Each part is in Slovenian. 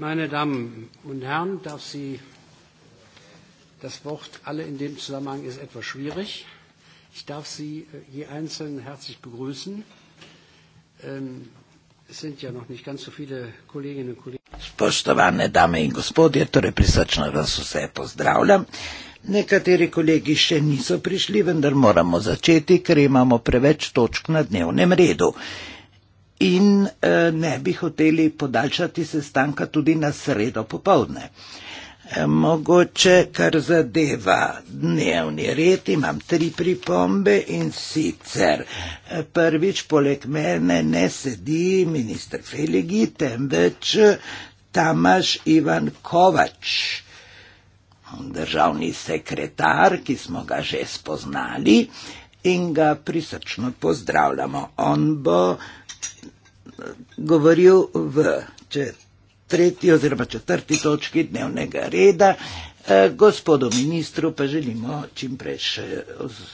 Meine Damen und Herren, darf Sie das Wort alle in dem Zusammenhang ist etwas schwierig. Ich darf Sie je äh, einzeln herzlich begrüßen. Ähm, es sind ja noch nicht ganz so viele Kolleginnen und Kollegen. Spoštovane dame in gospodje, torej prisrčno vas vse pozdravljam. Nekateri kolegi še niso prišli, vendar moramo začeti, ker imamo preveč točk na dnevnem redu in eh, ne bi hoteli podaljšati sestanka tudi na sredo popovdne. Eh, mogoče, kar zadeva dnevni red, imam tri pripombe in sicer eh, prvič poleg mene ne sedi ministr Feligi, temveč Tamaš Ivan Kovač, državni sekretar, ki smo ga že spoznali in ga prisrčno pozdravljamo. On bo govoril v tretji oziroma četrti točki dnevnega reda. Eh, gospodu ministru pa želimo čim prejšnjo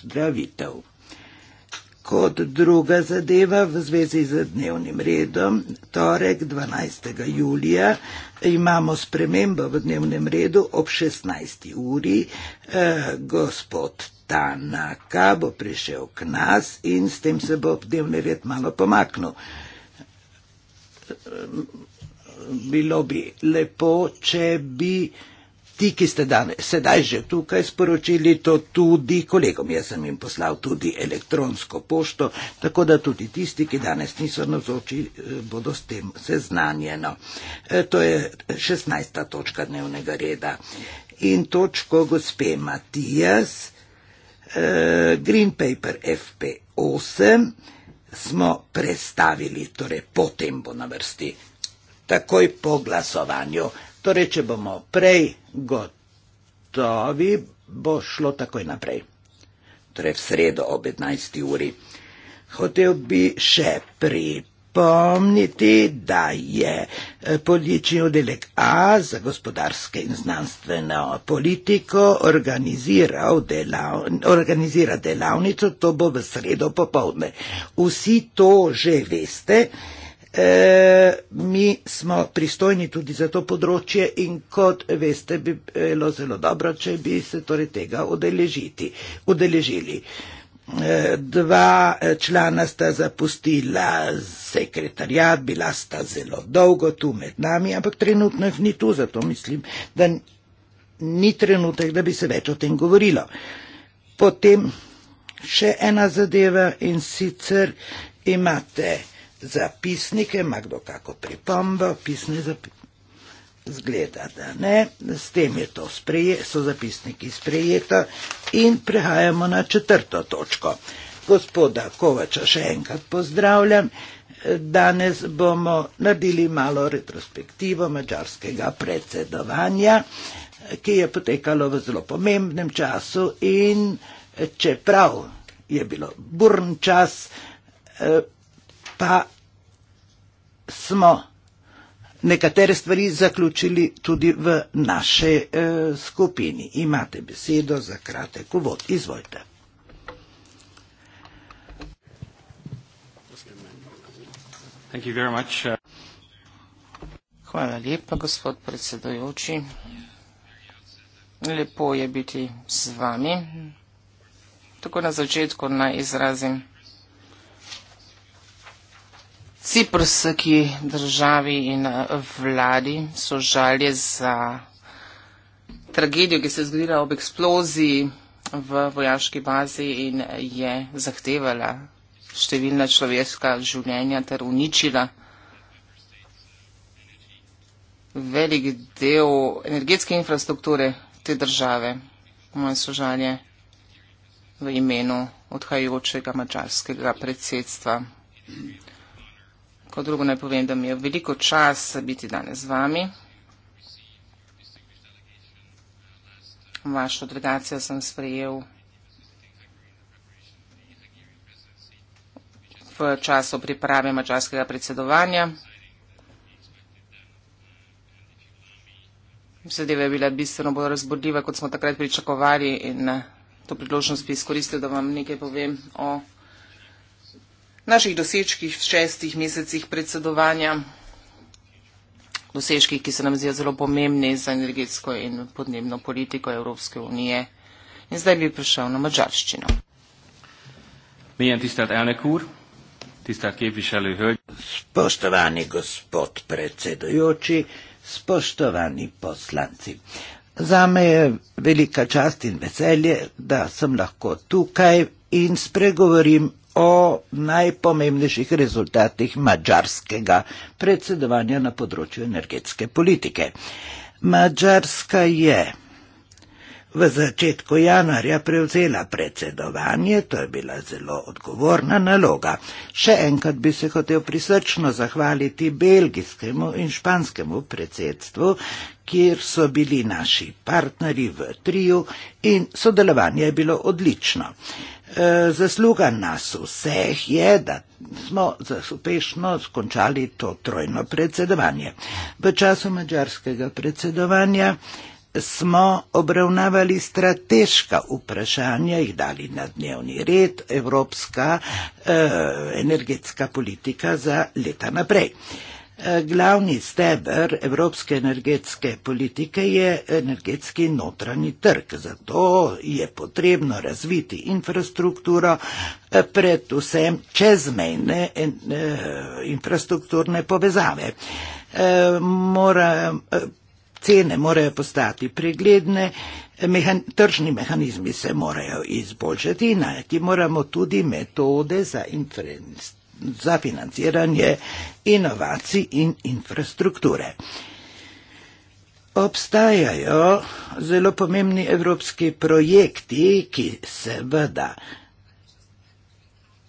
zdravitev. Kot druga zadeva v zvezi z dnevnim redom, torek 12. julija imamo spremembo v dnevnem redu ob 16. uri. E, gospod Tanaka bo prišel k nas in s tem se bo dnevni red malo pomaknil. E, bilo bi lepo, če bi ti, ki ste danes, sedaj že tukaj, sporočili to tudi kolegom. Jaz sem jim poslal tudi elektronsko pošto, tako da tudi tisti, ki danes niso nazoči, eh, bodo s tem seznanjeno. Eh, to je 16. točka dnevnega reda. In točko gospe Matijas, eh, Green Paper FP8, smo prestavili, torej potem bo na vrsti. Takoj po glasovanju. Torej, če bomo prej gotovi, bo šlo takoj naprej. Torej, v sredo ob 11. uri. Hotev bi še pripomniti, da je eh, politični oddelek A za gospodarske in znanstveno politiko organiziral delav, organizira delavnico, to bo v sredo popovdne. Vsi to že veste. E, mi smo pristojni tudi za to področje in kot veste, bi bilo zelo dobro, če bi se torej tega udeležili. E, dva e, člana sta zapustila sekretarjat, bila sta zelo dolgo tu med nami, ampak trenutno jih ni tu, zato mislim, da ni trenutek, da bi se več o tem govorilo. Potem še ena zadeva in sicer imate zapisnike, ima kdo kako pripombo, pisne zapisnike. Zgleda, da ne, s tem je to sprejet, so zapisniki sprejeto in prehajamo na četrto točko. Gospoda Kovača še enkrat pozdravljam. Danes bomo naredili malo retrospektivo mačarskega predsedovanja, ki je potekalo v zelo pomembnem času in čeprav je bilo burn čas, eh, pa smo nekatere stvari zaključili tudi v naše e, eh, skupini. Imate besedo za kratek uvod. Izvolite. Uh, Hvala lepa, gospod predsedujoči. Lepo je biti z vami. Tako na začetku naj izrazim Ciprski državi in eh, vladi so žalje za tragedijo, ki se je zgodila ob eksploziji v vojaški bazi in eh, je zahtevala številna človeška življenja ter uničila velik del energetske infrastrukture te države. Moje sožalje v imenu odhajajočega mačarskega predsedstva. Kot drugo naj povem, da mi je veliko čas biti danes z vami. Vašo delegacijo sem sprejel v času priprave mačarskega predsedovanja. Zadeva je bila bistveno bolj razbudljiva, kot smo takrat pričakovali in to priložnost bi izkoristil, da vam nekaj povem o naših dosežkih v šestih mesecih predsedovanja, dosežkih, ki se nam zdijo zelo pomembni za energetsko in podnebno politiko Evropske unije. In zdaj bi prišel na mačarščino. Mijen tistat Elnekur, tistat Kepišelj Hrd. Spoštovani gospod predsedujoči, spoštovani poslanci. Zame je velika čast in veselje, da sem lahko tukaj in spregovorim o najpomembnejših rezultatih mađarskega predsedovanja na področju energetske politike. Mađarska je v začetku januarja prevzela predsedovanje, to je bila zelo odgovorna naloga. Še enkrat bi se hotel prisrčno zahvaliti belgijskemu in španskemu predsedstvu, kjer so bili naši partnerji v triju in sodelovanje je bilo odlično. E, zasluga nas vseh je, da smo uspešno skončali to trojno predsedovanje. V času mađarskega predsedovanja smo obravnavali strateška vprašanja, jih dali na dnevni red, evropska eh, energetska politika za leta naprej. Eh, glavni steber evropske energetske politike je energetski notranji trg. Zato je potrebno razviti infrastrukturo, eh, predvsem čezmejne eh, infrastrukturne povezave. Eh, mora, cene morajo postati pregledne, mehan, tržni mehanizmi se morajo izboljšati in najti moramo tudi metode za infrastrukturo za financiranje inovacij in infrastrukture. Obstajajo zelo pomembni evropski projekti, ki seveda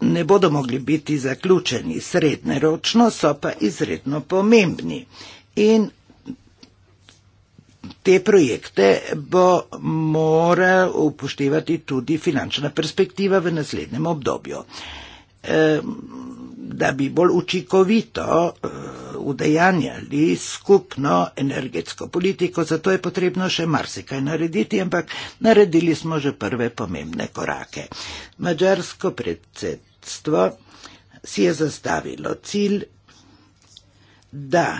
ne bodo mogli biti zaključeni srednjeročno, so pa izredno pomembni. In te projekte bo moral upoštevati tudi finančna perspektiva v naslednjem obdobju. Ehm, da bi bolj učinkovito eh, udejanjali skupno energetsko politiko, zato je potrebno še marsikaj narediti, ampak naredili smo že prve pomembne korake. Mačarsko predsedstvo si je zastavilo cilj, da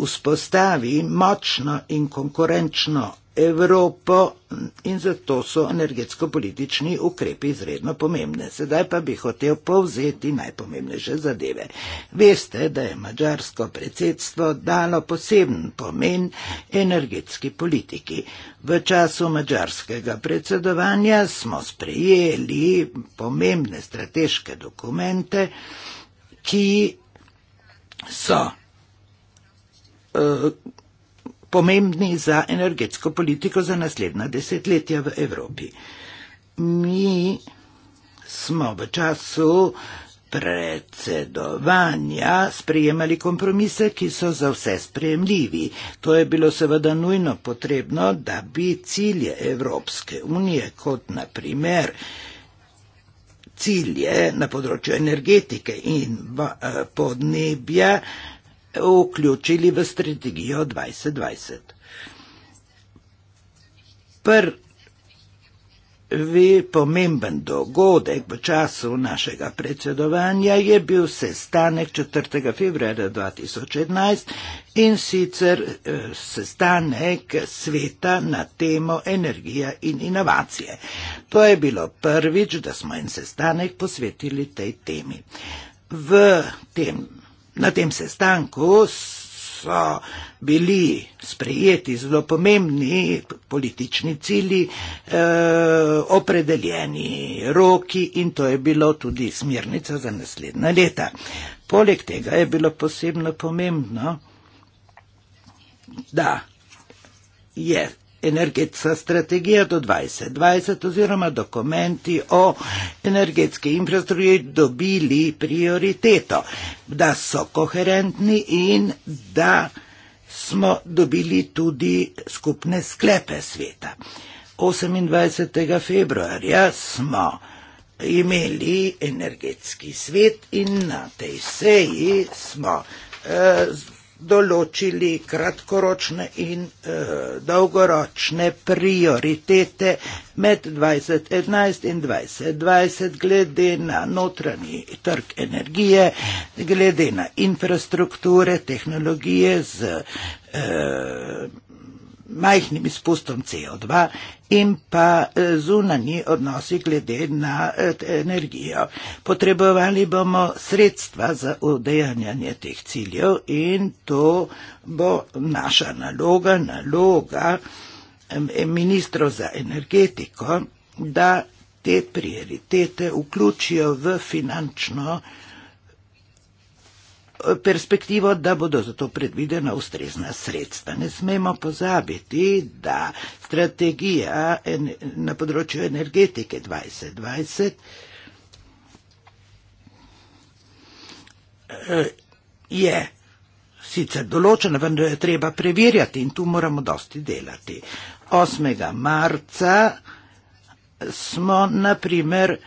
vzpostavi močno in konkurenčno Evropo in zato so energetsko-politični ukrepi izredno pomembne. Sedaj pa bi hotel povzeti najpomembnejše zadeve. Veste, da je mađarsko predsedstvo dalo poseben pomen energetski politiki. V času mađarskega predsedovanja smo sprejeli pomembne strateške dokumente, ki so. Uh, pomembni za energetsko politiko za naslednja desetletja v Evropi. Mi smo v času predsedovanja sprejemali kompromise, ki so za vse sprejemljivi. To je bilo seveda nujno potrebno, da bi cilje Evropske unije, kot naprimer cilje na področju energetike in eh, podnebja, vključili v strategijo 2020. Prvi pomemben dogodek v času našega predsedovanja je bil sestanek 4. februarja 2011 in sicer eh, sestanek sveta na temo energija in inovacije. To je bilo prvič, da smo en sestanek posvetili tej temi. V tem Na tem sestanku so bili sprejeti zelo pomembni politični cili, eh, opredeljeni roki in to je bilo tudi smernica za naslednja leta. Poleg tega je bilo posebno pomembno, da je energetska strategija do 2020 oziroma dokumenti o energetski infrastrukturi dobili prioriteto, da so koherentni in da smo dobili tudi skupne sklepe sveta. 28. februarja smo imeli energetski svet in na tej seji smo eh, določili kratkoročne in eh, dolgoročne prioritete med 2011 in 2020 glede na notranji trg energije, glede na infrastrukture, tehnologije z eh, majhnim izpustom CO2 in pa eh, zunani odnosi glede na eh, energijo. Potrebovali bomo sredstva za udejanjanje teh ciljev in to bo naša naloga, naloga ministrov za energetiko, da te prioritete vključijo v finančno perspektivo, da bodo za to predvidena ustrezna sredstva. Ne smemo pozabiti, da strategija na področju energetike 2020 eh, je sicer določena, vendar jo je treba preverjati in tu moramo dosti delati. 8. marca smo naprimer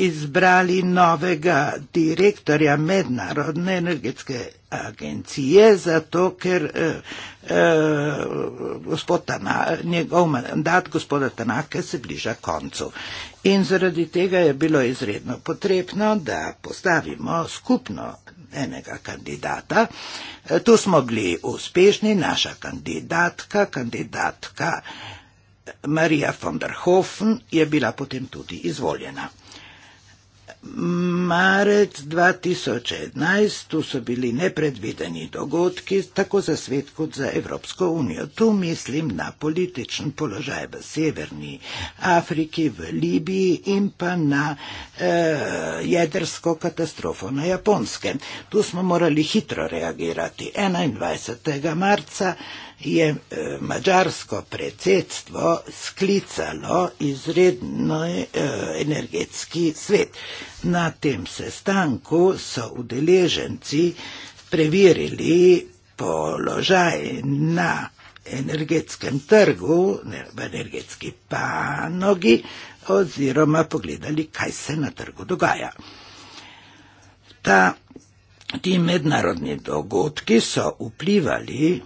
izbrali novega direktorja Mednarodne energetske agencije, zato ker eh, eh, Tana, njegov mandat gospoda Tanaka se bliža koncu. In zaradi tega je bilo izredno potrebno, da postavimo skupno enega kandidata. Eh, tu smo bili uspešni, naša kandidatka, kandidatka Marija von der Hofen je bila potem tudi izvoljena marec 2011 tu so bili nepredvideni dogodki tako za svet kot za Evropsko unijo. Tu mislim na političen položaj v severni Afriki, v Libiji in pa na eh, jedrsko katastrofo na Japonskem. Tu smo morali hitro reagirati. 21. marca je eh, mađarsko predsedstvo sklicalo izredno eh, energetski svet. Na tem sestanku so udeleženci preverili položaj na energetskem trgu, v energetski panogi oziroma pogledali, kaj se na trgu dogaja. Ta, ti mednarodni dogodki so vplivali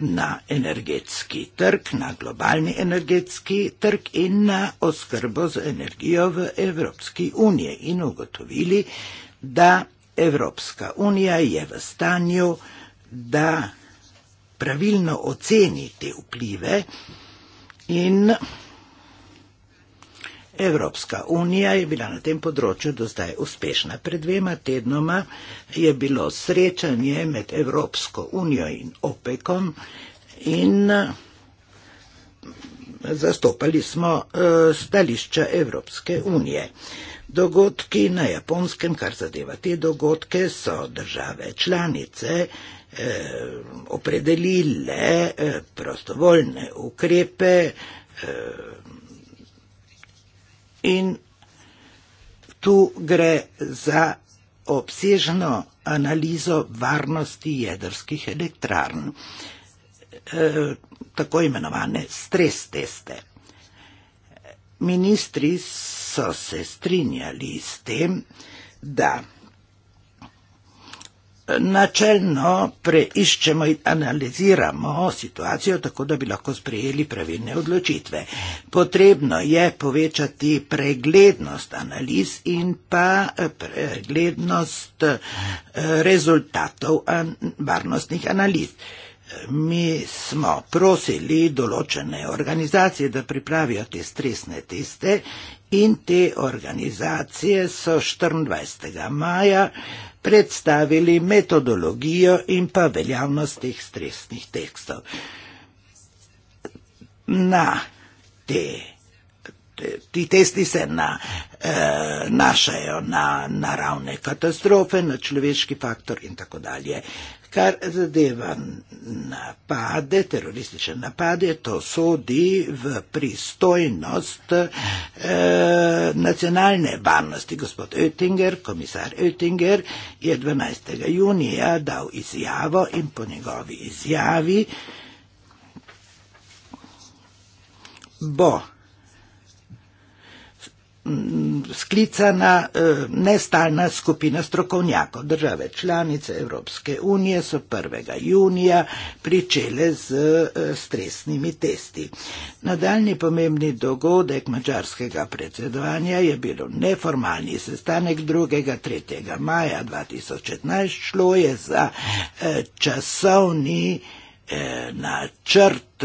na energetski trg, na globalni energetski trg in na oskrbo z energijo v Evropski uniji in ugotovili, da Evropska unija je v stanju, da pravilno oceni te vplive in Evropska unija je bila na tem področju do zdaj uspešna. Pred dvema tednoma je bilo srečanje med Evropsko unijo in OPEC-om in eh, zastopali smo eh, stališča Evropske unije. Dogodki na japonskem, kar zadeva te dogodke, so države članice eh, opredelile prostovoljne ukrepe, In tu gre za obsežno analizo varnosti jedrskih elektrarn, eh, tako imenovane stres teste. Ministri so se strinjali s tem, da načelno preiščemo in analiziramo situacijo, tako da bi lahko sprejeli pravilne odločitve. Potrebno je povečati preglednost analiz in pa eh, preglednost eh, rezultatov varnostnih analiz. Mi smo prosili določene organizacije, da pripravijo te stresne teste in te organizacije so 24. maja predstavili metodologijo in pa veljavnost teh stresnih tekstov. Na te, te, ti testi se na, eh, našajo na naravne katastrofe, na človeški faktor in tako dalje. Eh, Kar zadeva napade, teroristične napade, to sodi v pristojnost e, nacionalne varnosti. Gospod Oettinger, komisar Oettinger, je 12. junija dal izjavo in po njegovi izjavi bo Mm, sklicana e, nestalna skupina strokovnjakov. Države članice Evropske unije so 1. junija pričele z e, stresnimi testi. Nadaljni pomembni dogodek mačarskega predsedovanja je bil neformalni sestanek 2.3. maja 2015. Šlo je za e, časovni načrt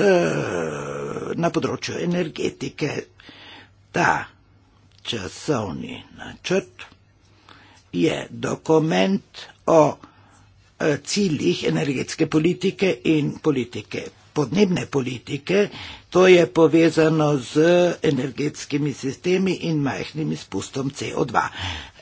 na področju energetike. 大。časovni načrt je dokument o e, ciljih energetske politike in politike, podnebne politike, To je povezano z energetskimi sistemi in majhnim izpustom CO2.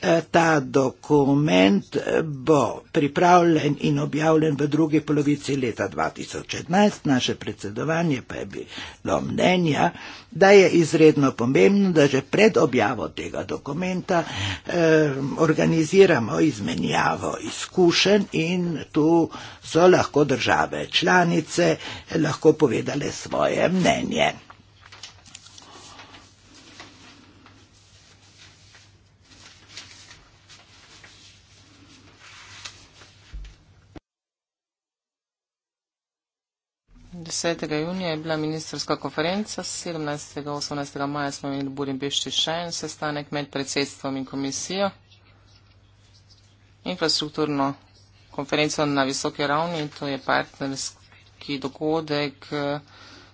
E, ta dokument e, bo pripravljen in objavljen v drugi polovici leta 2011. Naše predsedovanje pa je bilo mnenja, da je izredno pomembno, da že pred objavo tega dokumenta eh, organiziramo izmenjavo izkušenj in tu so lahko države članice lahko povedale svoje mnenje. Amen yet. Desetega junija je bila ministerska konferenca, 17. in 18. maja smo imeli v Budimpešti še en sestanek med predsedstvom in komisijo. Infrastrukturno konferenco na visoke ravni, to je partnerski dogodek. Eh,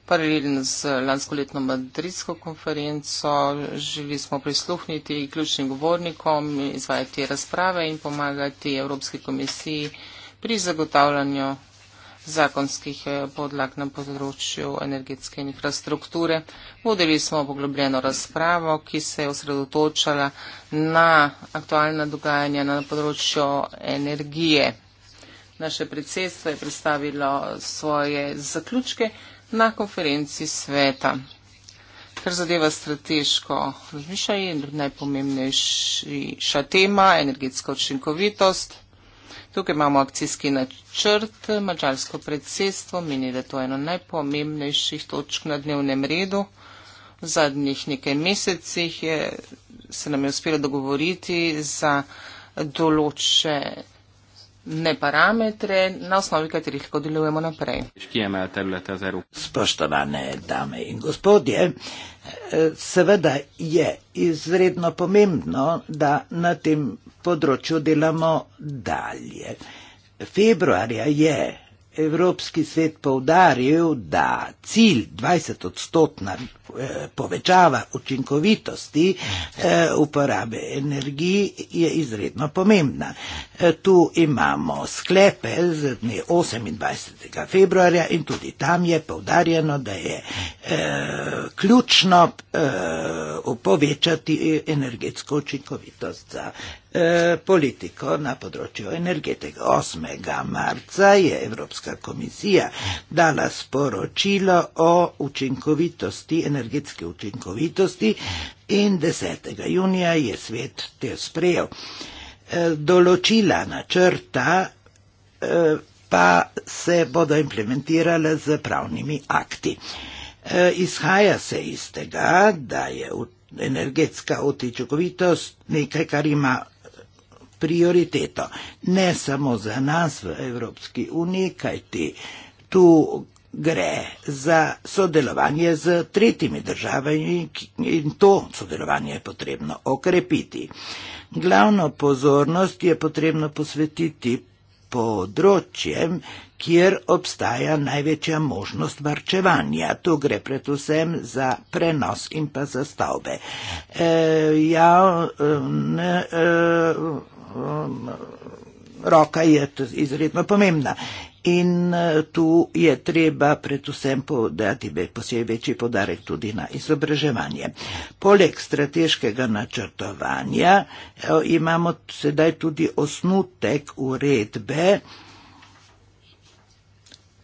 paralelno z lansko letno madridsko konferenco, želi smo prisluhniti ključnim govornikom, izvajati razprave in pomagati Evropski komisiji pri zagotavljanju zakonskih eh, podlag na področju energetske infrastrukture. Vodili smo poglobljeno razpravo, ki se je osredotočala na aktualna dogajanja na področju energije. Naše predsedstvo je predstavilo svoje zaključke na konferenci sveta. Kar zadeva strateško razmišljanje in najpomembnejša tema, energetska učinkovitost. Tukaj imamo akcijski načrt, mačarsko predsedstvo meni, da to je eno najpomembnejših točk na dnevnem redu. V zadnjih nekaj mesecih je, se nam je uspelo dogovoriti za določe ne parametre, na osnovi katerih lahko delujemo naprej. Škijeme alternative za Evropo. Spoštovane dame in gospodje, eh, seveda je izredno pomembno, da na tem področju delamo dalje. Februarja je Evropski svet povdaril, da cilj 20 odstotna Eh, povečava učinkovitosti eh, uporabe energij je izredno pomembna. Eh, tu imamo sklepe z dne 28. februarja in tudi tam je povdarjeno, da je ključno povečati energetsko učinkovitost za E, politiko na področju energetike. 8. marca je Evropska komisija dala sporočilo o učinkovitosti, energetske učinkovitosti in 10. junija je svet te sprejel. E, določila načrta e, pa se bodo implementirale z pravnimi akti. Izhaja se iz tega, da je energetska učinkovitost nekaj, kar ima prioriteto. Ne samo za nas v Evropski uniji, kajti tu gre za sodelovanje z tretjimi državami in to sodelovanje je potrebno okrepiti. Glavno pozornost je potrebno posvetiti področjem, kjer obstaja največja možnost varčevanja. Tu gre predvsem za prenos in pa za stavbe. E, ja, ne, e, e, roka je izredno pomembna. In eh, tu je treba predvsem podati posebej večji podarek tudi na izobraževanje. Poleg strateškega načrtovanja eh, imamo sedaj tudi osnutek uredbe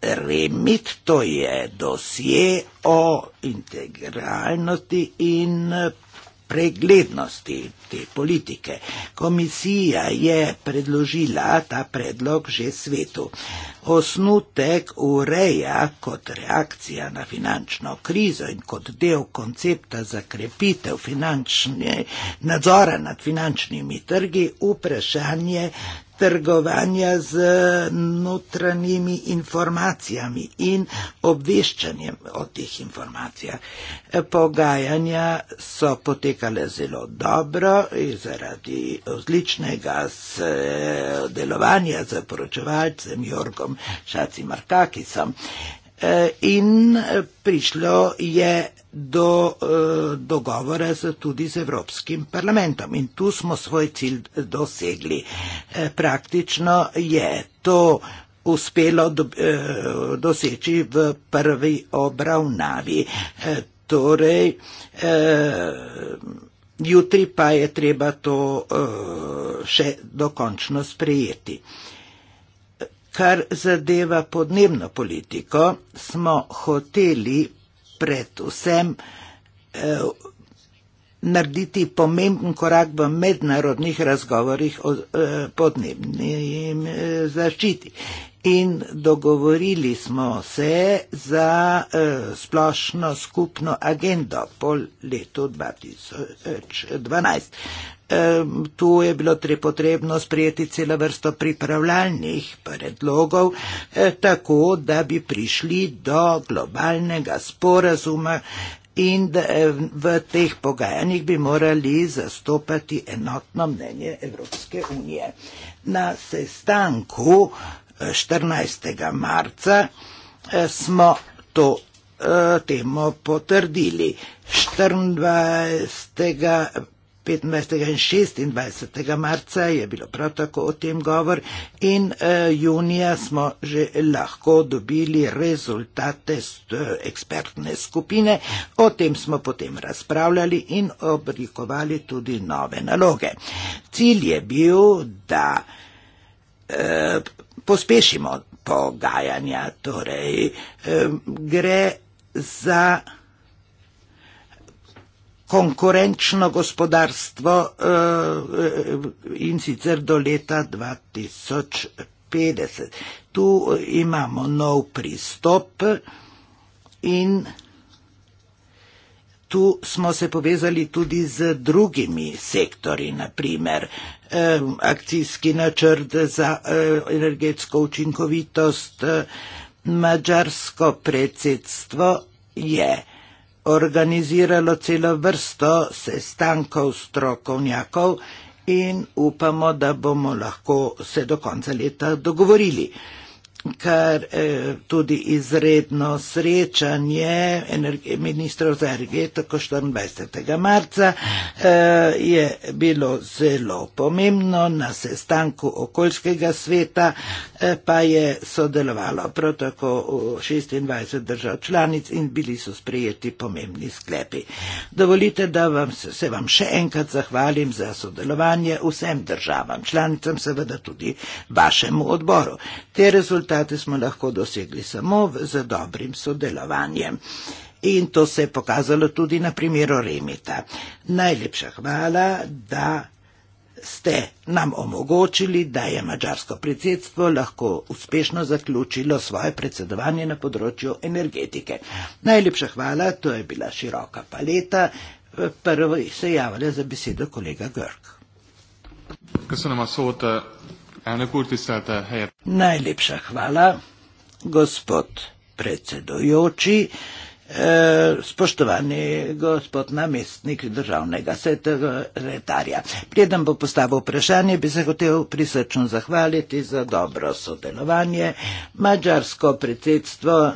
REMIT, to je dosje o integralnosti in eh, preglednosti te politike. Komisija je predložila ta predlog že svetu. Osnutek ureja kot reakcija na finančno krizo in kot del koncepta za krepitev nadzora nad finančnimi trgi vprašanje trgovanja z notranjimi informacijami in obveščanjem o teh informacijah. Pogajanja so potekale zelo dobro zaradi odličnega delovanja z poročevalcem Jorgom Šacimarkakisom. Eh, in eh, prišlo je do eh, dogovora tudi z Evropskim parlamentom in tu smo svoj cilj dosegli. Praktično je to uspelo doseči v prvi obravnavi. Torej, jutri pa je treba to še dokončno sprejeti. Kar zadeva podnebno politiko, smo hoteli predvsem eh, narediti pomemben korak v mednarodnih razgovorih o eh, podnebni eh, zaščiti. In dogovorili smo se za eh, splošno skupno agendo po letu 2012. Tu je bilo potrebno sprejeti celo vrsto pripravljalnih predlogov, e, tako da bi prišli do globalnega sporazuma in e, v teh pogajanjih bi morali zastopati enotno mnenje Evropske unije. Na sestanku 14. E, marca smo to temo potrdili. 24. 15. in 26. marca je bilo prav tako o tem govor in uh, junija smo že lahko dobili rezultate z uh, eh, ekspertne skupine. O tem smo potem razpravljali in oblikovali tudi nove naloge. Cilj je bil, da uh, pospešimo pogajanja, torej uh, gre za konkurenčno gospodarstvo eh, eh, in sicer do leta 2050. Tu eh, imamo nov pristop in tu smo se povezali tudi z drugimi sektori, naprimer akcijski načrt za energetsko učinkovitost, mađarsko predsedstvo je yeah organiziralo celo vrsto sestankov strokovnjakov in upamo, da bomo lahko se do konca leta dogovorili kar eh, tudi izredno srečanje ministrov za energetiko 24. marca eh, je bilo zelo pomembno. Na sestanku okoljskega sveta eh, pa je sodelovalo protoko 26 držav članic in bili so sprejeti pomembni sklepi. Dovolite, da vam se, se vam še enkrat zahvalim za sodelovanje vsem državam, članicam seveda tudi vašemu odboru. Te rezultate rezultate smo lahko dosegli samo z dobrim sodelovanjem. In to se je pokazalo tudi na primeru Remita. Najlepša hvala, da ste nam omogočili, da je mađarsko predsedstvo lahko uspešno zaključilo svoje predsedovanje na področju energetike. Najlepša hvala, to je bila široka paleta. Prvo se javlja za besedo kolega Grk. Kaj se nama sovote? Najlepša hvala, gospod predsedujoči spoštovani gospod namestnik državnega sekretarja. Preden bo postavil vprašanje, bi se hotel prisrčno zahvaliti za dobro sodelovanje. Mačarsko predsedstvo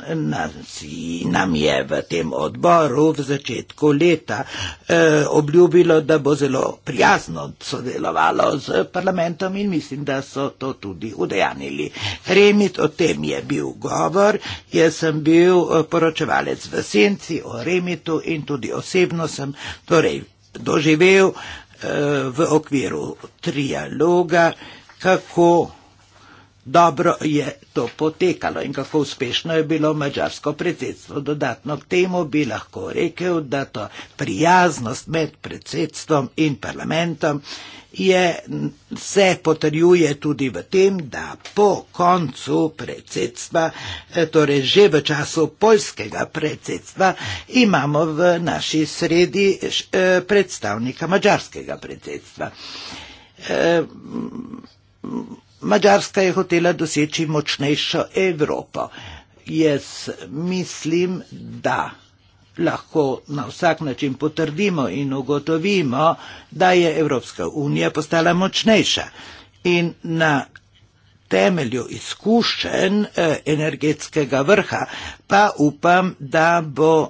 nam je v tem odboru v začetku leta eh, obljubilo, da bo zelo prijazno sodelovalo z parlamentom in mislim, da so to tudi udejanili. Remit o tem je bil govor, jaz sem bil eh, poročevalec v senci, o remitu in tudi osebno sem torej, doživel eh, v okviru trialoga, kako dobro je to potekalo in kako uspešno je bilo mačarsko predsedstvo. Dodatno k temu bi lahko rekel, da to prijaznost med predsedstvom in parlamentom eh, je, se potrjuje tudi v tem, da po koncu predsedstva, eh, torej že v času polskega predsedstva, imamo v naši sredi eh, predstavnika mađarskega predsedstva. Eh, Mađarska je hotela doseči močnejšo Evropo. Jaz mislim, da lahko na vsak način potrdimo in ugotovimo, da je Evropska unija postala močnejša. In na temelju izkušenj eh, energetskega vrha pa upam, da bo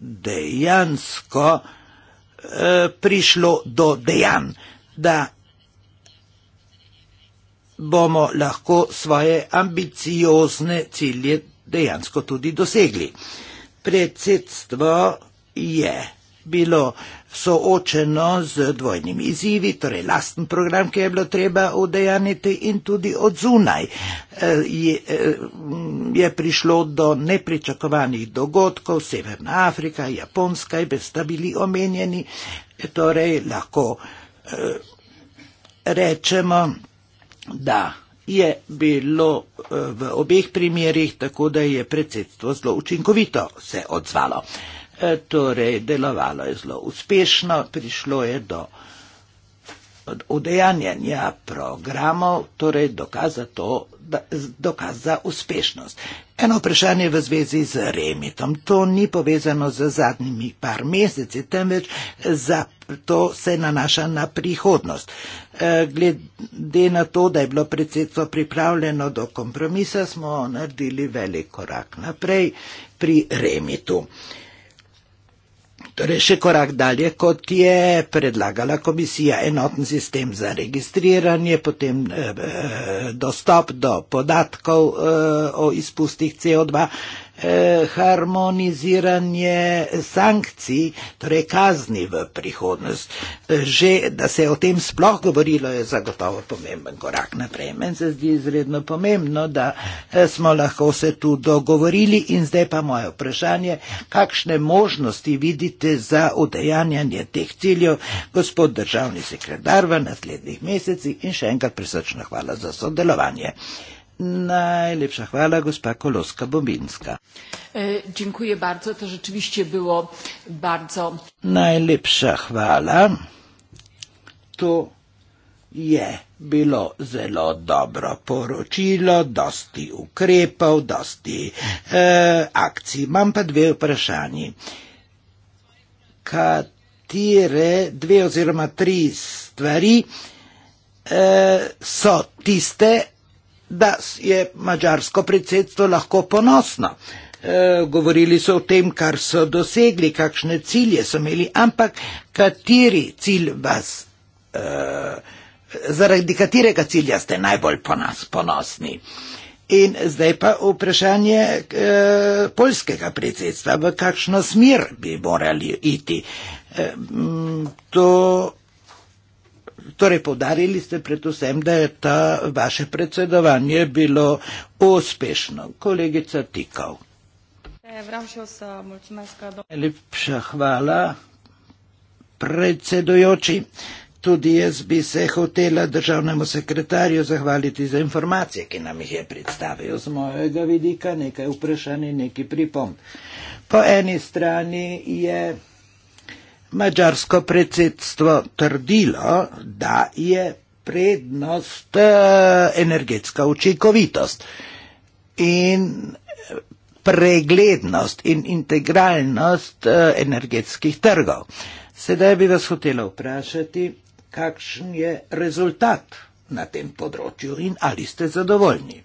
dejansko eh, prišlo do dejanj, da bomo lahko svoje ambiciozne cilje dejansko tudi dosegli predsedstvo je bilo soočeno z dvojnimi izzivi, torej lasten program, ki je bilo treba udejaniti in tudi odzunaj eh, je, eh, je prišlo do nepričakovanih dogodkov, Severna Afrika, Japonska je besta bili omenjeni, eh, torej lahko rečemo, da je bilo eh, v obeh primerjih tako, da je predsedstvo zelo učinkovito se odzvalo. Eh, torej, delovalo je zelo uspešno, prišlo je do udejanjanja programov, torej dokaz za, to, da, dokaz za uspešnost. Eno vprašanje v zvezi z remitom. To ni povezano z zadnjimi par meseci, temveč za to se nanaša na prihodnost. E, glede na to, da je bilo predsedstvo pripravljeno do kompromisa, smo naredili velik korak naprej pri remitu. Torej, še korak dalje, kot je predlagala komisija, enoten sistem za registriranje, potem eh, eh dostop do podatkov eh, o izpustih CO2. Eh, harmoniziranje sankcij, torej kazni v prihodnost. Eh, že, da se je o tem sploh govorilo, je zagotovo pomemben korak naprej. Meni se zdi izredno pomembno, da eh, smo lahko se tu dogovorili in zdaj pa moje vprašanje, kakšne možnosti vidite za udejanjanje teh ciljev, gospod državni sekretar, v naslednjih mesecih in še enkrat prisrčno hvala za sodelovanje. Najlepsza chwała, gospa Kolowska-Bobińska. E, dziękuję bardzo, to rzeczywiście było bardzo... Najlepsza chwała, to je było zelo dobro poruczilo, dosti ukrypał, dosti e, akcji. Mam pa dwie opraszanie. Katire dwie oziroma trzy stwari e, so tiste, da je mađarsko predsedstvo lahko ponosno. E, govorili so o tem, kar so dosegli, kakšne cilje so imeli, ampak kateri cilj vas, e, zaradi katerega cilja ste najbolj ponos, ponosni. In zdaj pa vprašanje e, polskega predsedstva, v kakšno smer bi morali iti. E, m, to, Torej, povdarili ste predvsem, da je ta vaše predsedovanje bilo uspešno. Kolegica Tikal. Lepša hvala, predsedujoči. Tudi jaz bi se hotela državnemu sekretarju zahvaliti za informacije, ki nam jih je predstavil z mojega vidika, nekaj vprašanj in nekaj pripomb. Po eni strani je mađarsko predsedstvo trdilo, da je prednost eh, energetska učinkovitost in eh, preglednost in integralnost eh, energetskih trgov. Sedaj bi vas hotela vprašati, kakšen je rezultat na tem področju in ali ste zadovoljni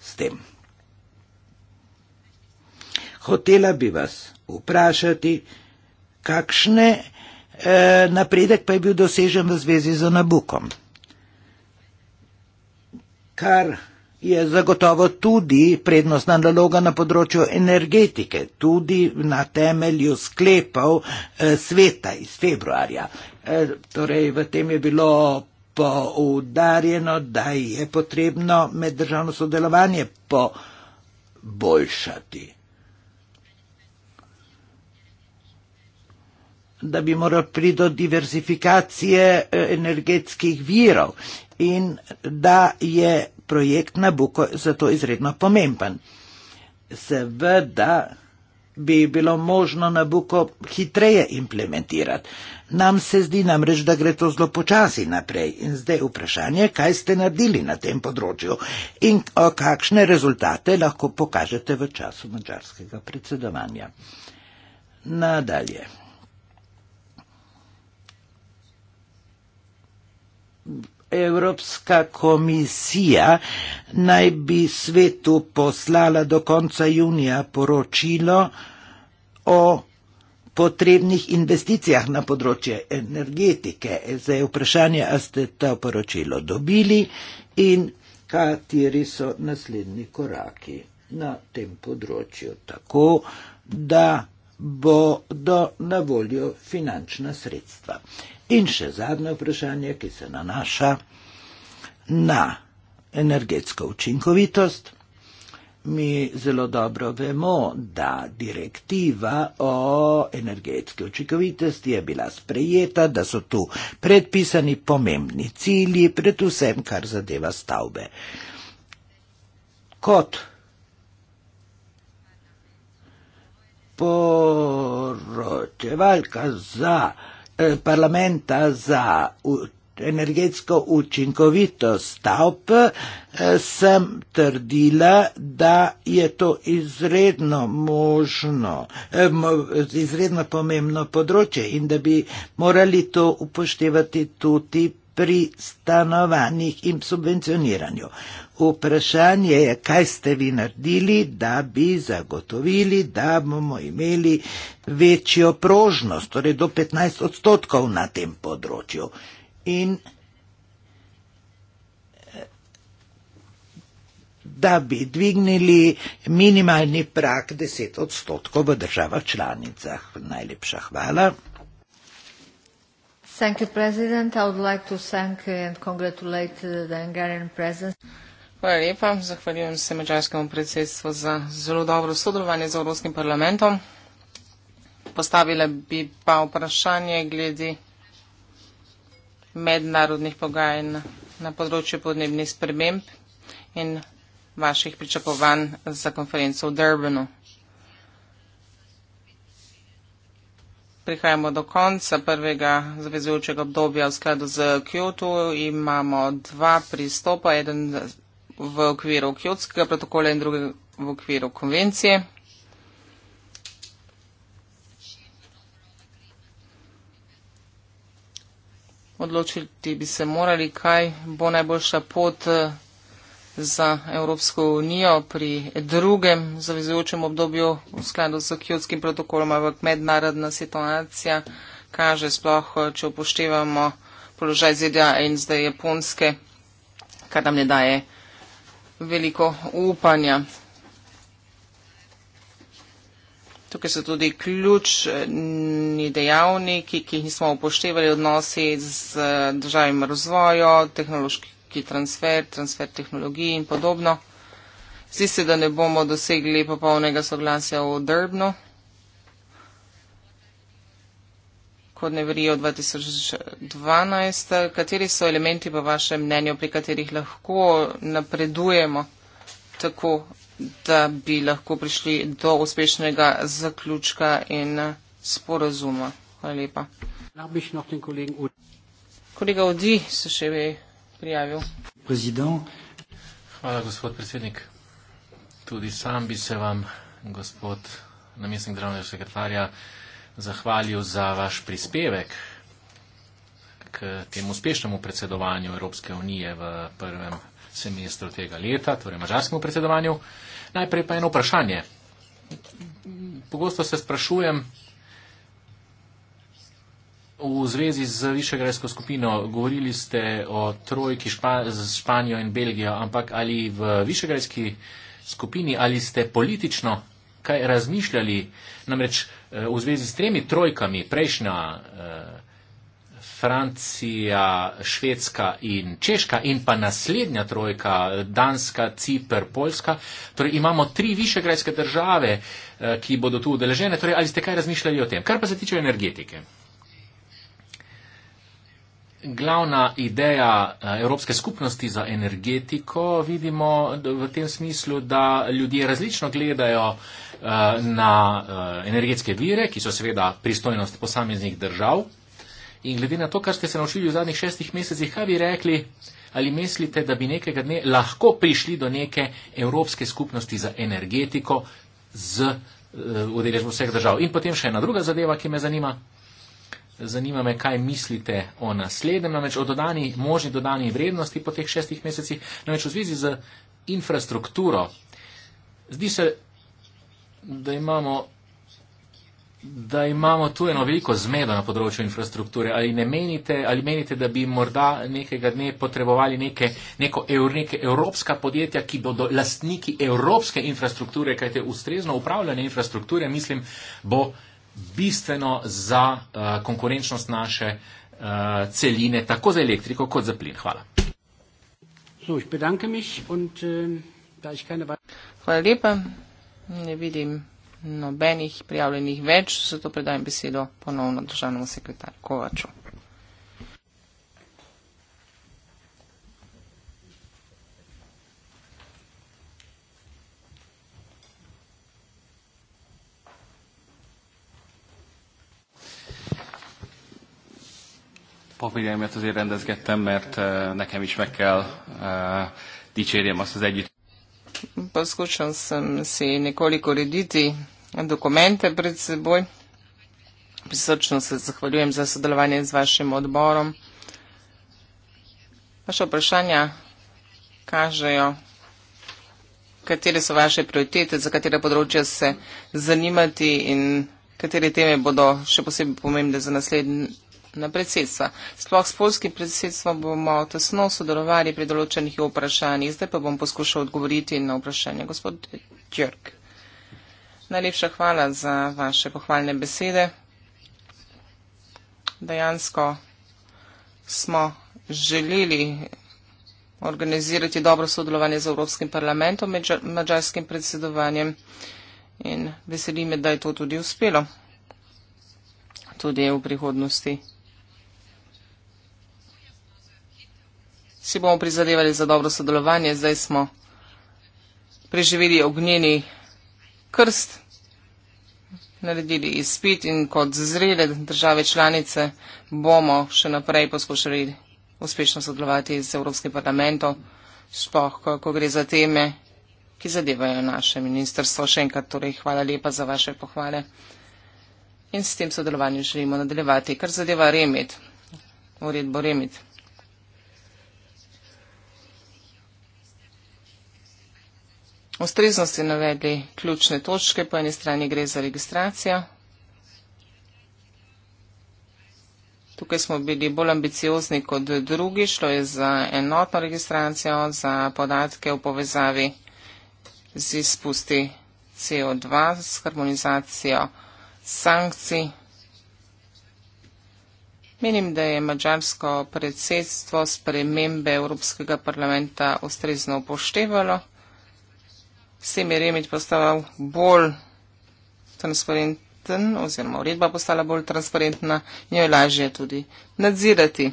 s tem. Hotela bi vas vprašati, kakšen eh, napredek pa je bil dosežen v zvezi z Nabukom. Kar je zagotovo tudi prednostna naloga na področju energetike, tudi na temelju sklepov eh, sveta iz februarja. Eh, torej, v tem je bilo poudarjeno, da je potrebno meddržavno sodelovanje poboljšati. da bi moral priti do diverzifikacije eh, energetskih virov in da je projekt Nabuko zato izredno pomemben. Seveda bi bilo možno Nabuko hitreje implementirati. Nam se zdi namreč, da gre to zelo počasi naprej. In zdaj vprašanje, kaj ste naredili na tem področju in o kakšne rezultate lahko pokažete v času mačarskega predsedovanja. Nadalje. Evropska komisija naj bi svetu poslala do konca junija poročilo o potrebnih investicijah na področje energetike. Zdaj je vprašanje, a ste ta poročilo dobili in kateri so naslednji koraki na tem področju, tako da bodo na voljo finančna sredstva. In še zadnje vprašanje, ki se nanaša na energetsko učinkovitost. Mi zelo dobro vemo, da direktiva o energetski učinkovitosti je bila sprejeta, da so tu predpisani pomembni cilji, predvsem kar zadeva stavbe. Kot poročevalka za Eh, parlamenta za energetsko učinkovitost stavb eh, sem trdila, da je to izredno možno, eh, izredno pomembno področje in da bi morali to upoštevati tudi pri stanovanjih in subvencioniranju. Vprašanje je, kaj ste vi naredili, da bi zagotovili, da bomo imeli večjo prožnost, torej do 15 odstotkov na tem področju. In eh, da bi dvignili minimalni prak 10 odstotkov v državah članicah. Najlepša hvala. Thank you, President. I would like to thank and congratulate the Hungarian President. Hvala lepa. Zahvaljujem se mačarskemu predsedstvu za zelo dobro sodelovanje z Evropskim parlamentom. Postavila bi pa vprašanje glede mednarodnih pogajanj na področju podnebnih sprememb in vaših pričakovanj za konferenco v Durbanu. Prihajamo do konca prvega zavezujočega obdobja v skladu z Kyoto. Imamo dva pristopa, eden v okviru Kjotskega protokola in druge v okviru konvencije. Odločiti bi se morali, kaj bo najboljša pot eh, za Evropsko unijo pri drugem zavezujočem obdobju v skladu z Kjotskim protokolom, ampak mednarodna situacija kaže sploh, eh, če upoštevamo položaj ZDA in zdaj Japonske, kar nam ne daje veliko upanja. Tukaj so tudi ključni dejavniki, ki jih nismo upoštevali, odnosi z državim razvojo, tehnološki transfer, transfer tehnologij in podobno. Zdi se, da ne bomo dosegli popolnega soglasja v Drbnu. Kodnevrijo 2012. Kateri so elementi, po vašem mnenju, pri katerih lahko napredujemo tako, da bi lahko prišli do uspešnega zaključka in sporazuma? Hvala lepa. Kolega Odi se še bi prijavil. Hvala, gospod predsednik. Tudi sam bi se vam, gospod namestnik državnega sekretarja, zahvalil za vaš prispevek k temu uspešnemu predsedovanju Evropske unije v prvem semestru tega leta, torej mažarskemu predsedovanju. Najprej pa eno vprašanje. Pogosto se sprašujem v zvezi z Višegrajsko skupino. Govorili ste o trojki špa, z Španijo in Belgijo, ampak ali v Višegrajski skupini ali ste politično kaj razmišljali? Namreč Eh, v zvezi s tremi trojkami, prejšnja eh, Francija, Švedska in Češka in pa naslednja trojka, Danska, Cipr, Poljska, torej imamo tri višegrajske države, eh, ki bodo tu udeležene, torej ali ste kaj razmišljali o tem? Kar pa se tiče energetike. Glavna ideja Evropske skupnosti za energetiko vidimo v tem smislu, da ljudje različno gledajo Eh, na eh, energetske vire, ki so seveda pristojnost posameznih držav. In glede na to, kar ste se naučili v zadnjih šestih mesecih, kaj bi rekli, ali mislite, da bi nekega dne lahko prišli do neke evropske skupnosti za energetiko z eh, udeležbo vseh držav? In potem še ena druga zadeva, ki me zanima. Zanima me, kaj mislite o naslednjem, namreč o dodani, možni dodani vrednosti po teh šestih mesecih, namreč v zvezi z infrastrukturo. Zdi se, da imamo, da imamo tu eno veliko zmedo na področju infrastrukture. Ali ne menite, ali menite, da bi morda nekega dne potrebovali neke, neko ev, neke evropska podjetja, ki bodo lastniki evropske infrastrukture, kajte ustrezno upravljanje infrastrukture, mislim, bo bistveno za uh, konkurenčnost naše uh, celine, tako za elektriko kot za plin. Hvala. So, ähm, Hvala lepa. Ne vidim nobenih prijavljenih več, zato predajem besedo ponovno državnemu sekretarju Kovaču. Papírjaimat azért rendezgettem, mert eh, nekem is meg kell eh, dicsérjem azt az együtt poskušal sem si nekoliko urediti dokumente pred seboj. Prisrčno se zahvaljujem za sodelovanje z vašim odborom. Vaše vprašanja kažejo, katere so vaše prioritete, za katere področja se zanimati in katere teme bodo še posebej pomembne za naslednje na predsedstva. Sploh s polskim predsedstvom bomo tesno sodelovali pri določenih vprašanjih. Zdaj pa bom poskušal odgovoriti na vprašanje. Gospod Djörg, najlepša hvala za vaše pohvalne besede. Dejansko smo želeli organizirati dobro sodelovanje z Evropskim parlamentom med mađarskim predsedovanjem in veseli me, da je to tudi uspelo. Tudi v prihodnosti si bomo prizadevali za dobro sodelovanje. Zdaj smo preživeli ognjeni krst, naredili izpit in kot zrele države članice bomo še naprej poskušali uspešno sodelovati z Evropskim parlamentom, spoh, ko, ko gre za teme, ki zadevajo naše ministrstvo. Še enkrat torej hvala lepa za vaše pohvale. In s tem sodelovanjem želimo nadaljevati, kar zadeva REMIT, uredbo REMIT. Ustrezno ste navedli ključne točke, po eni strani gre za registracijo. Tukaj smo bili bolj ambiciozni kot drugi, šlo je za enotno registracijo, za podatke v povezavi z izpusti CO2, s harmonizacijo sankcij. Menim, da je mađarsko predsedstvo spremembe Evropskega parlamenta ustrezno upoštevalo. Vsem je remeč postal bolj transparenten oziroma uredba postala bolj transparentna in jo je lažje tudi nadzirati.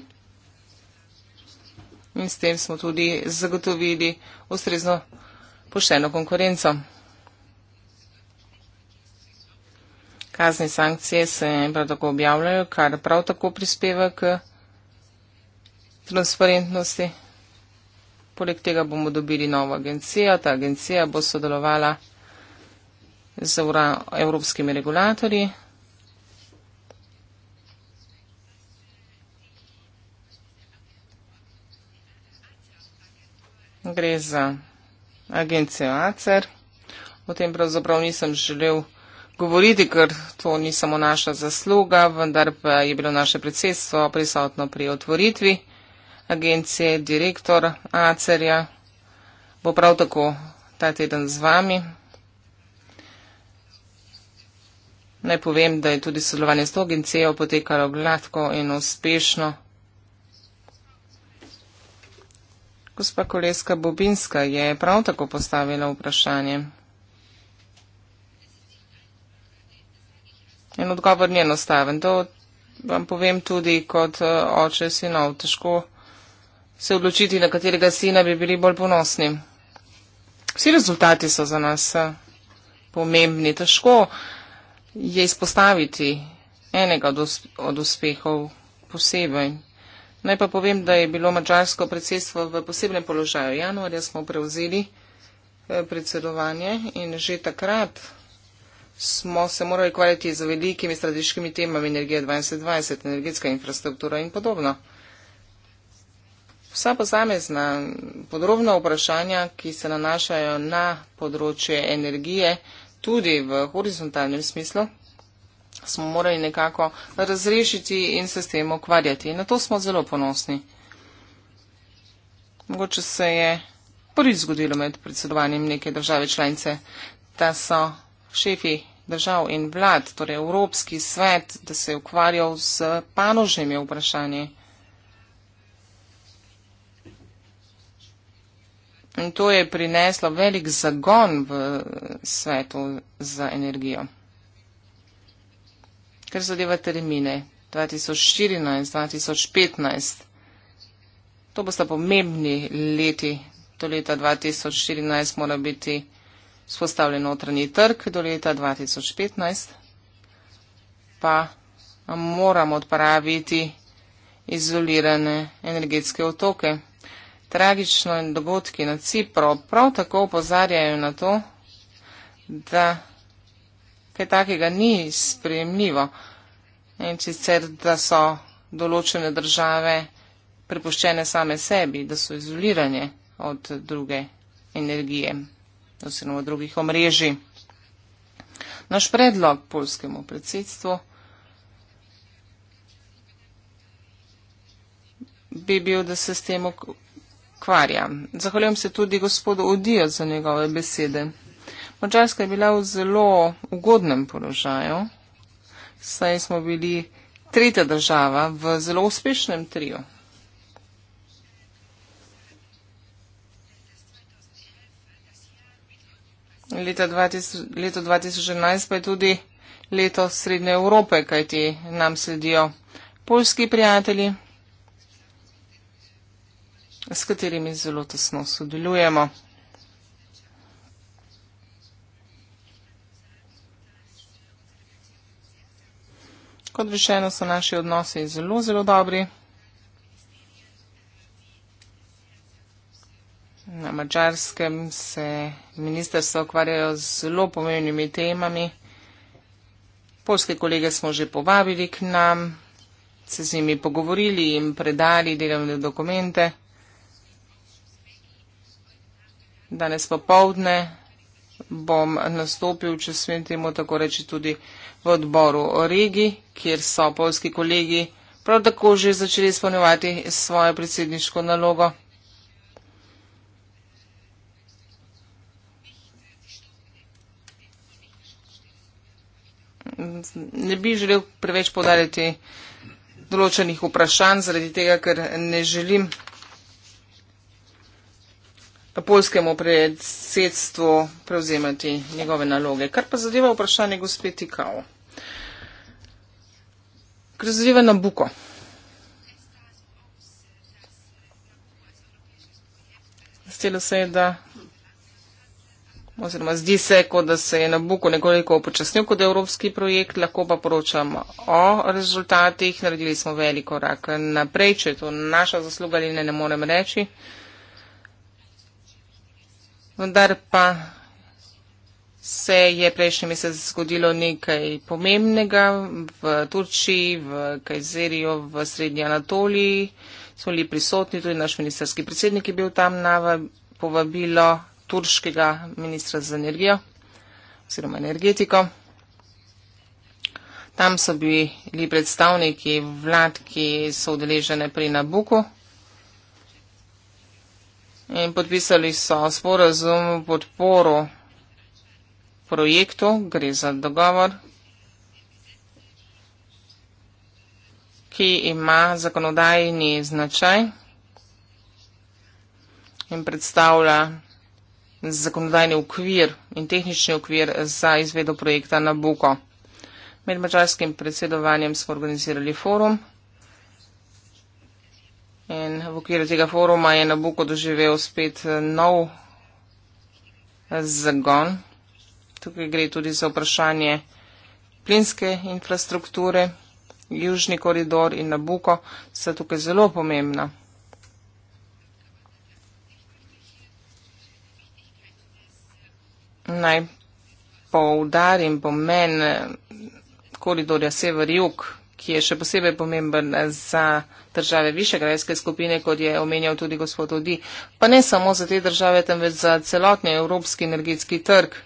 In s tem smo tudi zagotovili ustrezno pošteno konkurenco. Kazne sankcije se prav tako objavljajo, kar prav tako prispeva k transparentnosti. Poleg tega bomo dobili novo agencijo. Ta agencija bo sodelovala z evropskimi regulatorji. Gre za agencijo ACER. O tem pravzaprav nisem želel govoriti, ker to ni samo naša zasluga, vendar pa je bilo naše predsedstvo prisotno pri otvoritvi agencije, direktor Acerja, bo prav tako ta teden z vami. Naj povem, da je tudi sodelovanje s to agencijo potekalo gladko in uspešno. Gospa Koleska Bobinska je prav tako postavila vprašanje. In odgovor ni enostaven. To vam povem tudi kot eh, oče sinov. Težko se odločiti, na katerega sina bi bili bolj ponosni. Vsi rezultati so za nas eh, pomembni. Težko je izpostaviti enega od uspehov posebej. Naj pa povem, da je bilo mačarsko predsedstvo v posebnem položaju. Januarja smo prevzeli eh, predsedovanje in že takrat smo se morali kvaliti z velikimi strateškimi temami energije 2020, energetska infrastruktura in podobno. Vsa posamezna podrobna vprašanja, ki se nanašajo na področje energije, tudi v horizontalnem smislu, smo morali nekako razrešiti in se s tem ukvarjati. In na to smo zelo ponosni. Mogoče se je prvi zgodilo med predsedovanjem neke države članice, da so šefi držav in vlad, torej Evropski svet, da se je ukvarjal z panožnimi vprašanji. In to je prineslo velik zagon v svetu za energijo. Ker zadeva termine 2014-2015, to boste pomembni leti. Do leta 2014 mora biti spostavljen notranji trg, do leta 2015 pa moramo odpraviti izolirane energetske otoke tragično in dogodki na Cipru prav tako upozarjajo na to, da kaj takega ni sprejemljivo. In sicer, da so določene države prepuščene same sebi, da so izolirane od druge energije oziroma drugih omrežij. Naš predlog polskemu predsedstvu bi bil, da se s tem kvarja. Zahvaljujem se tudi gospodu Odijo za njegove besede. Mačarska je bila v zelo ugodnem položaju, saj smo bili tretja država v zelo uspešnem triju. Leta 20, leto 2011 pa je tudi leto Srednje Evrope, kajti nam sledijo polski prijatelji, s katerimi zelo tesno sodelujemo. Kot rečeno, so naši odnosi zelo, zelo dobri. Na mačarskem se ministrstvo ukvarjajo z zelo pomembnimi temami. Polske kolege smo že povabili k nam, se z njimi pogovorili in predali delovne dokumente. Danes popovdne bom nastopil, če smem temu tako reči, tudi v odboru o regi, kjer so polski kolegi prav tako že začeli izpolnjevati svojo predsedniško nalogo. Ne bi želel preveč podariti določenih vprašanj, zaradi tega, ker ne želim polskemu predsedstvu prevzemati njegove naloge. Kar pa zadeva vprašanje gospe Tikao. Kar zadeva na Buko. Stelo se je, da oziroma zdi se, kot da se je na Buku nekoliko upočasnil kot evropski projekt, lahko pa poročam o rezultatih. Naredili smo velik korak naprej, če je to naša zasluga ali ne, ne morem reči. Uh, Vendar pa se je prejšnji mesec zgodilo nekaj pomembnega v Turčiji, v Kajzerijo, v Srednji Anatoliji. Smo bili prisotni, tudi naš ministerski predsednik je bil tam na povabilo turškega ministra za energijo oziroma energetiko. Tam so bili predstavniki vlad, ki so udeležene pri Nabuku in podpisali so sporazum v podporo projektu, gre za dogovor, ki ima zakonodajni značaj in predstavlja zakonodajni ukvir in tehnični ukvir za izvedo projekta Nabuko. Med mačarskim predsedovanjem smo organizirali forum v okviru tega foruma je Nabuko doživel spet eh, nov eh, zagon. Tukaj gre tudi za vprašanje plinske infrastrukture, južni koridor in Nabuko sta tukaj zelo pomembna. Naj poudarim pomen eh, koridorja sever-jug, ki je še posebej pomemben za države višegrajske skupine, kot je omenjal tudi gospod Odi. Pa ne samo za te države, temveč za celotni evropski energetski trg.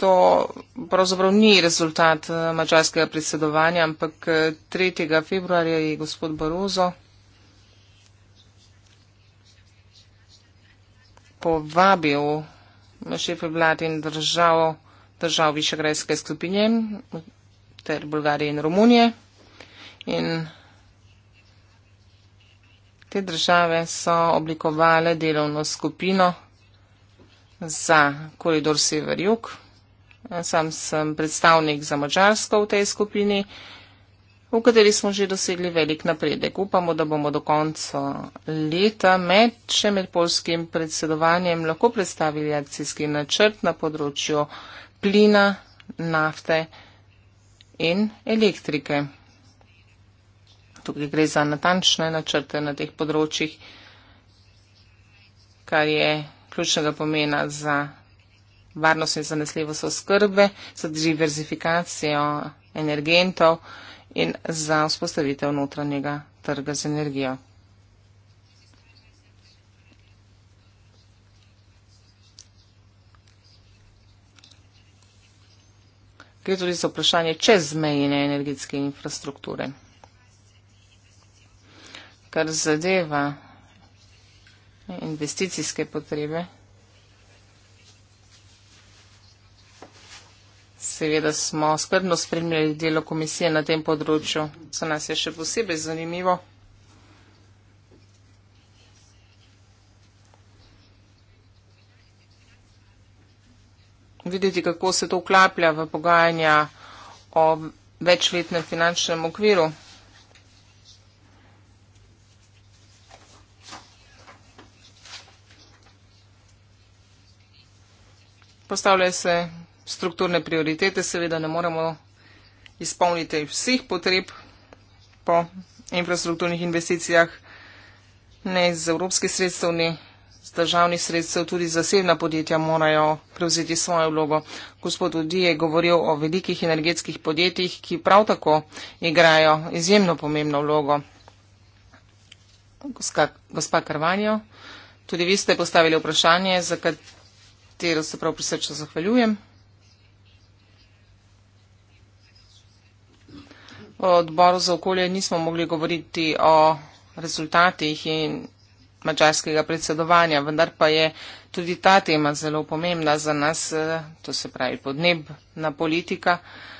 To pravzaprav ni rezultat eh, mačarskega predsedovanja, ampak 3. Eh, februarja je gospod Barozo povabil šefe vlad in držav, držav Višegrajske skupine, ter Bolgarije in Romunije. In te države so oblikovale delovno skupino za koridor sever-jug. Sam sem predstavnik za Mačarsko v tej skupini, v kateri smo že dosegli velik napredek. Upamo, da bomo do konca leta med še med polskim predsedovanjem lahko predstavili akcijski načrt na področju plina, nafte in elektrike. Tukaj gre za natančne načrte na teh področjih, kar je ključnega pomena za varnost in zanesljivost oskrbe, za diverzifikacijo energentov in za vzpostavitev notranjega trga z energijo. gre tudi za vprašanje čezmejne energetske infrastrukture. Kar zadeva investicijske potrebe, seveda smo skrbno spremljali delo komisije na tem področju, so nas je še posebej zanimivo. videti, kako se to vklaplja v pogajanja o večletnem finančnem okviru. Postavljajo se strukturne prioritete, seveda ne moremo izpolniti vseh potreb po infrastrukturnih investicijah, ne iz evropskih sredstev, ne iz evropskih sredstev z državnih sredstev tudi zasebna podjetja morajo prevzeti svojo vlogo. Gospod Udi je govoril o velikih energetskih podjetjih, ki prav tako igrajo izjemno pomembno vlogo. Gospa Karvanjo, tudi vi ste postavili vprašanje, za katero se prav prisrčno zahvaljujem. V odboru za okolje nismo mogli govoriti o rezultatih in mačarskega predsedovanja, vendar pa je tudi ta tema zelo pomembna za nas, eh, to se pravi podnebna politika.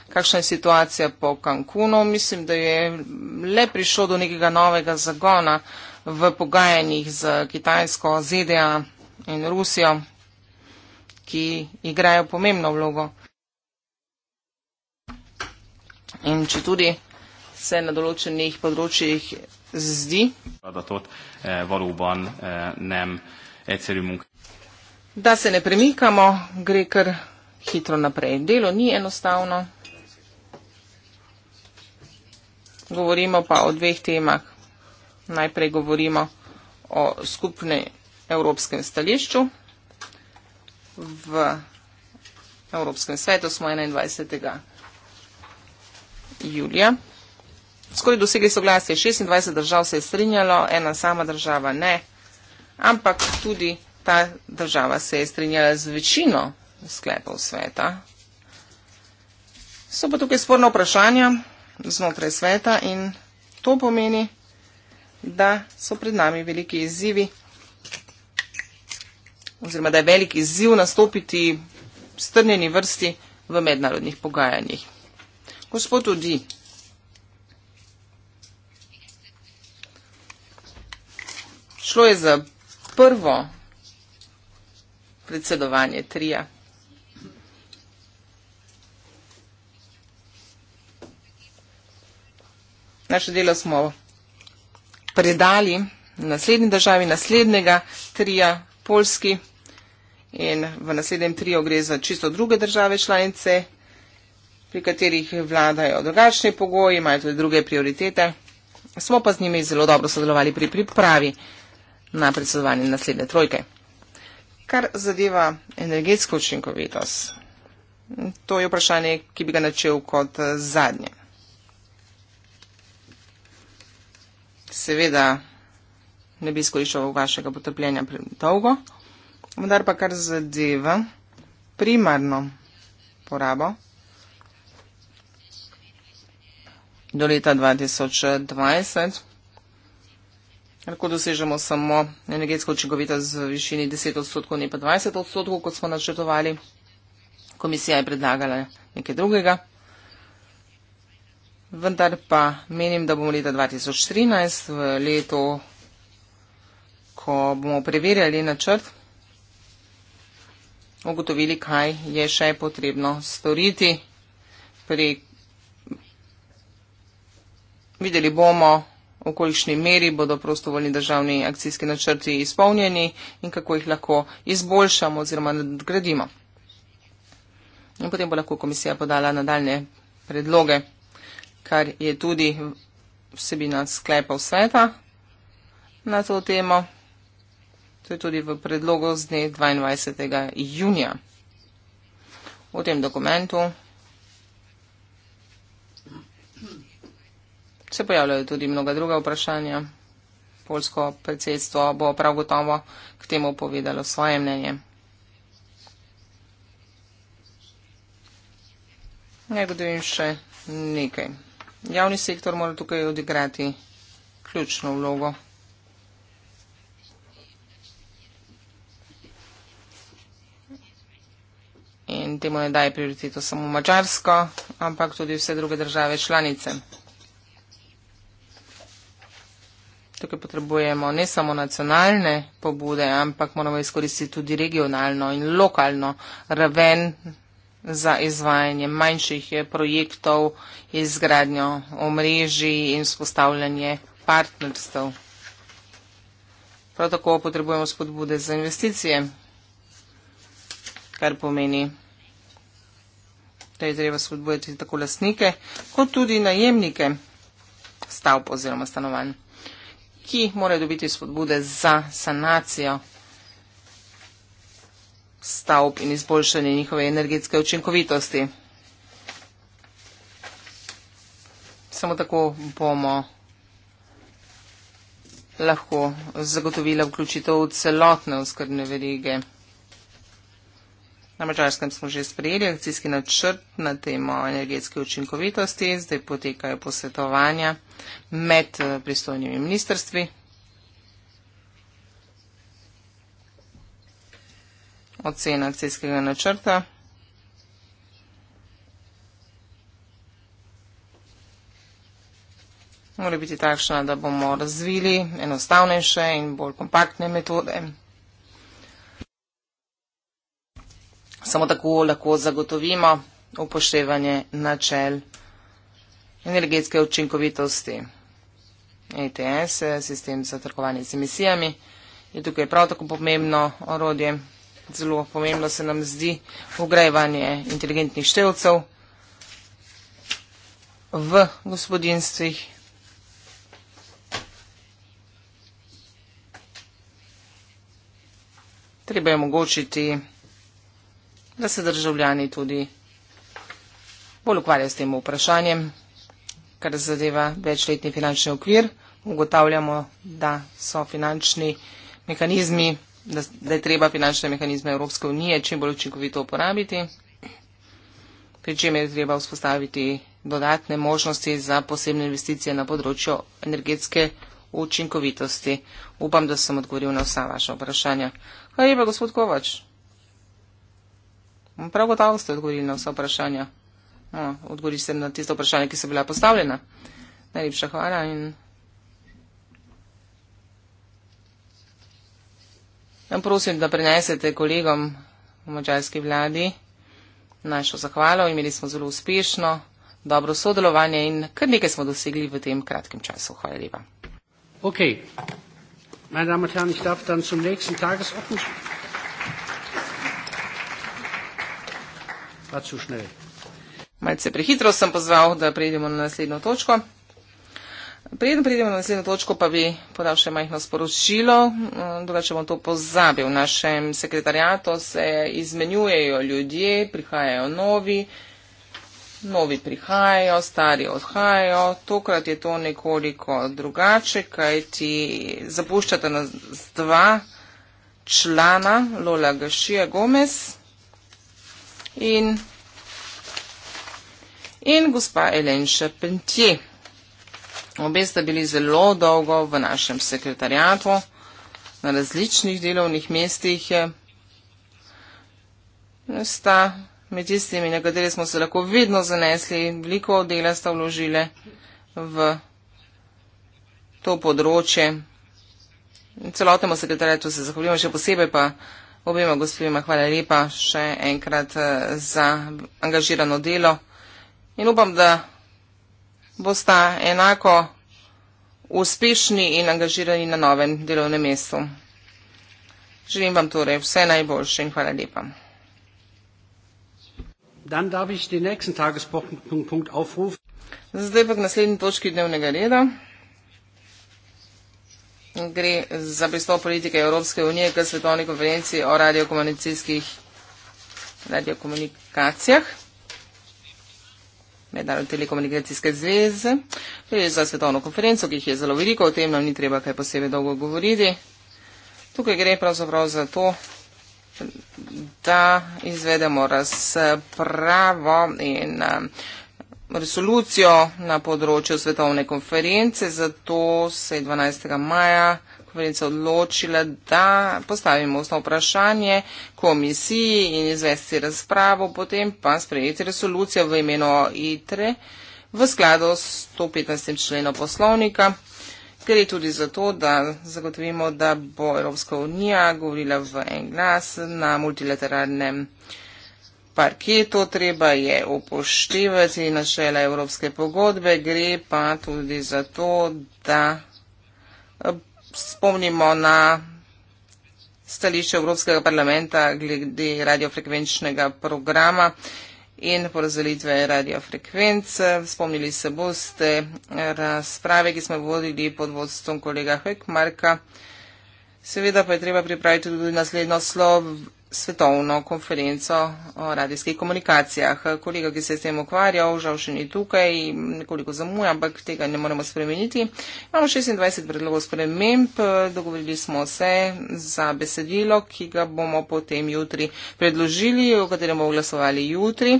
Kakšna je situacija po Cancunu? Mislim, da je le prišlo do nekega novega zagona v pogajanjih z Kitajsko, ZDA in Rusijo, ki igrajo pomembno vlogo. In če tudi se na določenih področjih zdi. Adatot, eh, valóban, eh, nem egyszerű munka. Da se ne premikamo, gre kar hitro naprej. Delo ni enostavno. Govorimo pa o dveh temah. Najprej govorimo o skupnem evropskem stališču. V Evropskem svetu smo 21. julija skoraj dosegli soglasje. 26 držav se je strinjalo, ena sama država ne, ampak tudi ta država se je strinjala z večino sklepov sveta. So pa tukaj sporna vprašanja znotraj sveta in to pomeni, da so pred nami veliki izzivi oziroma da je velik izziv nastopiti v strnjeni vrsti v mednarodnih pogajanjih. Gospod Udi, Šlo je za prvo predsedovanje trija. Naše delo smo predali naslednji državi, naslednjega trija Polski in v naslednjem triju gre za čisto druge države članice, pri katerih vladajo drugačne pogoji, imajo tudi druge prioritete. Smo pa z njimi zelo dobro sodelovali pri pripravi na predsedovanje naslednje trojke. Kar zadeva energetsko učinkovitost, to je vprašanje, ki bi ga načel kot eh, zadnje. Seveda ne bi izkoriščal vašega potrpljenja dolgo, vendar pa kar zadeva primarno porabo do leta 2020 lahko dosežemo samo energetsko očigovita z višini 10 odstotkov, ne pa 20 odstotkov, kot smo načrtovali. Komisija je predlagala nekaj drugega. Vendar pa menim, da bomo leta 2013, v letu, ko bomo preverjali načrt, ugotovili, kaj je še potrebno storiti. Pri... Videli bomo, v kolikšni meri bodo prostovoljni državni akcijski načrti izpolnjeni in kako jih lahko izboljšamo oziroma nadgradimo. In potem bo lahko komisija podala nadaljne predloge, kar je tudi vsebina sklepov sveta na to temo. To je tudi v predlogu z dne 22. junija. V tem dokumentu se pojavljajo tudi mnoga druga vprašanja. Polsko predsedstvo bo prav gotovo k temu povedalo svoje mnenje. Naj govorim še nekaj. Javni sektor mora tukaj odigrati ključno vlogo. In temu ne daje prioriteto samo Mačarsko, ampak tudi vse druge države članice. Tukaj potrebujemo ne samo nacionalne pobude, ampak moramo izkoristiti tudi regionalno in lokalno raven za izvajanje manjših projektov, izgradnjo omrežij in spostavljanje partnerstv. Prav tako potrebujemo spodbude za investicije, kar pomeni, da je treba spodbujati tako lasnike, kot tudi najemnike stavb oziroma stanovanj ki morajo dobiti spodbude za sanacijo stavb in izboljšanje njihove energetske učinkovitosti. Samo tako bomo lahko zagotovila vključitev celotne oskrbne verige. Na mačarskem smo že sprejeli akcijski načrt na temo energetske učinkovitosti, zdaj potekajo posvetovanja med eh, pristojnimi ministrstvi. Ocena akcijskega načrta. Mora biti takšna, da bomo razvili enostavnejše in bolj kompaktne metode samo tako lahko zagotovimo upoštevanje načel energetske učinkovitosti ETS, sistem za trkovanje z emisijami. Je tukaj prav tako pomembno orodje, zelo pomembno se nam zdi ugrajevanje inteligentnih števcev v gospodinstvih. Treba je omogočiti da se državljani tudi bolj ukvarjajo s tem vprašanjem, kar zadeva večletni finančni okvir. Ugotavljamo, da so finančni mehanizmi, da, da je treba finančne mehanizme Evropske unije čim bolj učinkovito uporabiti, pri čemer je treba vzpostaviti dodatne možnosti za posebne investicije na področju energetske učinkovitosti. Upam, da sem odgovoril na vsa vaša vprašanja. Hvala lepa, gospod Kovač. Prav gotovo ste odgovorili na vsa vprašanja. No, odgovorili ste na tisto vprašanje, ki so bila postavljena. Najlepša hvala in Nam ja, prosim, da prenesete kolegom v mačarski vladi našo zahvalo. Imeli smo zelo uspešno, dobro sodelovanje in kar nekaj smo dosegli v tem kratkem času. Hvala lepa. Okay. Meine Damen und Herren, ich darf dann zum nächsten Tagesordnungspunkt. pa so šne. Malce prehitro sem pozval, da prejdemo na naslednjo točko. Preden pridemo na naslednjo točko, pa bi podal še majhno sporočilo, drugače bom to pozabil. V našem sekretarijatu se izmenjujejo ljudje, prihajajo novi, novi prihajajo, stari odhajajo. Tokrat je to nekoliko drugače, kajti zapuščate nas dva člana, Lola Gašija Gomez in, in gospa Elenša Pentje. Obe sta bili zelo dolgo v našem sekretarijatu, na različnih delovnih mestih. Eh, sta med tistimi, na kateri smo se lahko vedno zanesli, veliko dela sta vložile v to področje. Celotnemu sekretarjatu se zahvaljujem, še posebej pa Obima gospodima hvala lepa še enkrat eh, za angažirano delo in upam, da bosta enako uspešni in angažirani na novem delovnem mestu. Želim vam torej vse najboljše in hvala lepa. Dan darf ich den nächsten Tagespunkt aufrufen. Zdaj pa k naslednji točki dnevnega reda gre za pristop politike Evropske unije k svetovni konferenci o radiokomunikacijskih radiokomunikacijah Mednarodne telekomunikacijske zveze. To je za svetovno konferenco, ki jih je zelo veliko, o tem nam ni treba kaj posebej dolgo govoriti. Tukaj gre pravzaprav za to, da izvedemo razpravo in resolucijo na področju svetovne konference, zato se je 12. maja konferenca odločila, da postavimo osno vprašanje komisiji in izvesti razpravo, potem pa sprejeti resolucijo v imeno ITRE v skladu s 115. členom poslovnika. Gre tudi za to, da zagotovimo, da bo Evropska unija govorila v en glas na multilateralnem parketu, treba je upoštevati načela Evropske pogodbe, gre pa tudi za to, da eh, spomnimo na stališče Evropskega parlamenta glede radiofrekvenčnega programa in porazdelitve radiofrekvenc. Spomnili se boste razprave, ki smo vodili pod vodstvom kolega Hekmarka. Seveda pa je treba pripraviti tudi naslednjo slovo svetovno konferenco o radijskih komunikacijah. Kolega, ki se je s tem ukvarjal, žal še ni tukaj, nekoliko zamuja, ampak tega ne moremo spremeniti. Imamo 26 predlogov sprememb, dogovorili smo se za besedilo, ki ga bomo potem jutri predložili, o katerem bomo glasovali jutri.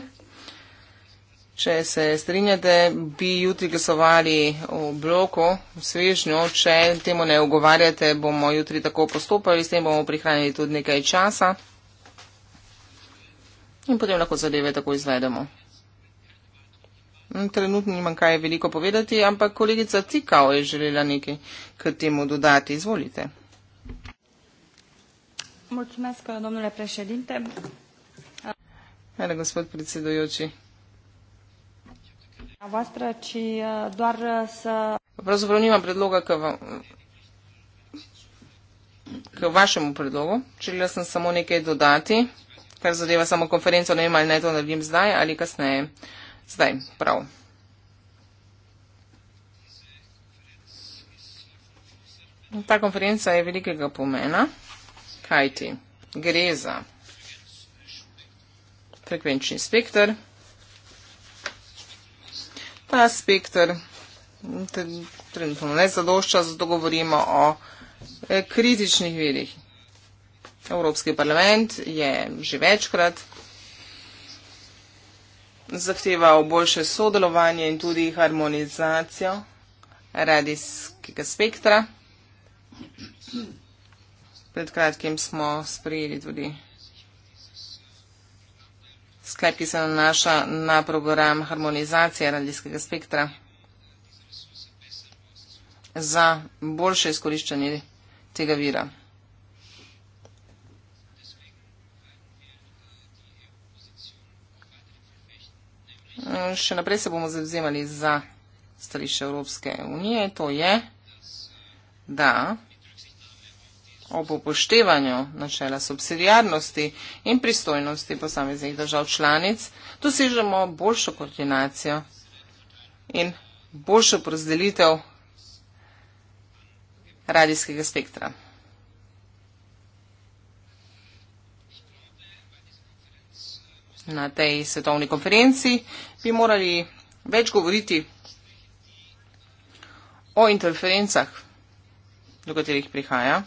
Če se strinjate, bi jutri glasovali v bloku, v svežnju. Če temu ne ogovarjate, bomo jutri tako postopali, s tem bomo prihranili tudi nekaj časa in potem lahko zadeve tako izvedemo. Trenutno nimam kaj veliko povedati, ampak kolegica Cikao je želela nekaj k temu dodati. Izvolite. Mulțumesc, domnule președinte. Hai, gospod predsedujoči. Voastră, ci uh, doar uh, să... Pravzaprav nimam predloga k, vam, k vašemu predlogu. Želela sem samo nekaj dodati kar zadeva samo konferenco, ne vem, ali naj to naredim zdaj ali kasneje. Zdaj, prav. Ta konferenca je velikega pomena, kajti gre za frekvenčni spektr. Ta spektr trenutno ne zadošča, zato govorimo o eh, kritičnih virih. Evropski parlament je že večkrat zahteval boljše sodelovanje in tudi harmonizacijo radijskega spektra. Pred kratkim smo sprejeli tudi sklep, ki se nanaša na program harmonizacije radijskega spektra za boljše izkoriščanje tega vira. Eh, še naprej se bomo zavzemali za stališče Evropske unije, to je, da ob upoštevanju načela subsidijarnosti in pristojnosti posameznih držav članic dosežemo boljšo koordinacijo in boljšo porazdelitev radijskega spektra. na tej svetovni konferenci, bi morali več govoriti o interferencah, do katerih prihaja,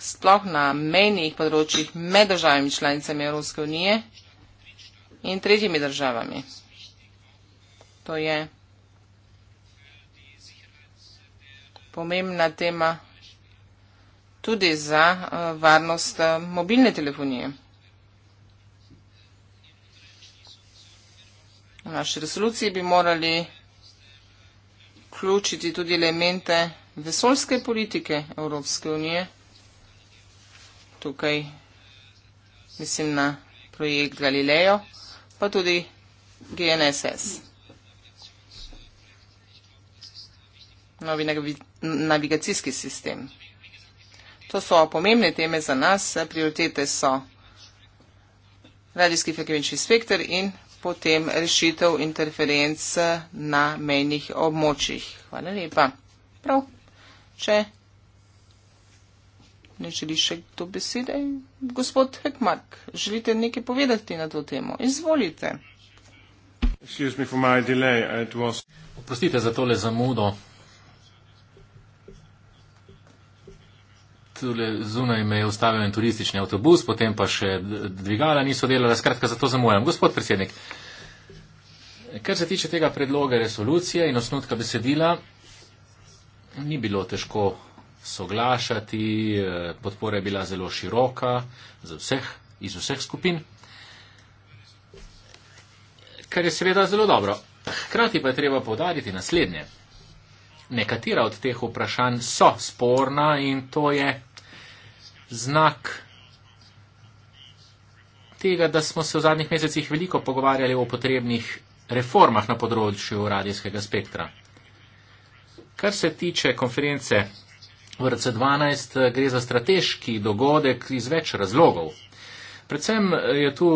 sploh na menjih področjih med državami članicami Evropske unije in tretjimi državami. To je pomembna tema tudi za eh, varnost eh, mobilne telefonije. V naši resoluciji bi morali vključiti tudi elemente vesoljske politike Evropske unije. Tukaj mislim na projekt Galileo, pa tudi GNSS. Novi navigacijski sistem. To so pomembne teme za nas, prioritete so radijski frekvenčni spektr in potem rešitev interferenc na menjih območjih. Hvala lepa. Prav, če ne želi še kdo besede, gospod Hekmark, želite nekaj povedati na to temo? Izvolite. Oprostite za tole zamudo. tudi zunaj me je ustavil en turistični avtobus, potem pa še dvigala niso delala, skratka zato zamujam. Gospod predsednik, kar se tiče tega predloga resolucije in osnutka besedila, ni bilo težko soglašati, eh, podpora je bila zelo široka vseh, iz vseh skupin, kar je seveda zelo dobro. Hkrati pa je treba povdariti naslednje. Nekatera od teh vprašanj so sporna in to je znak tega, da smo se v zadnjih mesecih veliko pogovarjali o potrebnih reformah na področju radijskega spektra. Kar se tiče konference VRC12, gre za strateški dogodek iz več razlogov. Predvsem je tu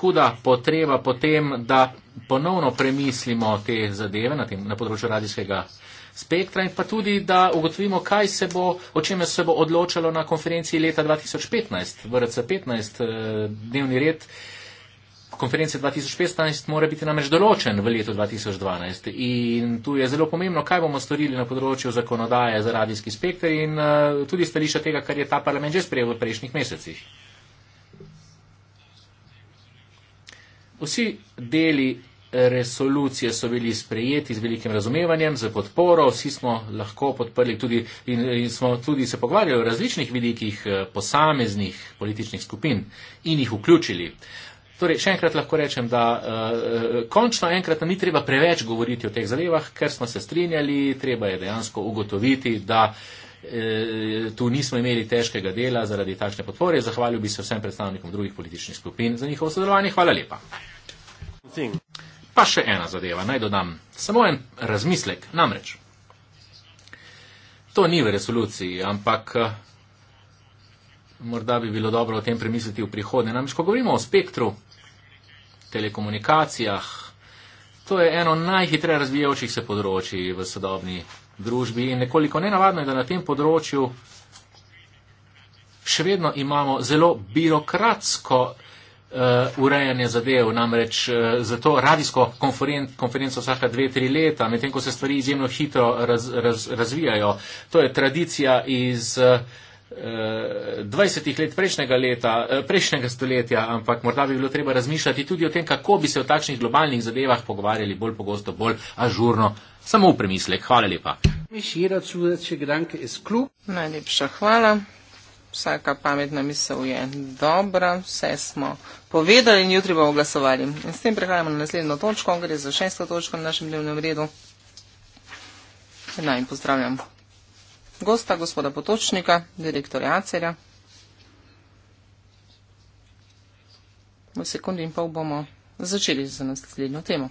huda potreba potem, da ponovno premislimo te zadeve na, tem, na področju radijskega spektra spektra in pa tudi, da ugotovimo, kaj se bo, o čem se bo odločalo na konferenci leta 2015, VRC 15, dnevni red. Konference 2015 mora biti namreč določen v letu 2012 in tu je zelo pomembno, kaj bomo storili na področju zakonodaje za radijski spektr in uh, tudi stališča tega, kar je ta parlament že sprejel v prejšnjih mesecih. Vsi deli resolucije so bili sprejeti z velikim razumevanjem, z podporo, vsi smo lahko podprli tudi in, in smo tudi se pogovarjali o različnih vidikih eh, posameznih političnih skupin in jih vključili. Torej, še enkrat lahko rečem, da uh, končno enkrat ni treba preveč govoriti o teh zadevah, ker smo se strinjali, treba je dejansko ugotoviti, da eh, tu nismo imeli težkega dela zaradi takšne podpore. Zahvalil bi se vsem predstavnikom drugih političnih skupin za njihovo sodelovanje. Hvala lepa. Thing. Pa še ena zadeva, naj dodam samo en razmislek. Namreč, to ni v resoluciji, ampak eh, morda bi bilo dobro o tem premisliti v prihodnje. Namreč, ko govorimo o spektru, telekomunikacijah, to je eno najhitreje razvijajočih se področji v sodobni družbi in nekoliko nenavadno je, da na tem področju še vedno imamo zelo birokratsko uh, urejanje zadev. Namreč uh, eh, za to radijsko konferen konferenco vsaka dve, tri leta, medtem ko se stvari izjemno hitro raz raz razvijajo. To je tradicija iz. Uh, eh, 20 let prejšnjega leta, prejšnjega stoletja, ampak morda bi bilo treba razmišljati tudi o tem, kako bi se o takšnih globalnih zadevah pogovarjali bolj pogosto, bolj ažurno. Samo v premislek. Hvala lepa. Najlepša hvala vsaka pametna misel je dobra, vse smo povedali in jutri bomo glasovali. In s tem prehajamo na naslednjo točko, gre za šesto točko na našem dnevnem redu. Naj pozdravljam gosta, gospoda Potočnika, direktorja Acerja. V sekundi in pol bomo začeli z naslednjo temo.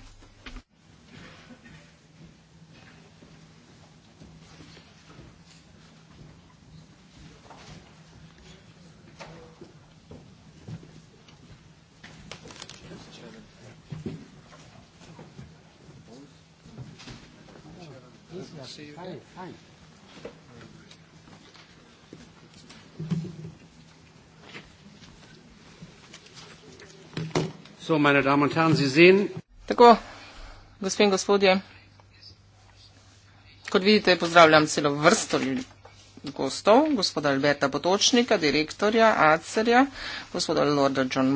So, meine Damen und Herren, Sie sehen. Tako, gospod in gospodje, kot vidite, pozdravljam celo vrsto ljudi gostov, gospoda Alberta Potočnika, direktorja ACER-ja, gospoda Lorda John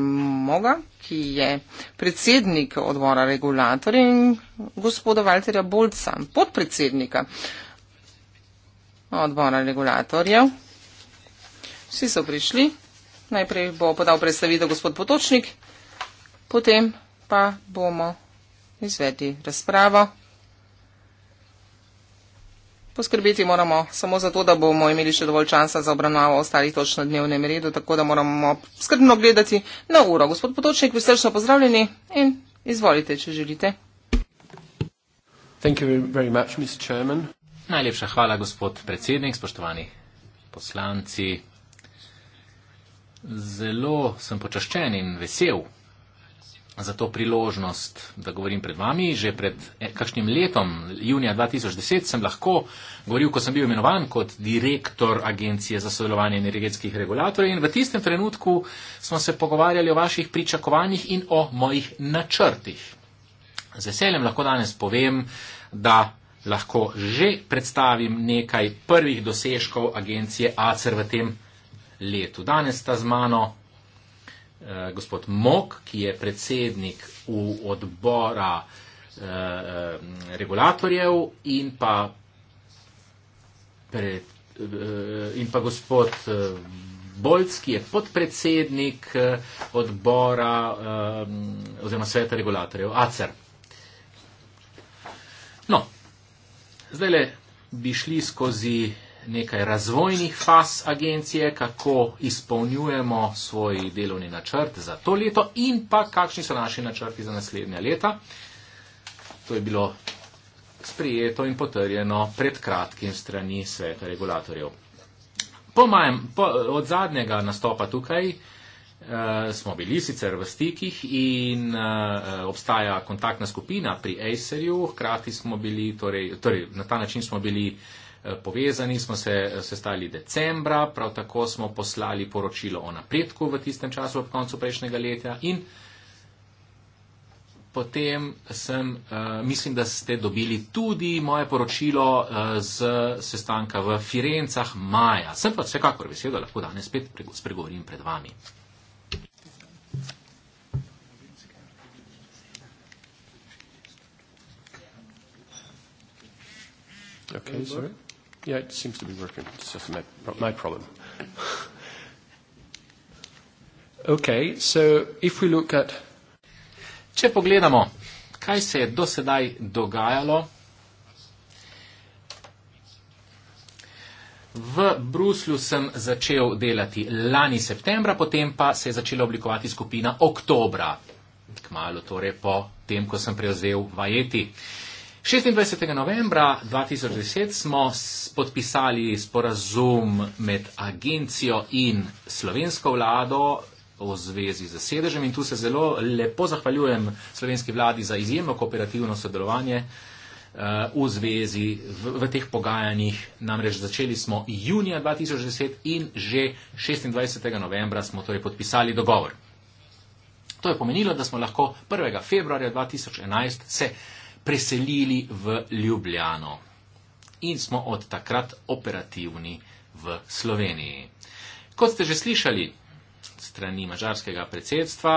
Moga, ki je predsednik odbora regulatorja in gospoda Valterja Bolca, podpredsednika odbora regulatorjev. Vsi so prišli. Najprej bo podal predstavitev gospod Potočnik, potem pa bomo izvedli razpravo. Poskrbeti moramo samo zato, da bomo imeli še dovolj časa za obravnavo ostalih točk na dnevnem redu, tako da moramo skrbno gledati na uro. Gospod Potočnik, vi srčno pozdravljeni in izvolite, če želite. Much, Najlepša hvala, gospod predsednik, spoštovani poslanci. Zelo sem počaščen in vesel, za to priložnost, da govorim pred vami. Že pred eh, kakšnim letom, junija 2010, sem lahko govoril, ko sem bil imenovan kot direktor Agencije za sodelovanje energetskih regulatorjev in v tistem trenutku smo se pogovarjali o vaših pričakovanjih in o mojih načrtih. Z veseljem lahko danes povem, da lahko že predstavim nekaj prvih dosežkov agencije ACER v tem letu. Danes sta z mano Eh, gospod Mok, ki je predsednik v odbora eh, regulatorjev in pa, pred, eh, in pa gospod Bolc, ki je podpredsednik odbora oziroma sveta regulatorjev, ACER. No, zdaj le bi šli skozi nekaj razvojnih faz agencije, kako izpolnjujemo svoj delovni načrt za to leto in pa kakšni so naši načrti za naslednja leta. To je bilo sprijeto in potrjeno pred kratkim strani sveta regulatorjev. Po majem, po, od zadnjega nastopa tukaj eh, smo bili sicer v stikih in eh, obstaja kontaktna skupina pri Acerju, hkrati smo bili, torej, torej na ta način smo bili eh, Eh, povezani, smo se eh, sestali decembra, prav tako smo poslali poročilo o napredku v tistem času ob koncu prejšnjega leta in potem sem, eh, mislim, da ste dobili tudi moje poročilo z sestanka v Firencah maja. Sem pa vsekakor vesel, da lahko danes spet spregovorim pred vami. Okay, sorry. Yeah, it seems to be working. It's just my, my problem. okay, so if we look at... Če pogledamo, kaj se je do sedaj dogajalo, V Bruslju sem začel delati lani septembra, potem pa se je začela oblikovati skupina oktobra, kmalo torej po tem, ko sem prevzel vajeti. Uh, 26. novembra 2010 smo podpisali sporazum med agencijo in slovensko vlado v zvezi z sedežem in tu se zelo lepo zahvaljujem slovenski vladi za izjemno kooperativno sodelovanje eh, v zvezi v, v teh pogajanjih. Namreč začeli smo junija 2010 in že 26. novembra smo torej podpisali dogovor. To je pomenilo, da smo lahko 1. februarja 2011 se preselili v Ljubljano in smo od takrat operativni v Sloveniji. Kot ste že slišali strani mačarskega predsedstva,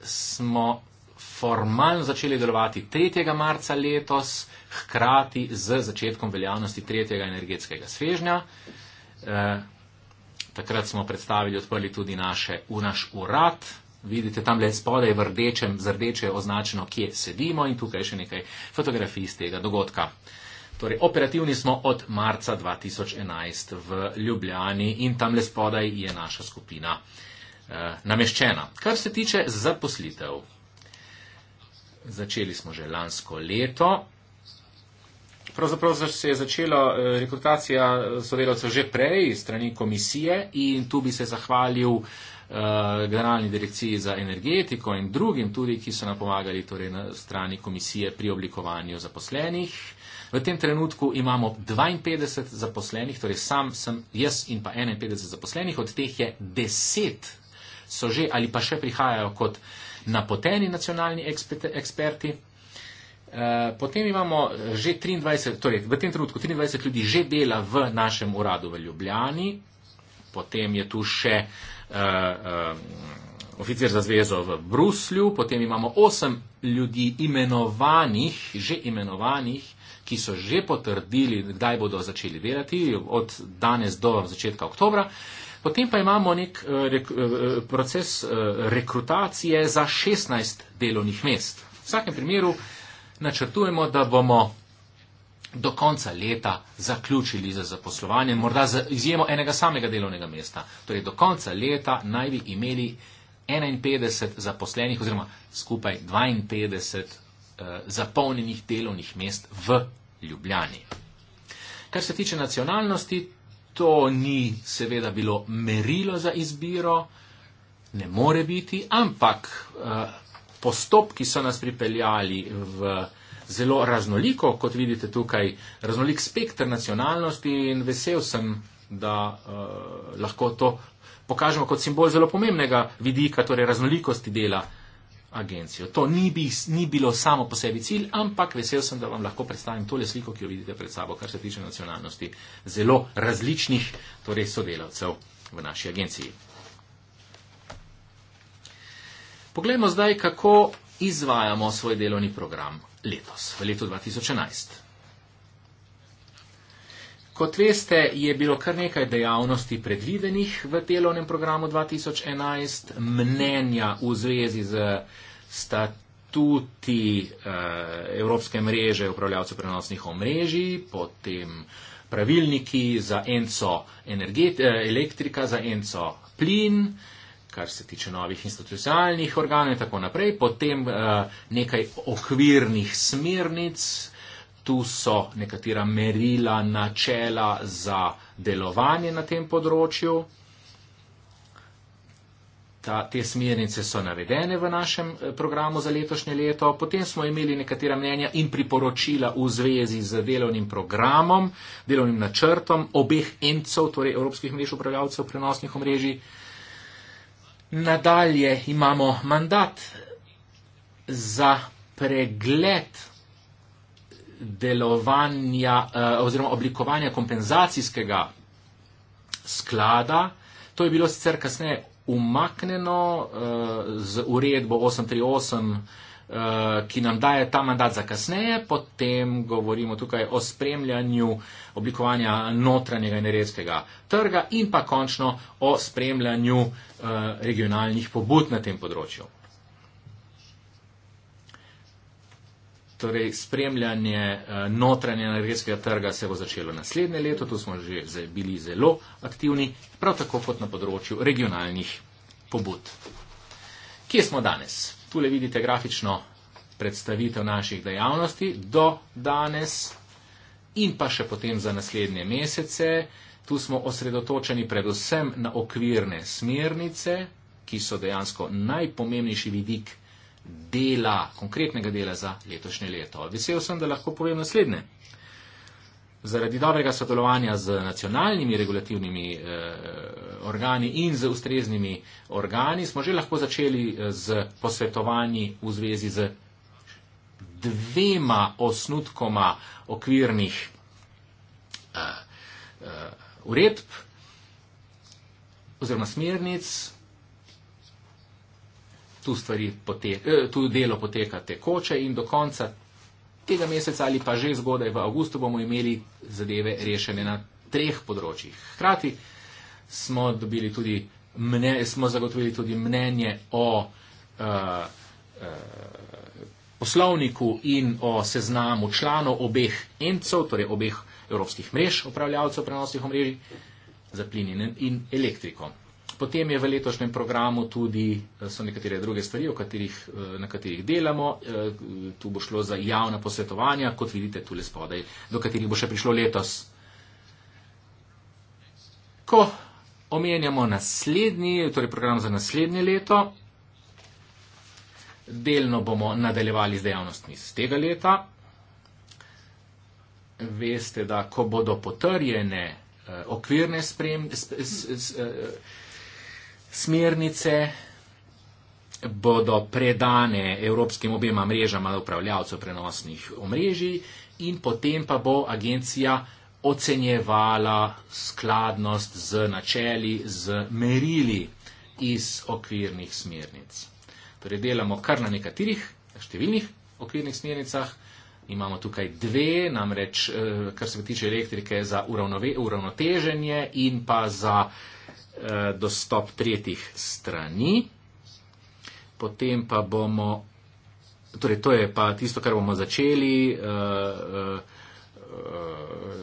smo formalno začeli delovati 3. marca letos, hkrati z začetkom veljavnosti 3. energetskega svežnja. Eh, takrat smo predstavili, odprli tudi naše, v naš urad. Vidite tam le spodaj v rdečem, z rdeče označeno, kje sedimo in tukaj še nekaj fotografij iz tega dogodka. Torej, operativni smo od marca 2011 v Ljubljani in tam le spodaj je naša skupina eh, nameščena. Kar se tiče zaposlitev, začeli smo že lansko leto. Pravzaprav se je začela eh, rekrutacija eh, sodelavcev že prej strani komisije in tu bi se zahvalil eh, Eh, generalni direkciji za energetiko in drugim tudi, ki so nam pomagali torej na strani komisije pri oblikovanju zaposlenih. V tem trenutku imamo 52 zaposlenih, torej sam sem jaz in pa 51 zaposlenih, od teh je 10 so že ali pa še prihajajo kot napoteni nacionalni eksperti. Eh, potem imamo že 23, torej v tem trenutku 23 ljudi že dela v našem uradu v Ljubljani, potem je tu še Eh, eh, oficir za zvezo v Bruslju, potem imamo osem ljudi imenovanih, že imenovanih, ki so že potrdili, kdaj bodo začeli delati, od danes do začetka oktobra. Potem pa imamo nek eh, rek, proces rekrutacije za 16 delovnih mest. V vsakem primeru načrtujemo, da bomo do konca leta zaključili za zaposlovanje, morda za izjemo enega samega delovnega mesta. Torej, do konca leta naj bi imeli 51 zaposlenih oziroma skupaj 52 eh, zapolnjenih delovnih mest v Ljubljani. Kar se tiče nacionalnosti, to ni seveda bilo merilo za izbiro, ne more biti, ampak eh, postopki so nas pripeljali v. Eh, zelo raznoliko, kot vidite tukaj, raznolik spektr nacionalnosti in vesel sem, da uh, lahko to pokažemo kot simbol zelo pomembnega vidika, torej raznolikosti dela agencijo. To ni, bi, ni bilo samo po sebi cilj, ampak vesel sem, da vam lahko predstavim tole sliko, ki jo vidite pred sabo, kar se tiče nacionalnosti zelo različnih torej sodelavcev v naši agenciji. Poglejmo zdaj, kako izvajamo svoj delovni program letos, v letu 2011. Kot veste, je bilo kar nekaj dejavnosti predvidenih v delovnem programu 2011, mnenja v zvezi z statuti eh, Evropske mreže upravljavcev prenosnih omrežij, potem pravilniki za enco eh, elektrika, za enco plin, kar se tiče novih institucionalnih organov in tako naprej. Potem eh, nekaj okvirnih smernic, tu so nekatera merila, načela za delovanje na tem področju. Ta, te smernice so navedene v našem eh, programu za letošnje leto. Potem smo imeli nekatera mnenja in priporočila v zvezi z delovnim programom, delovnim načrtom obeh encov, torej Evropskih mrež upravljavcev prenosnih omrežij. Uh, Nadalje imamo mandat za pregled delovanja eh, oziroma oblikovanja kompenzacijskega sklada. To je bilo sicer kasneje umaknjeno eh, z uredbo 838 Eh, ki nam daje ta mandat za kasneje, potem govorimo tukaj o spremljanju oblikovanja notranjega energetskega trga in pa končno o spremljanju eh, regionalnih pobud na tem področju. Torej, spremljanje eh, notranje energetskega trga se bo začelo naslednje leto, tu smo že bili zelo aktivni, prav tako kot na področju regionalnih pobud. Kje smo danes? Tule vidite grafično predstavitev naših dejavnosti do danes in pa še potem za naslednje mesece. Tu smo osredotočeni predvsem na okvirne smernice, ki so dejansko najpomembnejši vidik dela, konkretnega dela za letošnje leto. Vesel sem, da lahko povem naslednje zaradi dobrega sodelovanja z nacionalnimi regulativnimi eh, organi in z ustreznimi organi smo že lahko začeli z eh, posvetovanji v zvezi z dvema osnutkoma okvirnih eh, eh uredb oziroma smernic. Tu, poteka, eh, tu delo poteka tekoče in do konca tega meseca ali pa že zgodaj v avgustu bomo imeli zadeve rešene na treh področjih. Hkrati smo, tudi mne, smo zagotovili tudi mnenje o uh, uh, poslovniku in o seznamu članov obeh encov, torej obeh evropskih mrež, upravljavcev prenosnih omrežij za plin in elektriko. Potem je v letošnjem programu tudi eh, so nekatere druge stvari, katerih, eh, na katerih delamo. Eh, tu bo šlo za javna posvetovanja, kot vidite tule spodaj, do katerih bo še prišlo letos. Ko omenjamo naslednji, torej program za naslednje leto, delno bomo nadaljevali z dejavnostmi z tega leta. Veste, da ko bodo potrjene okvirne spremljanje, sp sp sp sp sp sp sp smernice bodo predane evropskim objema mrežama upravljavcev prenosnih omrežij in potem pa bo agencija ocenjevala skladnost z načeli, z merili iz okvirnih smernic. Torej delamo kar na nekaterih številnih okvirnih smernicah. Imamo tukaj dve, namreč eh, kar se tiče elektrike za uravnoteženje in pa za uh, Eh, dostop tretjih strani. Potem pa bomo, torej to je pa tisto, kar bomo začeli eh, eh,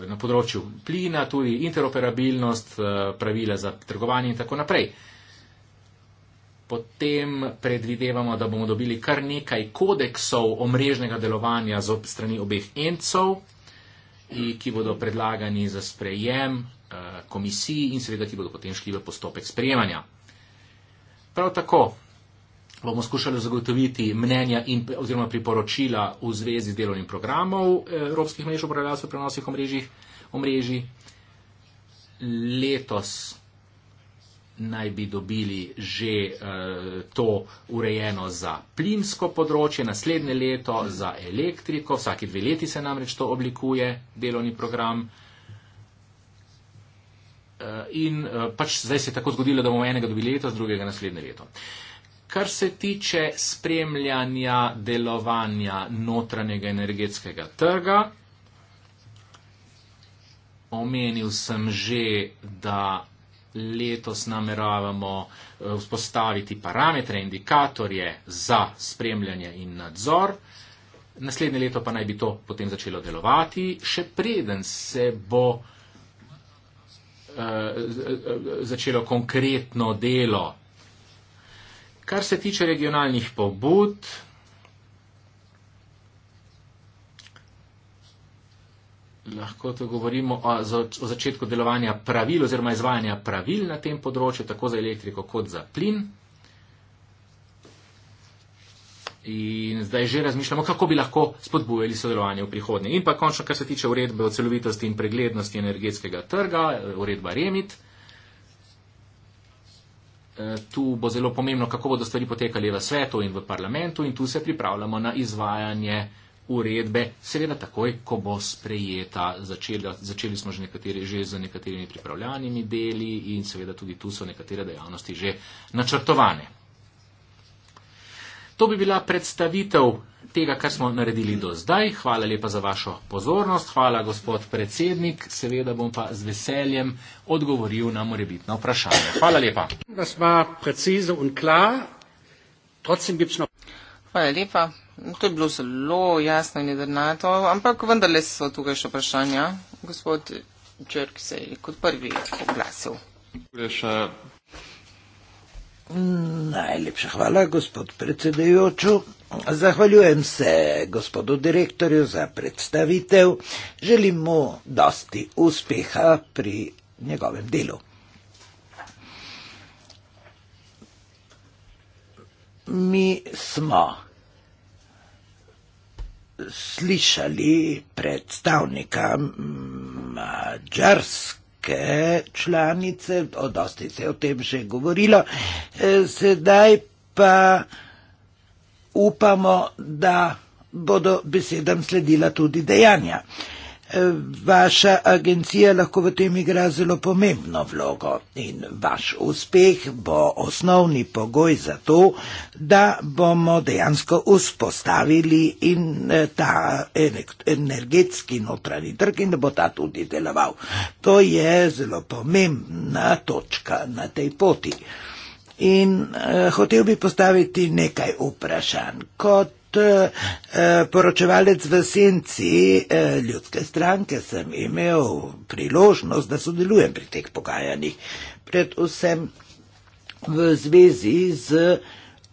na področju plina, tudi interoperabilnost, pravila za trgovanje in tako naprej. Potem predvidevamo, da bomo dobili kar nekaj kodeksov omrežnega delovanja z strani obeh encov, ki bodo predlagani za sprejem Eh, komisiji in seveda, ki bodo potem šli v postopek sprejemanja. Prav tako bomo skušali zagotoviti mnenja in, oziroma priporočila v zvezi z delovnim programom eh, Evropskih mrež upravljalcev prenosnih omrežij. Letos naj bi dobili že uh, to urejeno za plinsko področje, naslednje leto za elektriko, vsake dve leti se namreč to oblikuje delovni program. Uh, Eh, in eh, pač zdaj se je tako zgodilo, da bomo enega dobili letos, drugega naslednje leto. Kar se tiče spremljanja delovanja notranjega energetskega trga, omenil sem že, da letos nameravamo eh, vzpostaviti parametre, indikatorje za spremljanje in nadzor. Naslednje leto pa naj bi to potem začelo delovati, še preden se bo uh, Eh, začelo konkretno delo. Kar se tiče regionalnih pobud, lahko to govorimo o, o začetku delovanja pravil oziroma izvajanja pravil na tem področju, tako za elektriko kot za plin. In zdaj že razmišljamo, kako bi lahko spodbujali sodelovanje v prihodnje. In pa končno, kar se tiče uredbe o celovitosti in preglednosti energetskega trga, uredba REMIT. E, tu bo zelo pomembno, kako bodo stvari potekali v svetu in v parlamentu in tu se pripravljamo na izvajanje uredbe, seveda takoj, ko bo sprejeta. Začeli, začeli smo že, nekateri, že z nekaterimi pripravljanimi deli in seveda tudi tu so nekatere dejavnosti že načrtovane. To bi bila predstavitev tega, kar smo naredili do zdaj. Hvala lepa za vašo pozornost. Hvala, gospod predsednik. Seveda bom pa z veseljem odgovoril na morebitna vprašanja. Hvala lepa. Hvala lepa. To je bilo zelo jasno in jedrnato, ampak vendarle so tukaj še vprašanja. Gospod Črk se je kot prvi oglasil. Najlepša hvala, gospod predsedajoču. Zahvaljujem se gospodu direktorju za predstavitev. Želim mu dosti uspeha pri njegovem delu. Mi smo slišali predstavnika mađarske vsake članice, o dosti se je o tem že govorilo, e, sedaj pa upamo, da bodo besedam sledila tudi dejanja vaša agencija lahko v tem igra zelo pomembno vlogo in vaš uspeh bo osnovni pogoj za to, da bomo dejansko vzpostavili in eh, ta energetski notranji trg in da bo ta tudi deloval. To je zelo pomembna točka na tej poti. In eh, hotel bi postaviti nekaj vprašanj. Kot Eh, poročevalec v senci eh, ljudske stranke sem imel priložnost, da sodelujem pri teh pogajanjih, predvsem v zvezi z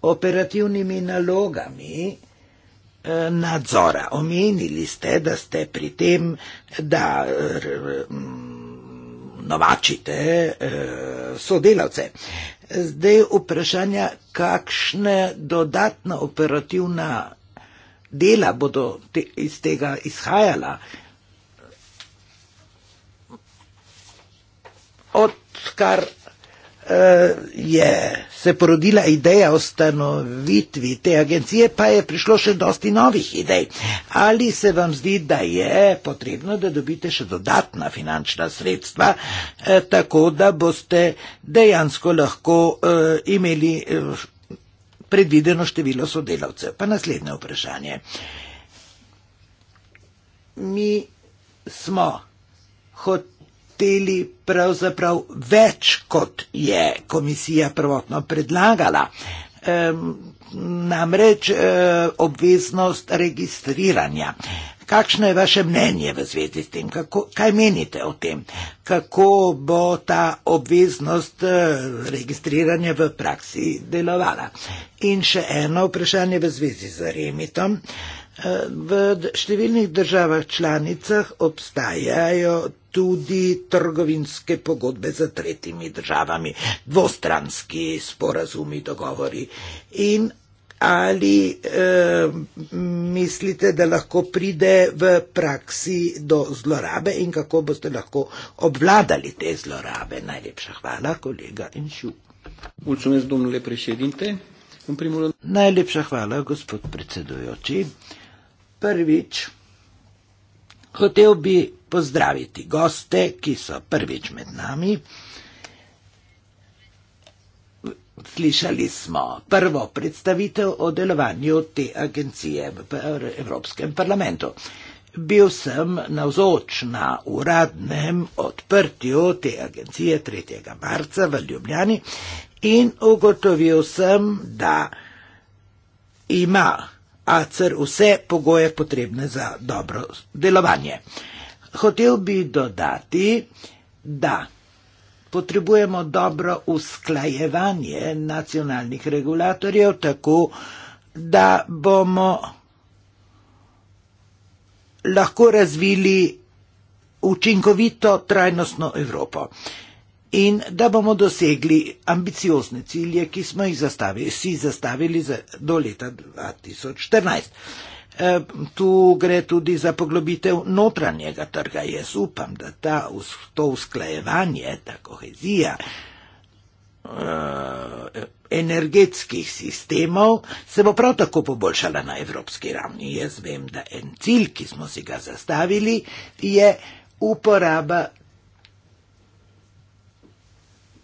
operativnimi nalogami eh, nadzora. Omenili ste, da ste pri tem, da. R, r, m, navačite eh, sodelavce. Zdaj vprašanje, kakšne dodatna operativna dela bodo te, iz tega izhajala. Odkar Eh, je se porodila ideja o ustanovitvi te agencije, pa je prišlo še dosti novih idej. Ali se vam zdi, da je potrebno, da dobite še dodatna finančna sredstva, eh, tako da boste dejansko lahko eh, imeli predvideno število sodelavcev? Pa naslednje vprašanje. Mi smo hoteli našteli pravzaprav več, kot je komisija prvotno predlagala. Ehm, namreč e, obveznost registriranja. Kakšno je vaše mnenje v zvezi s tem? Kako, kaj menite o tem? Kako bo ta obveznost e, registriranja v praksi delovala? In še eno vprašanje v zvezi z remitom. E, V številnih državah članicah obstajajo tudi trgovinske pogodbe za tretjimi državami, dvostranski sporazumi, dogovori. In ali eh, mislite, da lahko pride v praksi do zlorabe in kako boste lahko obvladali te zlorabe? Najlepša hvala, kolega Inšu. Najlepša hvala, gospod predsedujoči prvič, hotel bi pozdraviti goste, ki so prvič med nami. Slišali smo prvo predstavitev o delovanju te agencije v Evropskem parlamentu. Bil sem navzoč na uradnem odprtju te agencije 3. marca v Ljubljani in ugotovil sem, da ima ACR vse pogoje potrebne za dobro delovanje. Hotel bi dodati, da potrebujemo dobro usklajevanje nacionalnih regulatorjev, tako da bomo lahko razvili učinkovito trajnostno Evropo in da bomo dosegli ambiciozne cilje, ki smo jih zastavili, si zastavili za, do leta 2014. E, tu gre tudi za poglobitev notranjega trga. Jaz upam, da ta, to usklajevanje, ta kohezija e, energetskih sistemov se bo prav tako poboljšala na evropski ravni. Jaz vem, da en cilj, ki smo si ga zastavili, je uporaba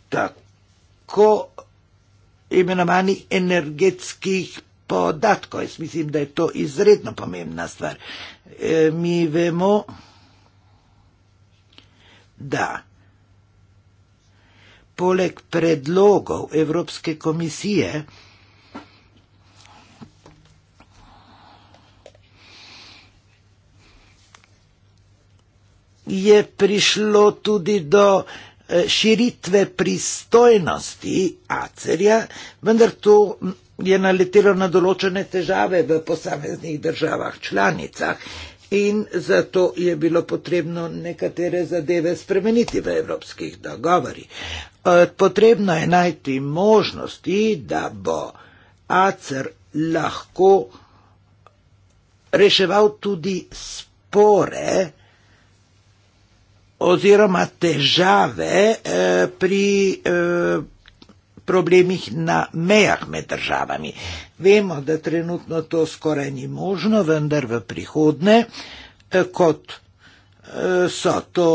tako imenovanih energetskih podatkov. Jaz mislim, da je to izredno pomembna stvar. E, mi vemo, da poleg predlogov Evropske komisije je prišlo tudi do Eh, širitve pristojnosti ACR-ja, vendar to je naletelo na določene težave v posameznih državah članicah in zato je bilo potrebno nekatere zadeve spremeniti v evropskih dogovorih. Eh, potrebno je najti možnosti, da bo ACR lahko reševal tudi spore, oziroma težave eh, pri eh, problemih na mejah med državami. Vemo, da trenutno to skoraj ni možno, vendar v prihodne, eh, kot so to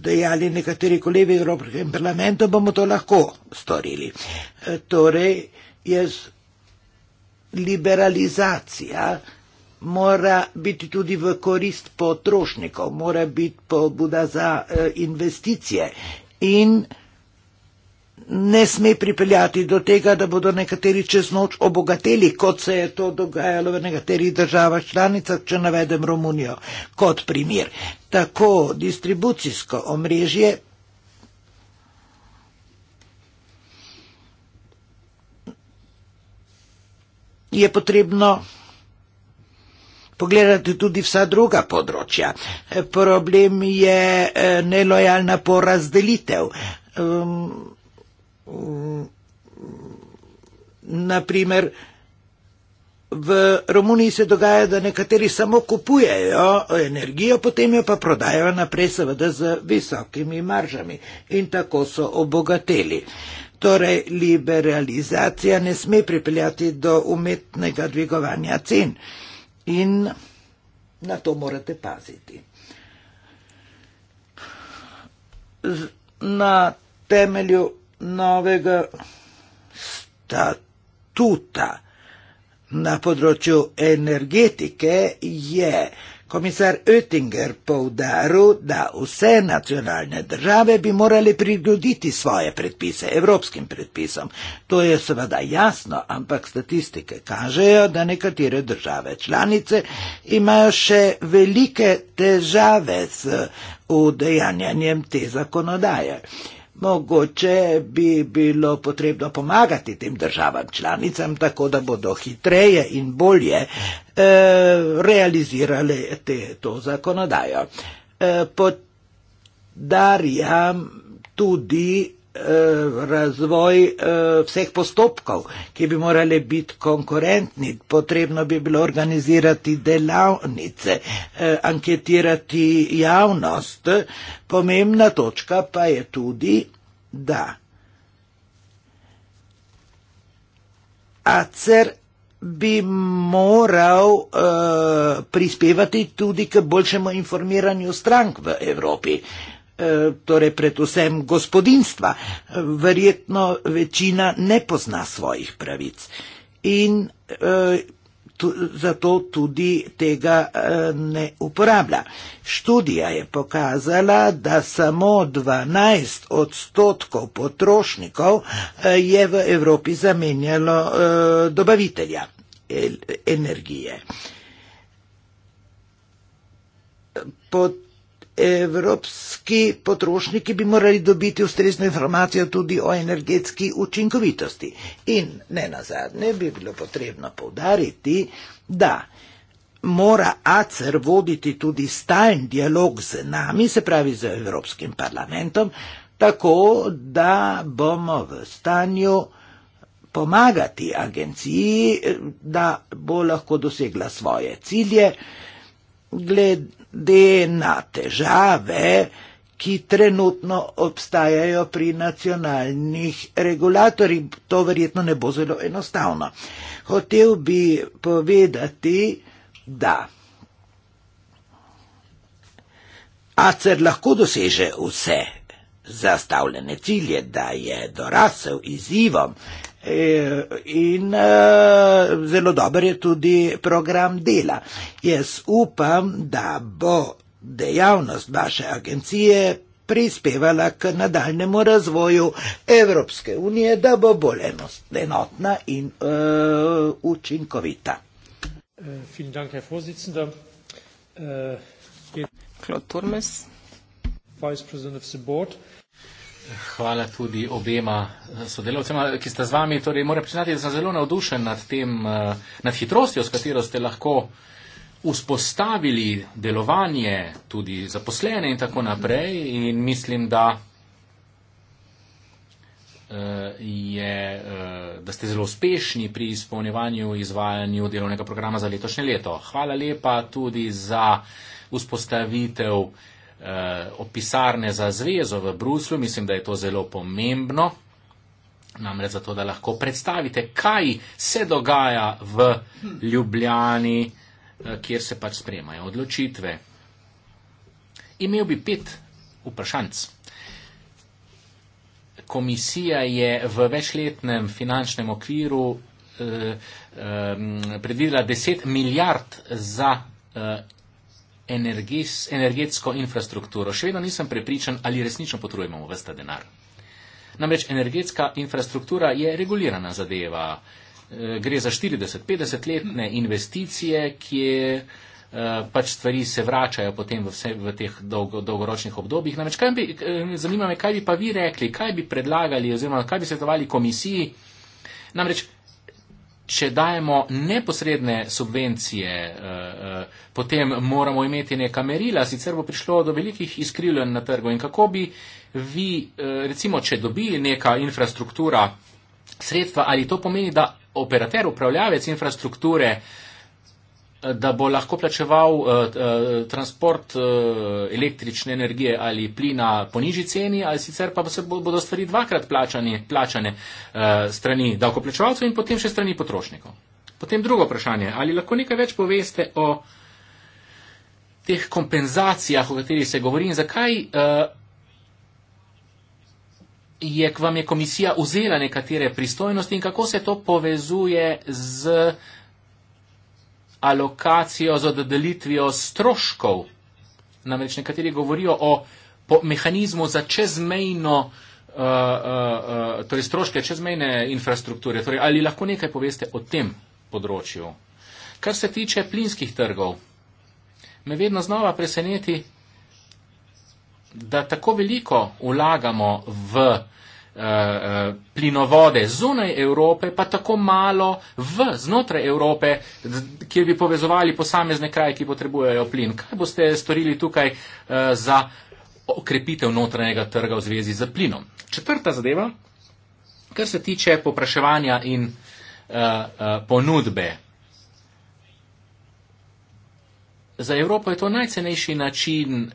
dejali nekateri kolegi v Evropskem parlamentu, bomo to lahko storili. Torej, jaz liberalizacija mora biti tudi v korist potrošnikov, mora biti pobuda za eh, investicije in ne sme pripeljati do tega, da bodo nekateri čez noč obogateli, kot se je to dogajalo v nekaterih državah članicah, če navedem Romunijo kot primer. Tako distribucijsko omrežje. Je potrebno pogledati tudi vsa druga področja. Problem je eh, nelojalna porazdelitev. Um, ehm, um, mm, naprimer, v Romuniji se dogaja, da nekateri samo kupujejo energijo, potem jo pa prodajajo naprej, seveda z visokimi maržami in tako so obogateli. Torej, liberalizacija ne sme pripeljati do umetnega dvigovanja cen. Uh, in na to morate paziti. Na temelju novega statuta na področju energetike je Komisar Oettinger poudaril, da vse nacionalne države bi morali prigoditi svoje predpise evropskim predpisom. To je seveda jasno, ampak statistike kažejo, da nekatere države članice imajo še velike težave s udejanjanjem te zakonodaje. Mogoče bi bilo potrebno pomagati tem državam članicam, tako da bodo hitreje in bolje e, realizirale te, to zakonodajo. E, podarjam tudi Eh, razvoj eh, vseh postopkov, ki bi morali biti konkurentni. Potrebno bi bilo organizirati delavnice, eh, anketirati javnost. Pomembna točka pa je tudi, da ACER bi moral uh, prispevati tudi k boljšemu informiranju strank v Evropi. Uh, Eh, torej predvsem gospodinstva, verjetno večina ne pozna svojih pravic. In eh, t, zato tudi tega eh, ne uporablja. Študija je pokazala, da samo 12 odstotkov potrošnikov je v Evropi zamenjalo dobavitelja energije. Potem evropski potrošniki bi morali dobiti ustrezno informacijo tudi o energetski učinkovitosti. In ne nazadnje bi bilo potrebno povdariti, da mora ACER voditi tudi stalen dialog z nami, se pravi z Evropskim parlamentom, tako da bomo v stanju pomagati agenciji, da bo lahko dosegla svoje cilje glede na težave, ki trenutno obstajajo pri nacionalnih regulatorjih, to verjetno ne bo zelo enostavno. Hotev bi povedati, da ACER lahko doseže vse zastavljene cilje, da je dorasel izzivom, E, in e, zelo dober je tudi program dela. Jaz upam, da bo dejavnost vaše agencije prispevala k nadaljnemu razvoju Evropske unije, da bo bolj enotna in uh, učinkovita. Uh, Hvala tudi obema eh, sodelavcema, ki sta z vami. Torej, moram priznati, da sem zelo navdušen nad, tem, eh, nad hitrostjo, s katero ste lahko vzpostavili delovanje tudi zaposlene in tako naprej. In mislim, da, eh, je, da ste zelo uspešni pri izpolnjevanju izvajanju delovnega programa za letošnje leto. Hvala lepa tudi za vzpostavitev eh, opisarne za zvezo v Bruslju, mislim, da je to zelo pomembno, namreč zato, da lahko predstavite, kaj se dogaja v Ljubljani, eh, kjer se pač spremajo odločitve. Imel bi pet vprašanj. Komisija je v večletnem finančnem okviru eh, eh, predvidela 10 milijard za eh, energis, energetsko infrastrukturo, še vedno nisem prepričan, ali resnično potrujemo vsta denar. Namreč energetska infrastruktura je regulirana zadeva. Eh, gre za 40-50 letne investicije, kje eh, pač stvari se vračajo potem v, vse, v teh dolgo, dolgoročnih obdobjih. Namreč, bi, eh, zanima me, kaj bi pa vi rekli, kaj bi predlagali oziroma kaj bi svetovali komisiji. Namreč če dajemo neposredne subvencije, eh, eh, potem moramo imeti neka merila, sicer bo prišlo do velikih izkrivljenj na trgu. In kako bi vi, eh, recimo, če dobi neka infrastruktura sredstva, ali to pomeni, da operater, upravljavec infrastrukture, da bo lahko plačeval uh, transport uh, električne energije ali plina po nižji ceni, ali sicer pa se bodo stvari dvakrat plačani, plačane uh, strani davkoplačevalcev in potem še strani potrošnikov. Potem drugo vprašanje, ali lahko nekaj več poveste o teh kompenzacijah, o katerih se govori in zakaj uh, je k vam je komisija vzela nekatere pristojnosti in kako se to povezuje z. Uh, alokacijo z oddelitvijo stroškov. Namreč nekateri govorijo o mehanizmu za čezmejno, uh, uh, uh, torej stroške čezmejne infrastrukture. Torej, ali lahko nekaj poveste o tem področju? Kar se tiče plinskih trgov, me vedno znova preseneti, da tako veliko vlagamo v uh, Eh, eh, plinovode zunaj Evrope, pa tako malo v, znotraj Evrope, kjer bi povezovali posamezne kraje, ki potrebujejo plin. Kaj boste storili tukaj eh, za okrepitev notranjega trga v zvezi z plinom? Četrta zadeva, kar se tiče popraševanja in eh, eh, ponudbe. Za Evropo je to najcenejši način,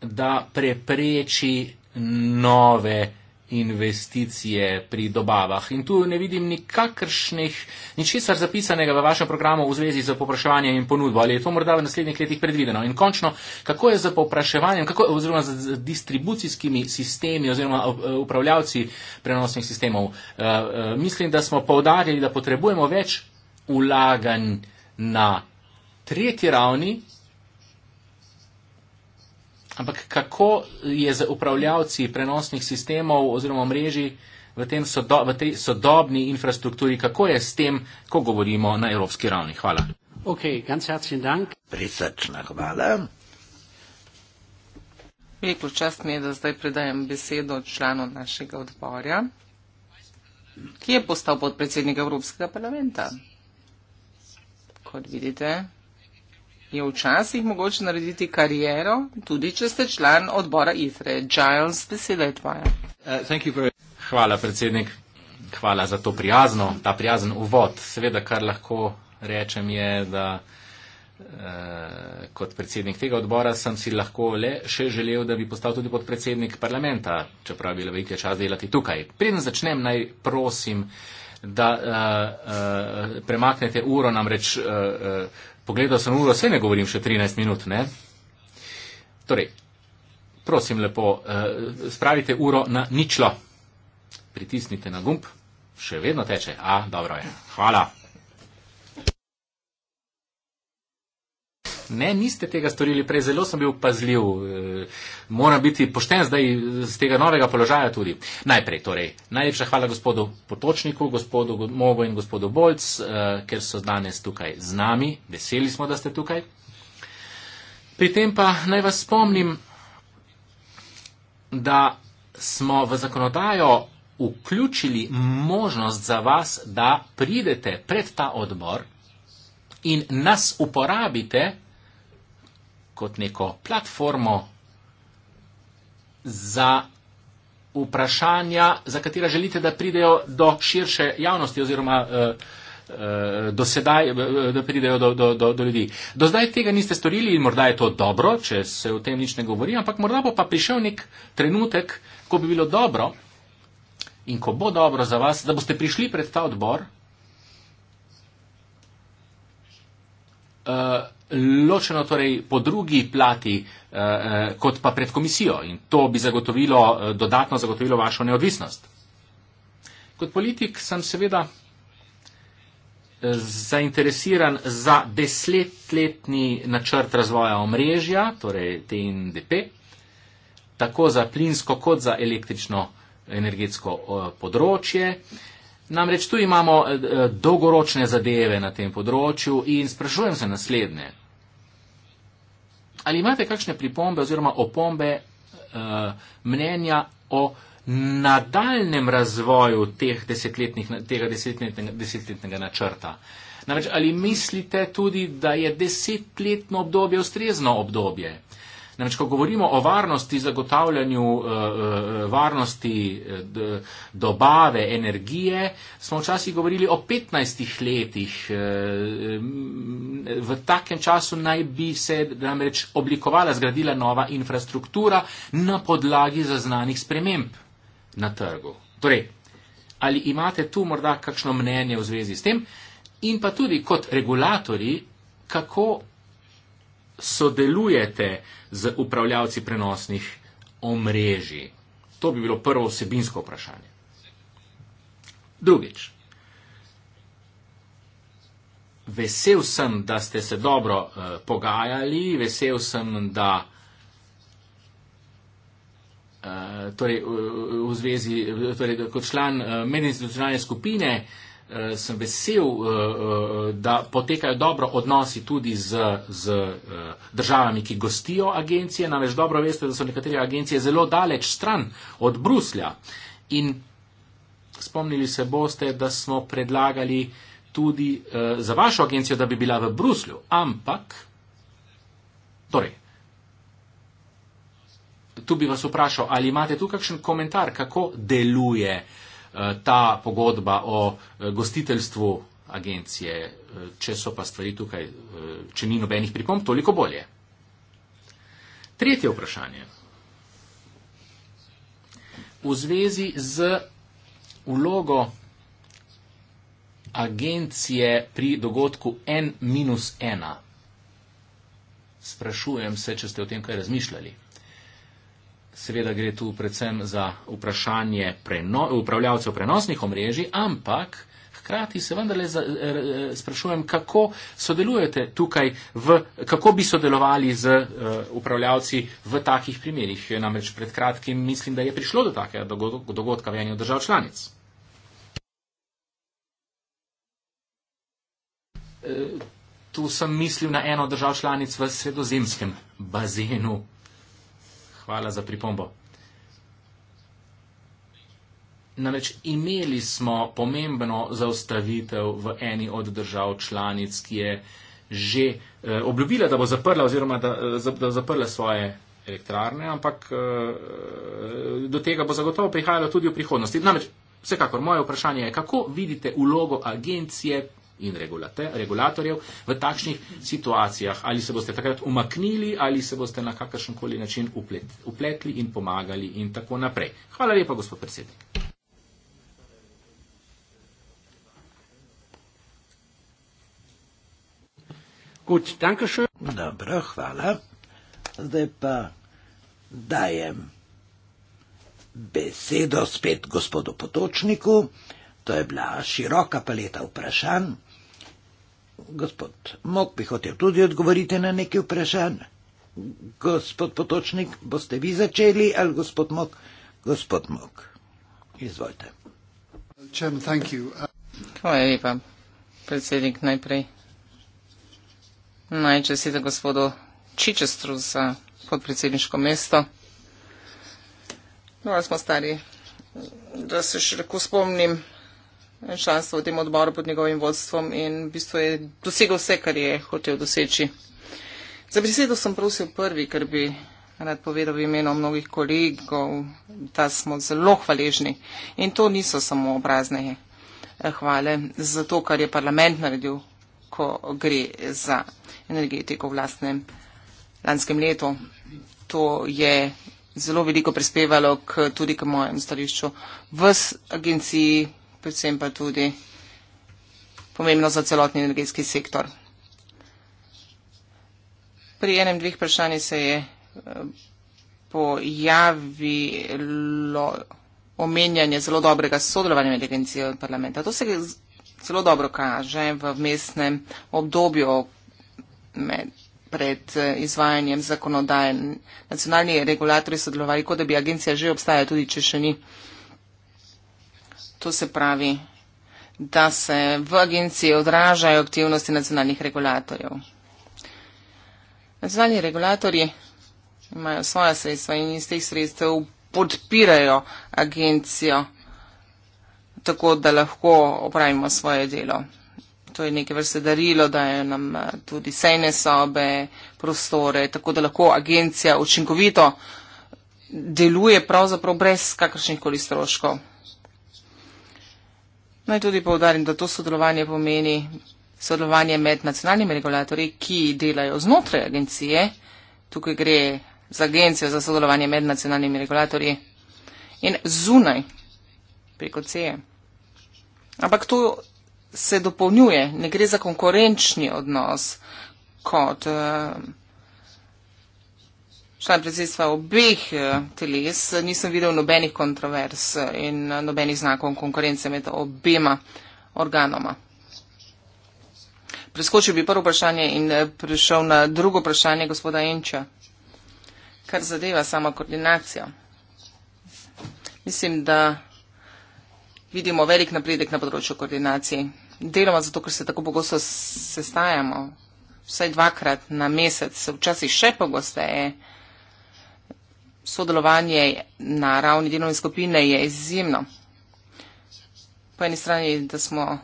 da prepreči nove uh, investicije pri dobavah. In tu ne vidim nikakršnih, ničesar zapisanega v vašem programu v zvezi z popraševanjem in ponudbo, ali je to morda v naslednjih letih predvideno. In končno, kako je z popraševanjem, kako, oziroma z distribucijskimi sistemi oziroma uh, upravljavci prenosnih sistemov. Uh, uh, mislim, da smo poudarjali, da potrebujemo več ulaganj na tretji ravni, Ampak kako je z upravljavci prenosnih sistemov oziroma mreži v, sodo, v tej sodobni infrastrukturi, kako je s tem, ko govorimo na evropski ravni? Hvala. Ok, ganz herzlichen Dank. Prisrčna hvala. Veliko čast mi je, da zdaj predajem besedo članu našega odborja, ki je postal podpredsednik Evropskega parlamenta. Kot vidite, je včasih mogoče narediti kariero, tudi če ste član odbora ITRE. Giles, beseda je tvoja. Uh, Hvala, predsednik. Hvala za to prijazno, ta prijazen uvod. Seveda, kar lahko rečem je, da eh, kot predsednik tega odbora sem si lahko le še želel, da bi postal tudi podpredsednik parlamenta, čeprav bi bilo veliko čas delati tukaj. Preden začnem, naj prosim, da eh, eh, premaknete uro, namreč eh, eh, Pogledal sem uro, vse ne govorim še 13 minut. Ne? Torej, prosim lepo, eh, spravite uro na ničlo. Pritisnite na gumb, še vedno teče. A, dobro je. Hvala. ne, niste tega storili prej, zelo sem bil pazljiv, eh, moram biti pošten zdaj z tega novega položaja tudi. Najprej torej, najlepša hvala gospodu Potočniku, gospodu Mogo in gospodu Bolc, eh, ker so danes tukaj z nami, veseli smo, da ste tukaj. Pri tem pa naj vas spomnim, da smo v zakonodajo vključili možnost za vas, da pridete pred ta odbor in nas uporabite kot neko platformo za vprašanja, za katera želite, da pridejo do širše javnosti oziroma eh, eh, do sedaj, eh, da pridejo do, do, do, do ljudi. Do zdaj tega niste storili in morda je to dobro, če se o tem nič ne govori, ampak morda bo pa prišel nek trenutek, ko bi bilo dobro in ko bo dobro za vas, da boste prišli pred ta odbor ločeno torej po drugi plati eh, eh, kot pa pred komisijo in to bi zagotovilo, eh, dodatno zagotovilo vašo neodvisnost. Kot politik sem seveda eh, zainteresiran za desetletni načrt razvoja omrežja, torej TNDP, tako za plinsko kot za električno energetsko eh, področje. Eh, Namreč tu imamo eh, eh, dolgoročne zadeve na tem področju in sprašujem se naslednje. Ali imate kakšne pripombe oziroma opombe eh, mnenja o nadaljnem razvoju teh desetletnih, tega desetletnega, desetletnega načrta? Namreč, ali mislite tudi, da je desetletno obdobje ustrezno obdobje? Namreč, ko govorimo o varnosti, zagotavljanju eh, eh, varnosti eh, dobave energije, smo včasih govorili o 15 letih. V takem času naj bi se namreč oblikovala, zgradila nova infrastruktura na podlagi zaznanih sprememb na trgu. Torej, ali imate tu morda kakšno mnenje v zvezi s tem? In pa tudi kot regulatori, kako sodelujete z upravljavci prenosnih omrežij? To bi bilo prvo vsebinsko vprašanje. Drugič. Vesel sem, da ste se dobro uh, pogajali, vesel sem, da uh, torej, v, v zvezi, torej, kot član uh, medinstitucionalne skupine uh, Eh, sem vesel, eh, eh, da potekajo dobro odnosi tudi z, z državami, ki gostijo agencije. Namreč dobro veste, da so nekatere agencije zelo daleč stran od Bruslja. In spomnili se boste, da smo predlagali tudi za vašo agencijo, da bi bila v Bruslju. Ampak, torej, tu bi vas vprašal, ali imate tu kakšen komentar, kako deluje. Eh, ta pogodba o eh, gostiteljstvu agencije, eh, če so pa stvari tukaj, če ni nobenih pripomb, toliko bolje. Tretje vprašanje. V zvezi z vlogo agencije pri dogodku N-1. Sprašujem se, če ste o tem kaj razmišljali. Seveda gre tu predvsem za vprašanje preno, upravljavcev prenosnih omrežij, ampak hkrati se vendarle za, er, sprašujem, kako sodelujete tukaj, v, kako bi sodelovali z er, upravljavci v takih primerih. Namreč pred kratkim mislim, da je prišlo do takega dogodka v eni od držav članic. Tu sem mislil na eno državo članic v sredozemskem bazenu Hvala za pripombo. Namreč imeli smo pomembno zaustavitev v eni od držav članic, ki je že eh, obljubila, da bo zaprla oziroma da, eh, da, da zaprla svoje elektrarne, ampak eh, do tega bo zagotovo prihajalo tudi v prihodnosti. Namreč, vsekakor, moje vprašanje je, kako vidite ulogo agencije in regulatorjev v takšnih situacijah. Ali se boste takrat umaknili ali se boste na kakršen koli način uplet, upletli in pomagali in tako naprej. Hvala lepa, gospod predsednik. Gut, danke schön. Dobro, hvala. Zdaj pa dajem besedo spet gospodu Potočniku. To je bila široka paleta vprašanj. Gospod Mok bi hotel tudi odgovoriti na nekaj vprašanj. Gospod Potočnik, boste vi začeli ali gospod Mok? Gospod Mok, izvolite. Hvala lepa, predsednik najprej. Najčestite gospodu Čičestru za podpredsedniško mesto. No, smo stari, da se še lahko spomnim članstvo v tem odboru pod njegovim vodstvom in v bistvu je dosegel vse, kar je hotel doseči. Za besedo sem prosil prvi, ker bi rad povedal v imenu mnogih kolegov, da smo zelo hvaležni. In to niso samo obrazne eh, hvale za to, kar je parlament naredil, ko gre za energetiko v lastnem lanskem letu. To je zelo veliko prispevalo k, tudi k mojem stališču. V agenciji predvsem pa tudi pomembno za celotni energetski sektor. Pri enem dveh vprašanji se je eh, pojavilo omenjanje zelo dobrega sodelovanja med agencijo in parlamenta. To se zelo dobro kaže v mestnem obdobju med, pred eh, izvajanjem zakonodaje. Nacionalni regulatori sodelovali, kot da bi agencija že obstajala, tudi če še ni. Uh, To se pravi, da se v agenciji odražajo aktivnosti nacionalnih regulatorjev. Nacionalni regulatorji imajo svoja sredstva in iz teh sredstev podpirajo agencijo, tako da lahko opravimo svoje delo. To je neke vrste darilo, da je nam eh, tudi sejne sobe, prostore, tako da lahko agencija učinkovito deluje pravzaprav brez kakršnih koli stroškov. Naj tudi povdarim, da to sodelovanje pomeni sodelovanje med nacionalnimi regulatorji, ki delajo znotraj agencije. Tukaj gre za agencijo za sodelovanje med nacionalnimi regulatorji in zunaj preko CE. Ampak to se dopolnjuje, ne gre za konkurenčni odnos kot. Uh, Član predsedstva obeh eh, teles nisem videl nobenih kontrovers eh, in eh, nobenih znakov konkurence med obema organoma. Preskočil bi prvo vprašanje in prišel na drugo vprašanje gospoda Enča, kar zadeva samo koordinacijo. Mislim, da vidimo velik napredek na področju koordinacije. Deloma zato, ker se tako pogosto sestajamo, vsaj dvakrat na mesec, včasih še pogosteje sodelovanje na ravni delovne skupine je izjemno. Po eni strani, da smo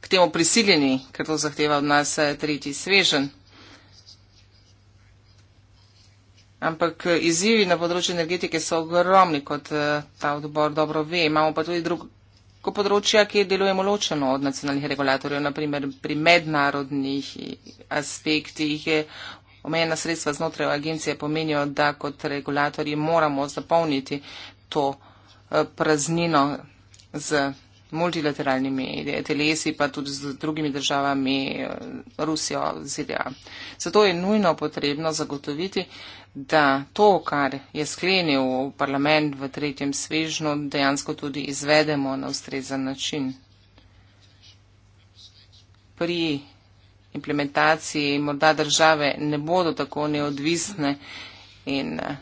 k temu prisiljeni, ker to zahteva od nas tretji svežen. Ampak izzivi na področju energetike so ogromni, kot eh, ta odbor dobro ve. Imamo pa tudi drugo področje, ki delujemo ločeno od nacionalnih regulatorjev, naprimer pri mednarodnih aspektih Omejena sredstva znotraj agencije pomenijo, da kot regulatorji moramo zapolniti to eh, praznino z multilateralnimi eh, telesi, pa tudi z drugimi državami, eh, Rusijo, ZDA. Zato je nujno potrebno zagotoviti, da to, kar je sklenil parlament v tretjem svežnu, dejansko tudi izvedemo na ustrezen način. Pri implementaciji morda države ne bodo tako neodvisne in eh,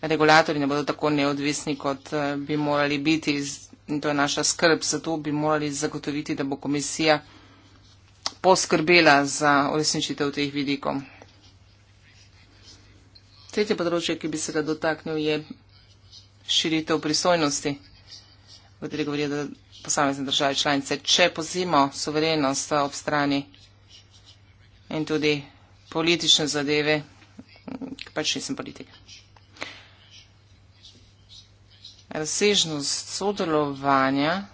regulatori ne bodo tako neodvisni, kot eh, bi morali biti. In to je naša skrb. Zato bi morali zagotoviti, da bo komisija poskrbela za uresničitev teh vidikov. Tretje področje, ki bi se ga dotaknil, je širitev pristojnosti, v kateri govorijo posamezne države članice. Če pozimo suverenost eh, ob strani in tudi politične zadeve, pač nisem politik. Razsežnost sodelovanja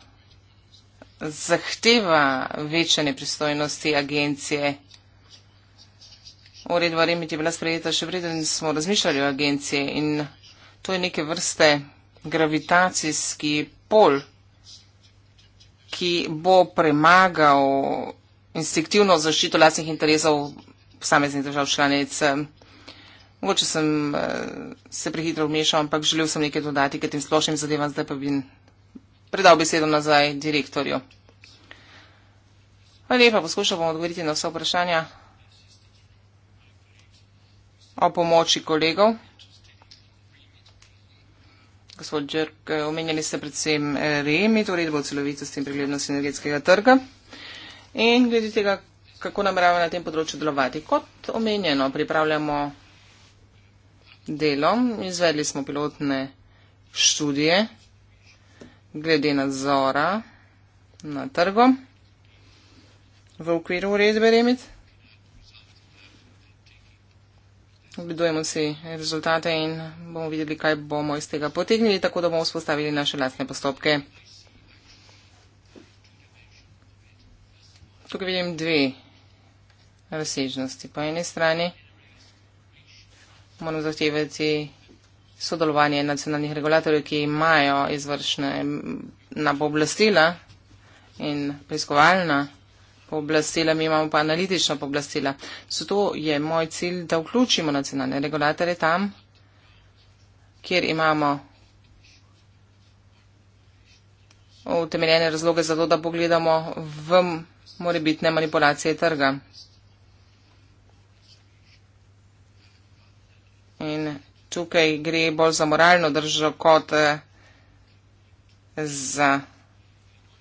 zahteva večanje pristojnosti agencije. Uredba Remit je bila sprejeta še preden smo razmišljali o agenciji in to je neke vrste gravitacijski pol, ki bo premagal instinktivno zaščito lasnih interesov posameznih držav članic. Eh, mogoče sem eh, se prehitro vmešal, ampak želel sem nekaj dodati k tem splošnim zadevam, zdaj pa bi predal besedo nazaj direktorju. Hvala lepa, poskušal bom odgovoriti na vse vprašanja o pomoči kolegov. Gospod Džrk, eh, omenjali ste predvsem REMI, torej bo celovitost in preglednost energetskega trga. In glede tega, kako namerava na tem področju delovati. Kot omenjeno, pripravljamo delo, izvedli smo pilotne študije glede nadzora na trgo v okviru uredbe REMIT. Ogledujemo si rezultate in bomo videli, kaj bomo iz tega potegnili, tako da bomo vzpostavili naše lastne postopke. tukaj vidim dve razsežnosti. Po eni strani moramo zahtevati sodelovanje nacionalnih regulatorjev, ki imajo izvršne naboblastila in preiskovalna pooblastila, mi imamo pa analitična pooblastila. Zato je moj cilj, da vključimo nacionalne regulatorje tam, kjer imamo utemeljene razloge za to, da pogledamo v more bitne manipulacije trga. In tukaj gre bolj za moralno držo kot eh, za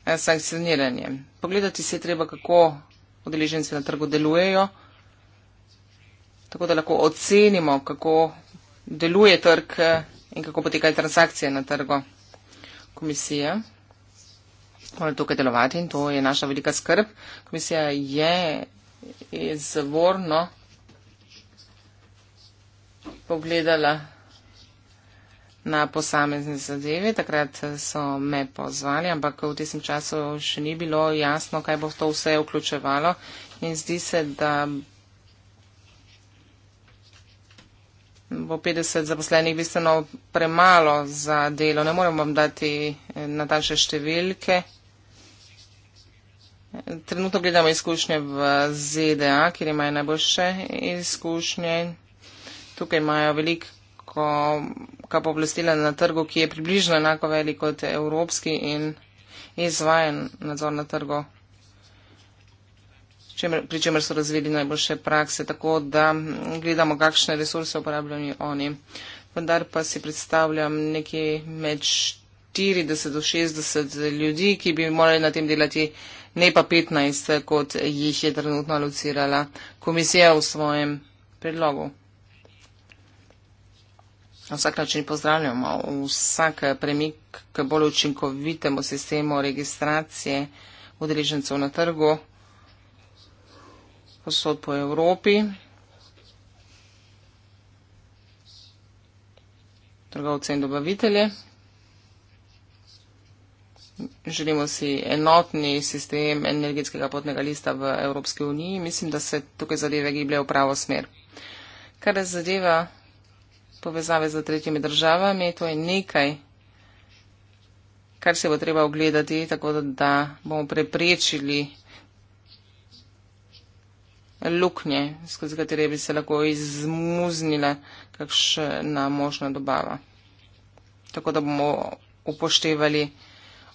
eh, sankcioniranje. Pogledati se treba, kako odeleženci na trgu delujejo, tako da lahko ocenimo, kako deluje trg eh, in kako potekajo transakcije na trgu. Komisija morali tukaj delovati in to je naša velika skrb. Komisija je izvorno pogledala na posamezne zadeve. Takrat so me pozvali, ampak v tistem času še ni bilo jasno, kaj bo to vse vključevalo. In zdi se, da bo 50 zaposlenih bistveno premalo za delo. Ne morem vam dati eh, natančne številke. Trenutno gledamo izkušnje v ZDA, kjer imajo najboljše izkušnje. Tukaj imajo veliko kapoblastila na trgu, ki je približno enako velik kot evropski in izvajen nadzor na trgu, pri čemer so razvili najboljše prakse, tako da gledamo, kakšne resurse uporabljajo oni. Vendar pa si predstavljam nekje med 40 do 60 ljudi, ki bi morali na tem delati ne pa 15, kot jih je trenutno alucirala komisija v svojem predlogu. Na vsak način pozdravljamo vsak premik k bolj učinkovitemu sistemu registracije udeležencev na trgu posod po Evropi. Trgovce in dobavitelje želimo si enotni sistem energetskega potnega lista v Evropski uniji, mislim, da se tukaj zadeve gibljajo v pravo smer. Kar zadeva povezave z tretjimi državami, to je nekaj, kar se bo treba ogledati, tako da, da bomo preprečili luknje, skozi katere bi se lahko izmuznila kakšna možna dobava. Tako da bomo upoštevali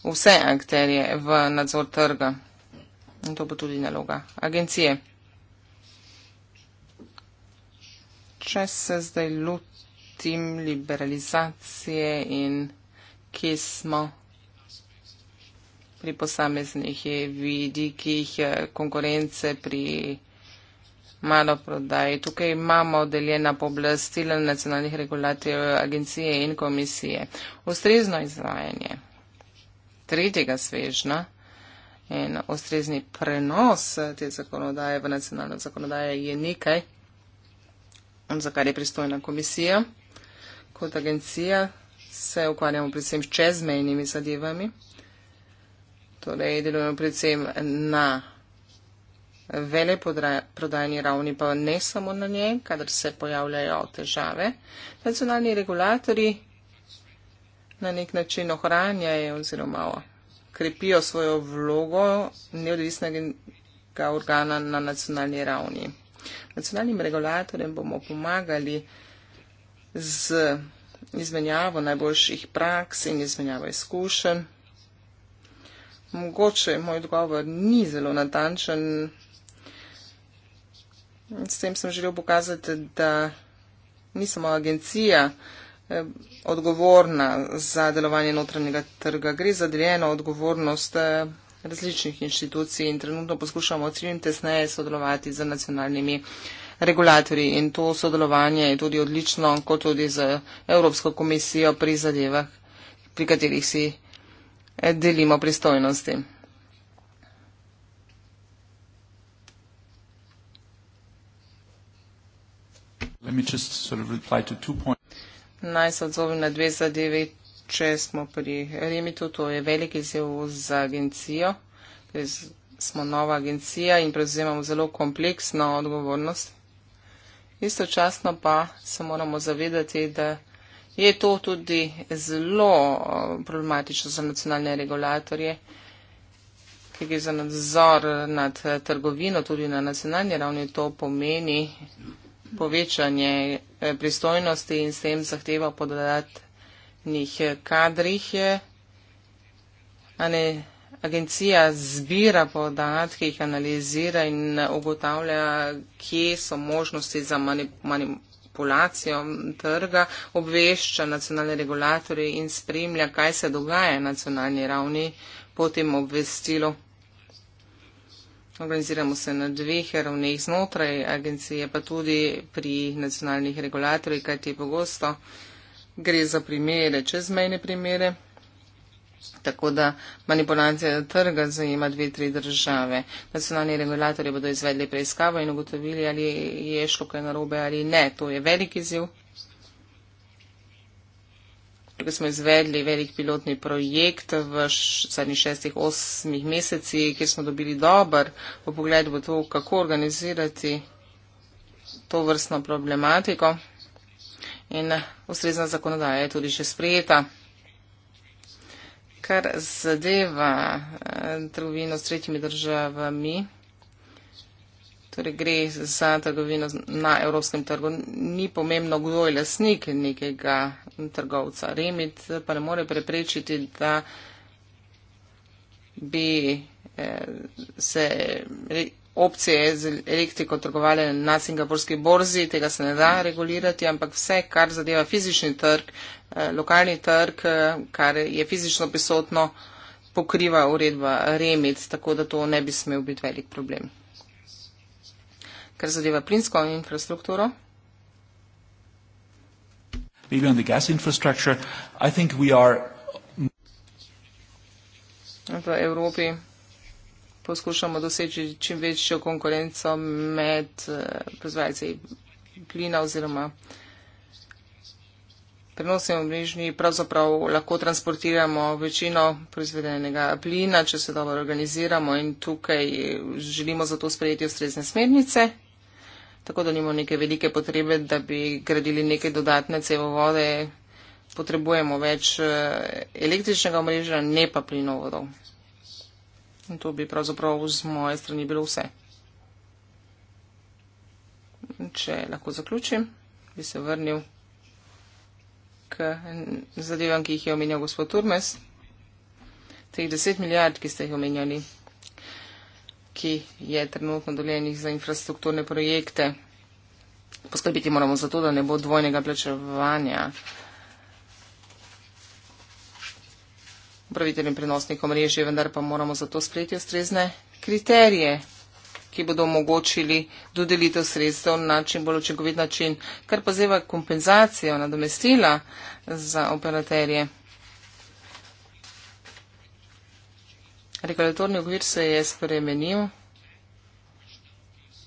vse akterje v nadzor trga. In to bo tudi naloga agencije. Če se zdaj lotim liberalizacije in kje smo pri posameznih vidikih konkurence pri maloprodaji. Tukaj imamo deljena pooblastila nacionalnih regulatorjev agencije in komisije. Ustrezno izvajanje tretjega svežna in ustrezni prenos te zakonodaje v nacionalno zakonodaje je nekaj, za kar je pristojna komisija. Kot agencija se ukvarjamo predvsem s čezmejnimi zadevami, torej delujemo predvsem na veleprodajni ravni, pa ne samo na njej, kadar se pojavljajo težave. Nacionalni regulatori na nek način ohranjajo oziroma krepijo svojo vlogo neodvisnega organa na nacionalni ravni. Nacionalnim regulatorjem bomo pomagali z izmenjavo najboljših praks in izmenjavo izkušenj. Mogoče moj odgovor ni zelo natančen. S tem sem želel pokazati, da ni samo agencija, Eh, odgovorna za delovanje notranjega trga. Gre za deljeno odgovornost eh, različnih inštitucij in trenutno poskušamo čim tesneje sodelovati z nacionalnimi regulatorji in to sodelovanje je tudi odlično, kot tudi z Evropsko komisijo pri zadevah, pri katerih si eh, delimo pristojnosti. Let me just sort of reply to two points. Naj se odzovem na dve zadeve, če smo pri Remitu, to je velik izjev za agencijo, ker smo nova agencija in prevzemamo zelo kompleksno odgovornost. Istočasno pa se moramo zavedati, da je to tudi zelo eh, problematično za nacionalne regulatorje, ki je za nadzor nad eh, trgovino tudi na nacionalni ravni. To pomeni, povečanje eh, pristojnosti in s tem zahteva po dodatnih eh, kadrih. Eh, Ane, agencija zbira podatke, jih analizira in ugotavlja, kje so možnosti za manipulacijo trga, obvešča nacionalne regulatorje in spremlja, kaj se dogaja na nacionalni ravni po tem obvestilu. Organiziramo se na dveh ravneh znotraj agencije, pa tudi pri nacionalnih regulatorjih, kajti pogosto gre za primere, čezmejne primere. Tako da manipulacija trga zajema dve, tri države. Nacionalni regulatorji bodo izvedli preiskavo in ugotovili, ali je šlo kaj narobe ali ne. To je velik izjiv, Ker smo izvedli velik pilotni projekt v zadnjih šestih, osmih mesecih, kjer smo dobili dober pogled v to, kako organizirati to vrstno problematiko. In ustrezna zakonodaja je tudi še sprejeta. Kar zadeva eh, trgovino s tretjimi državami, Torej gre za trgovino na evropskem trgu. Ni pomembno, kdo je lasnik nekega trgovca. Remit pa ne more preprečiti, da bi eh, se opcije z elektriko trgovali na singapurski borzi. Tega se ne da regulirati, ampak vse, kar zadeva fizični trg, eh, lokalni trg, eh, kar je fizično prisotno, pokriva uredba Remit, tako da to ne bi smel biti velik problem kar zadeva plinsko infrastrukturo. Maybe on the gas infrastructure, I think we are. V Evropi poskušamo doseči čim večjo konkurenco med eh, proizvajalci plina oziroma prenosnimi mrežami. Pravzaprav lahko transportiramo večino proizvedenega plina, če se dobro organiziramo in tukaj želimo zato sprejeti ustrezne smernice tako da nimamo neke velike potrebe, da bi gradili neke dodatne cevovode. Potrebujemo več eh, električnega omrežja, ne pa plinovodov. In to bi pravzaprav z moje strani bilo vse. Če lahko zaključim, bi se vrnil k zadevam, ki jih je omenjal gospod Turmes. Teh 10 milijard, ki ste jih omenjali ki je trenutno doljenih za infrastrukturne projekte. Poskrbiti moramo za to, da ne bo dvojnega plačevanja. Upraviteljem prenosnikom reže, vendar pa moramo za to spleti ustrezne kriterije, ki bodo omogočili dodelitev sredstev na čim bolj očegovit način, kar pa zeva kompenzacijo nadomestila za operaterje. Regulatorni okvir se je spremenil.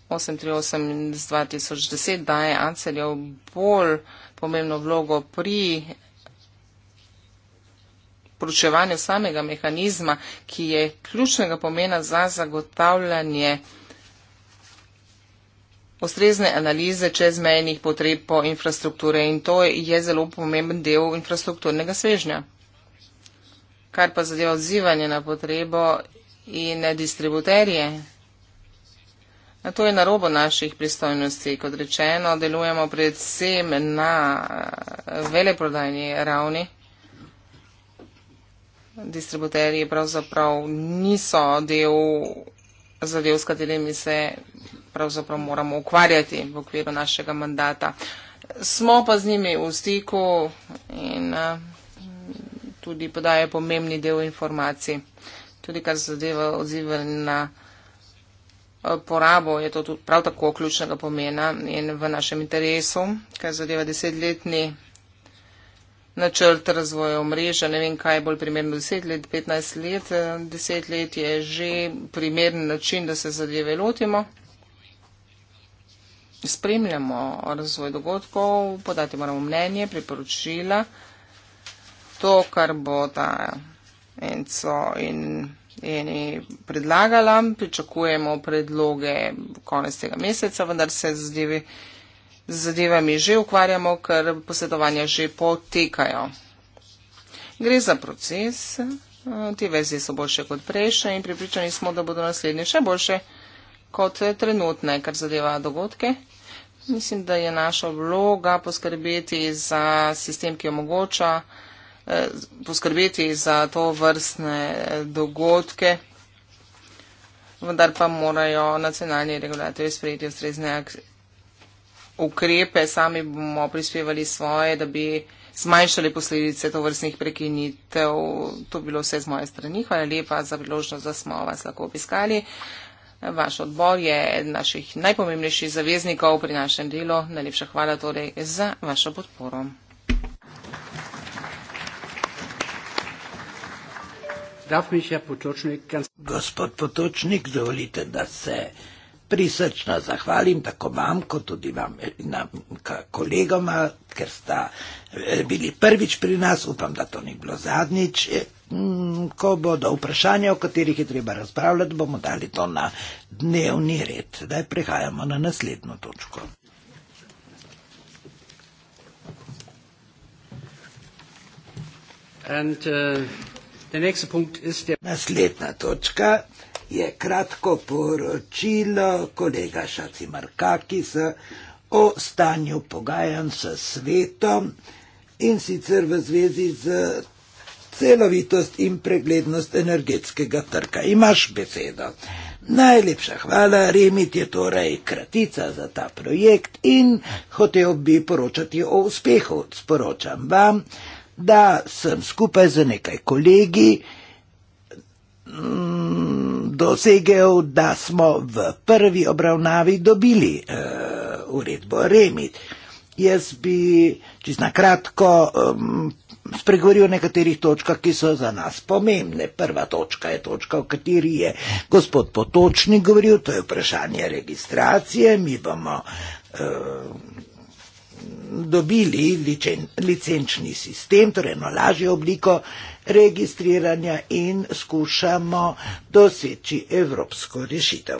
838 iz 2010 daje Ancelijev bolj pomembno vlogo pri poročevanju samega mehanizma, ki je ključnega pomena za zagotavljanje ustrezne analize čezmejnih potreb po infrastrukture in to je zelo pomemben del infrastrukturnega svežnja kar pa zadeva odzivanje na potrebo in distributerje. Na to je narobo naših pristojnosti. Kot rečeno, delujemo predvsem na eh, veleprodajni ravni. Distributerji pravzaprav niso del zadev, s katerimi se pravzaprav moramo ukvarjati v okviru našega mandata. Smo pa z njimi v stiku in. Uh, tudi podaje pomembni del informacij. Tudi kar zadeva odzive na eh, porabo, je to tudi prav tako ključnega pomena in v našem interesu, kar zadeva desetletni načrt razvoja omrežja. Ne vem, kaj je bolj primerno 10 let, 15 let. 10 eh, let je že primeren način, da se zadeve lotimo. Spremljamo razvoj dogodkov, podati moramo mnenje, priporočila to, kar bo ta enco in eni predlagala. Pričakujemo predloge konec tega meseca, vendar se zadevi, z zadevami že ukvarjamo, ker posedovanja že potekajo. Gre za proces, te veze so boljše kot prejše in pripričani smo, da bodo naslednje še boljše kot trenutne, kar zadeva dogodke. Mislim, da je naša vloga poskrbeti za sistem, ki omogoča, Eh, poskrbeti za to vrstne dogodke, vendar pa morajo nacionalni regulatorji sprejeti ustrezne ukrepe, sami bomo prispevali svoje, da bi zmanjšali posledice to vrstnih prekinitev. To bilo vse z moje strani. Hvala lepa za priložnost, da smo vas lahko obiskali. Vaš odbor je eden naših najpomembnejših zaveznikov pri našem delu. Najlepša hvala torej za vašo podporo. Zdrav mi še potočnik. Gospod potočnik, dovolite, da se prisrčno zahvalim tako vam, kot tudi vam, nam, kolegoma, ker sta e, bili prvič pri nas, upam, da to ni bilo zadnjič. E, ko bodo vprašanja, o katerih je treba razpravljati, bomo dali to na dnevni red. Zdaj prehajamo na naslednjo točko. And, uh... Naslednja točka je kratko poročilo kolega Šaci Markakis o stanju pogajanj s svetom in sicer v zvezi z celovitost in preglednost energetskega trga. Imaš besedo. Najlepša hvala, Remit je torej kratica za ta projekt in hotel bi poročati o uspehu. Sporočam vam, da sem skupaj z nekaj kolegi mm, dosegel, da smo v prvi obravnavi dobili uh, uredbo Remit. Jaz bi čist na kratko um, spregovoril o nekaterih točkah, ki so za nas pomembne. Prva točka je točka, o kateri je gospod Potočnik govoril, to je vprašanje registracije. Mi bomo. Uh, dobili ličen, licenčni sistem, torej eno lažjo obliko registriranja in skušamo doseči evropsko rešitev.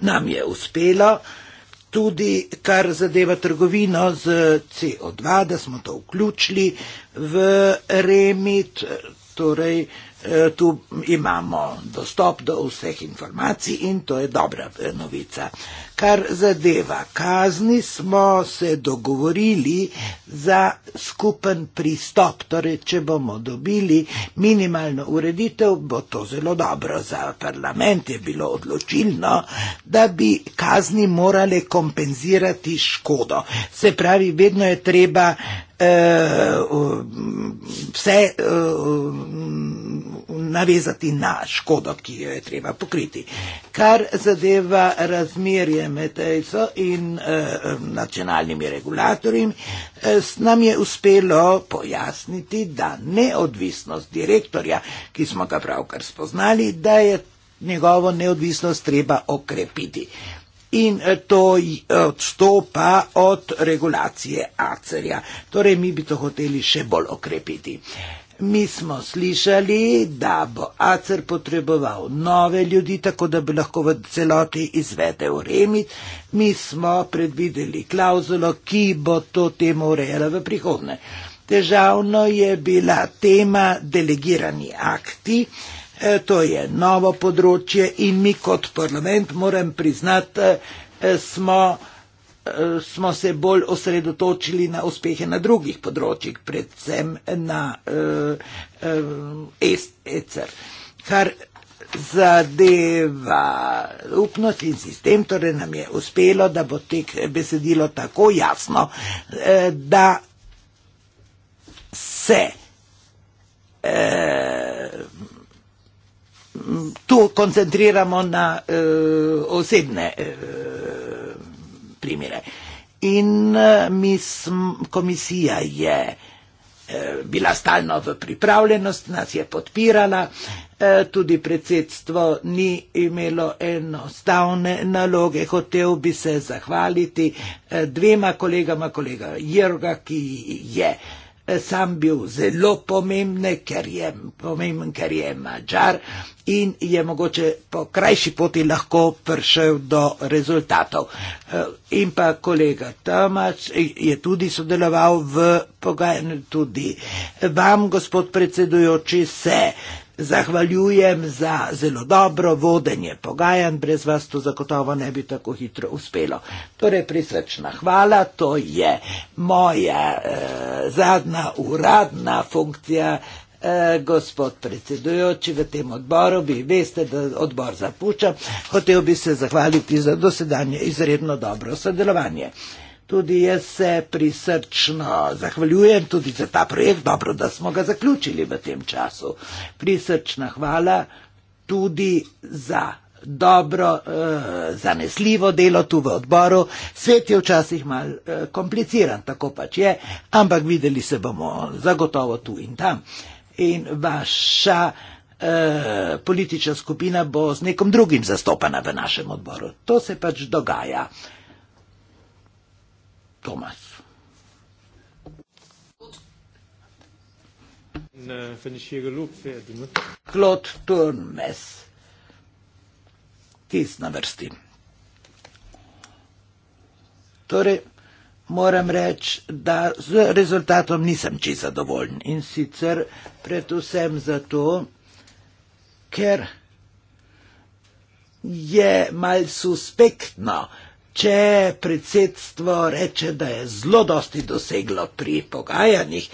Nam je uspelo tudi, kar zadeva trgovino z CO2, da smo to vključili v remit, torej eh, tu imamo dostop do vseh informacij in to je dobra eh, novica kar zadeva kazni, smo se dogovorili za skupen pristop. Torej, če bomo dobili minimalno ureditev, bo to zelo dobro. Za parlament je bilo odločilno, da bi kazni morale kompenzirati škodo. Se pravi, vedno je treba eh, vse. Eh, navezati na škodo, ki jo je treba pokriti. Kar zadeva razmerje med ECO in eh, nacionalnimi regulatorji, eh, nam je uspelo pojasniti, da neodvisnost direktorja, ki smo ga pravkar spoznali, da je njegovo neodvisnost treba okrepiti. In eh, to eh, odstopa od regulacije ACER-ja. Torej, mi bi to hoteli še bolj okrepiti. Eh, Mi smo slišali, da bo Acer potreboval nove ljudi, tako da bi lahko v celoti izvedel remit. Mi smo predvideli klauzulo, ki bo to temo urejala v prihodne. Težavno je bila tema delegirani akti, e, to je novo področje in mi kot parlament, moram priznati, e, smo smo se bolj osredotočili na uspehe na drugih področjih, predvsem na uh, um, ECR. Kar zadeva upnost in sistem, torej nam je uspelo, da bo tek besedilo tako jasno, uh, da se uh, Tu koncentriramo na uh, osebne uh, primere. In eh, mi smo, komisija je eh, bila stalno v pripravljenost, nas je podpirala, eh, tudi predsedstvo ni imelo enostavne naloge. Hotev bi se zahvaliti dvema kolegama, kolega Jrga, ki je sem bil zelo pomemben, ker je pomemben, ker je mačar in je mogoče po krajši poti lahko prišel do rezultatov. Eh, in pa kolega Tomač je tudi sodeloval v pogajanju, tudi vam, gospod predsedujoči, se Zahvaljujem za zelo dobro vodenje pogajanj, brez vas to zagotovo ne bi tako hitro uspelo. Torej, prisrečna hvala, to je moja eh, zadnja uradna funkcija. Eh, gospod predsedujoči v tem odboru, vi veste, da odbor zapuščam, hotel bi se zahvaliti za dosedanje izredno dobro sodelovanje. Eh, Tudi jaz se prisrčno zahvaljujem tudi za ta projekt, dobro, da smo ga zaključili v tem času. Prisrčna hvala tudi za dobro, uh, zanesljivo delo tu v odboru. Svet je včasih mal uh, kompliciran, tako pač je, ampak videli se bomo zagotovo tu in tam. In vaša uh, politična skupina bo z nekom drugim zastopana v našem odboru. To se pač dogaja. Uh, Thomas. Klot Turnmes. Ti si na vrsti. Torej, moram reči, da z rezultatom nisem čisto zadovoljen in sicer predvsem zato, ker je mal suspektno, če predsedstvo reče, da je zelo dosti doseglo pri pogajanjih,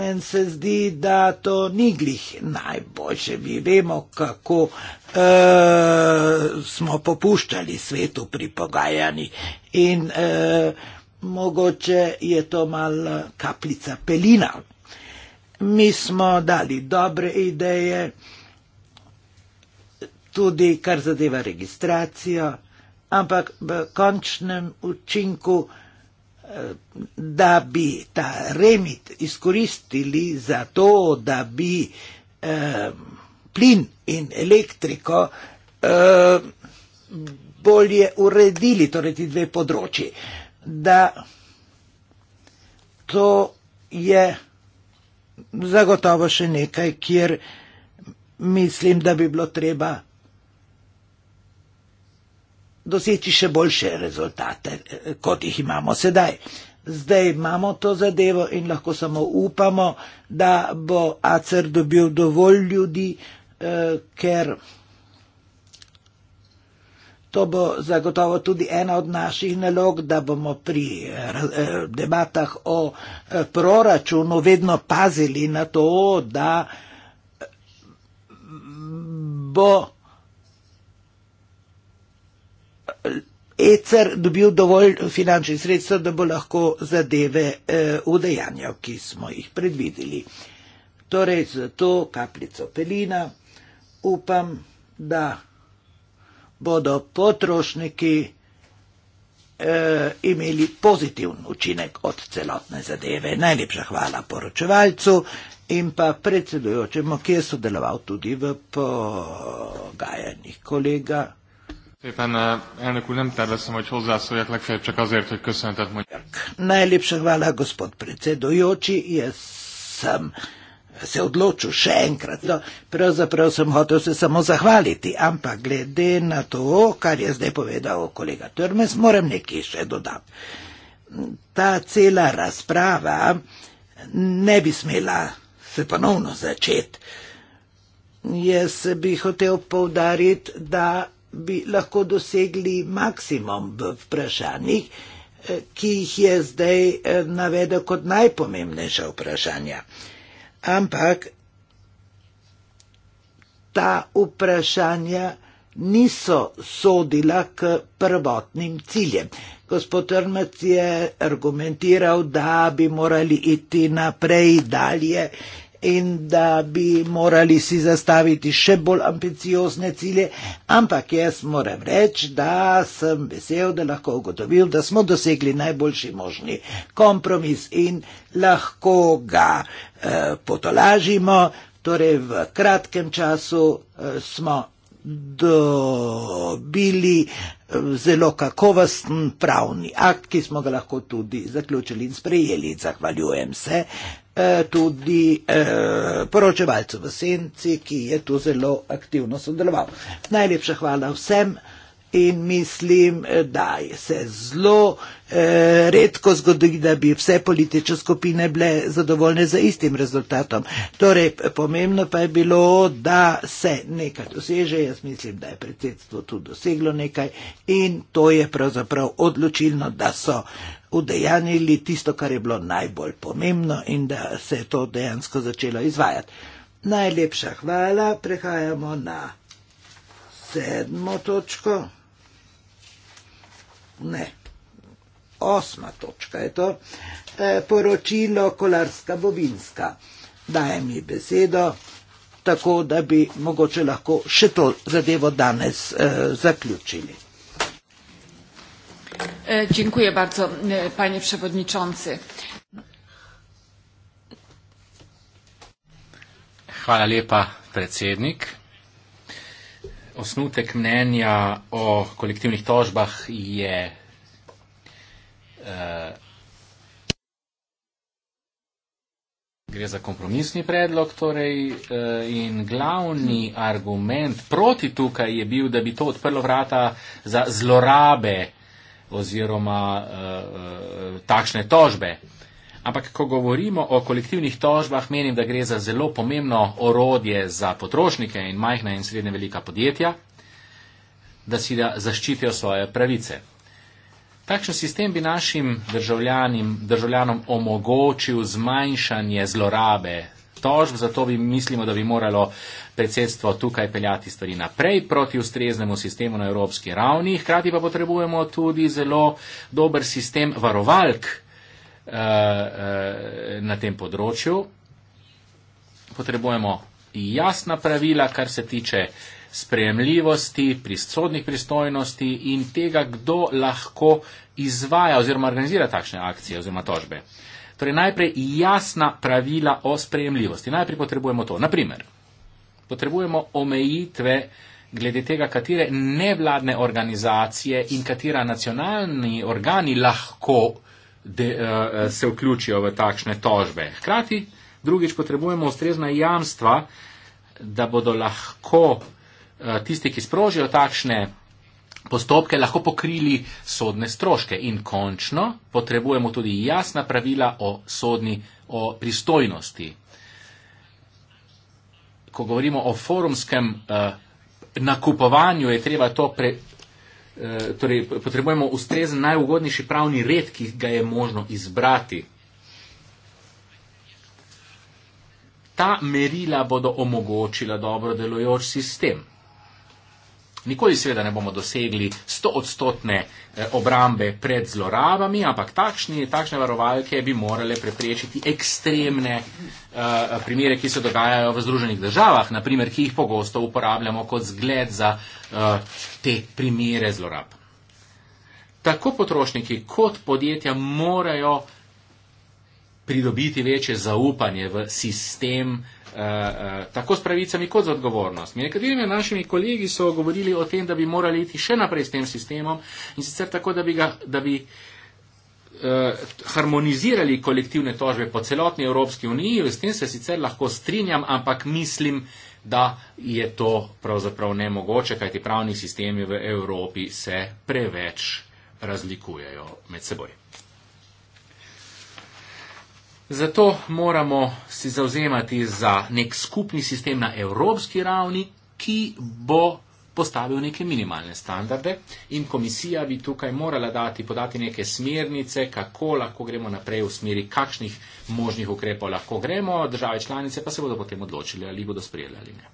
men se zdi, da to ni glih najboljše. Mi vemo, kako e, smo popuščali svetu pri pogajanjih in e, mogoče je to mal kapljica pelina. Mi smo dali dobre ideje. Tudi kar zadeva registracijo, ampak v končnem učinku, eh, da bi ta remit izkoristili za to, da bi eh, plin in elektriko eh, bolje uredili, torej ti dve področji. Da to je zagotovo še nekaj, kjer mislim, da bi bilo treba doseči še boljše rezultate, eh, kot jih imamo sedaj. Zdaj imamo to zadevo in lahko samo upamo, da bo ACR dobil dovolj ljudi, eh, ker to bo zagotovo tudi ena od naših nalog, da bomo pri eh, debatah o eh, proračunu vedno pazili na to, da bo ECR dobil dovolj finančnih sredstev, da bo lahko zadeve eh, udejanjal, ki smo jih predvideli. Torej, za to kapljico pelina upam, da bodo potrošniki eh, imeli pozitiven učinek od celotne zadeve. Najlepša hvala poročevalcu in pa predsedujočemu, ki je sodeloval tudi v pogajanjih kolega. Szépen, eh, elnök úr, nem tervezem, hogy hozzászóljak legfeljebb csak azért, hogy köszöntet mondjak. Najlepša hvala, gospod predsedujoči, jaz sem se odločil še enkrat. No, pravzaprav sem hotel se samo zahvaliti, ampak glede na to, kar je zdaj povedal kolega Trmes, moram nekaj še dodati. Ta cela razprava ne bi smela se ponovno začeti. Jaz bi hotel povdariti, da bi lahko dosegli maksimum v vprašanjih, eh, ki jih je zdaj eh, navedel kot najpomembnejša vprašanja. Ampak ta vprašanja niso sodila k prvotnim ciljem. Gospod Trmac je argumentiral, da bi morali iti naprej dalje in da bi morali si zastaviti še bolj ambiciozne cilje, ampak jaz moram reči, da sem vesel, da lahko ugotovil, da smo dosegli najboljši možni kompromis in lahko ga eh, potolažimo. Torej, v kratkem času eh, smo dobili eh, zelo kakovosten pravni akt, ki smo ga lahko tudi zaključili in sprejeli. Zahvaljujem se. Eh, Eh, tudi eh, poročevalcu v Senci, ki je tu zelo aktivno sodeloval. Najlepša hvala vsem. In mislim, eh, da se zelo eh, redko zgodi, da bi vse politične skupine bile zadovoljne z istim rezultatom. Torej, pomembno pa je bilo, da se nekaj doseže. Jaz mislim, da je predsedstvo tudi doseglo nekaj in to je pravzaprav odločilno, da so. Eh, udejanili tisto, kar je bilo najbolj pomembno in da se je to dejansko začelo izvajati. Najlepša hvala, prehajamo na sedmo točko. Ne, osma točka je to. E, poročilo Kolarska Bobinska daje mi besedo, tako da bi mogoče lahko še to zadevo danes e, zaključili. E, e, panie przewodniczący hvala lepa predsednik osnutek mnenja o kolektivnih tožbah je e, Gre za kompromisni predlog, torej, in glavni argument proti tukaj je bil, da bi to odprlo vrata za zlorabe oziroma uh, takšne tožbe. Ampak, ko govorimo o kolektivnih tožbah, menim, da gre za zelo pomembno orodje za potrošnike in majhna in srednje velika podjetja, da si da zaščitijo svoje pravice. Takšen sistem bi našim državljanom omogočil zmanjšanje zlorabe tožb, zato bi mislimo, da bi moralo predsedstvo tukaj peljati stvari naprej proti ustreznemu sistemu na evropski ravni. Hkrati pa potrebujemo tudi zelo dober sistem varovalk eh, eh, na tem področju. Potrebujemo jasna pravila, kar se tiče sprejemljivosti, pristodnih pristojnosti in tega, kdo lahko izvaja oziroma organizira takšne akcije oziroma tožbe. Torej, najprej jasna pravila o sprejemljivosti. Najprej potrebujemo to. Naprimer, potrebujemo omejitve glede tega, katere nevladne organizacije in katera nacionalni organi lahko de, eh, se vključijo v takšne tožbe. Hkrati, drugič, potrebujemo ustrezna jamstva, da bodo lahko eh, tisti, ki sprožijo takšne postopke lahko pokrili sodne stroške. In končno potrebujemo tudi jasna pravila o sodni o pristojnosti. Ko govorimo o forumskem eh, nakupovanju, je treba to pre. Eh, torej, potrebujemo ustrezen najugodnejši pravni red, ki ga je možno izbrati. Ta merila bodo omogočila dobro delujoč sistem. Nikoli seveda ne bomo dosegli 100 odstotne eh, obrambe pred zlorabami, ampak takšni, takšne varovalke bi morale preprečiti ekstremne uh, primere, ki se dogajajo v Združenih državah, naprimer, ki jih pogosto uporabljamo kot zgled za uh, te primere zlorab. Tako potrošniki kot podjetja morajo pridobiti večje zaupanje v sistem uh, Eh, eh, tako s pravicami kot z odgovornostmi. Nekateri med našimi kolegi so govorili o tem, da bi morali iti še naprej s tem sistemom in sicer tako, da bi, ga, da bi uh, harmonizirali kolektivne tožbe po celotni Evropski uniji. S tem se sicer lahko strinjam, ampak mislim, da je to pravzaprav nemogoče, kajti pravni sistemi v Evropi se preveč razlikujejo med seboj. Zato moramo se zauzemati za nek skupni sistem na evropski ravni, ki bo postavil neke minimalne standarde in komisija bi tukaj morala dati, podati neke smernice, kako lahko gremo naprej v smeri, kakšnih možnih ukrepov lahko gremo, države članice pa se bodo potem odločili, ali bodo sprejeli ali ne.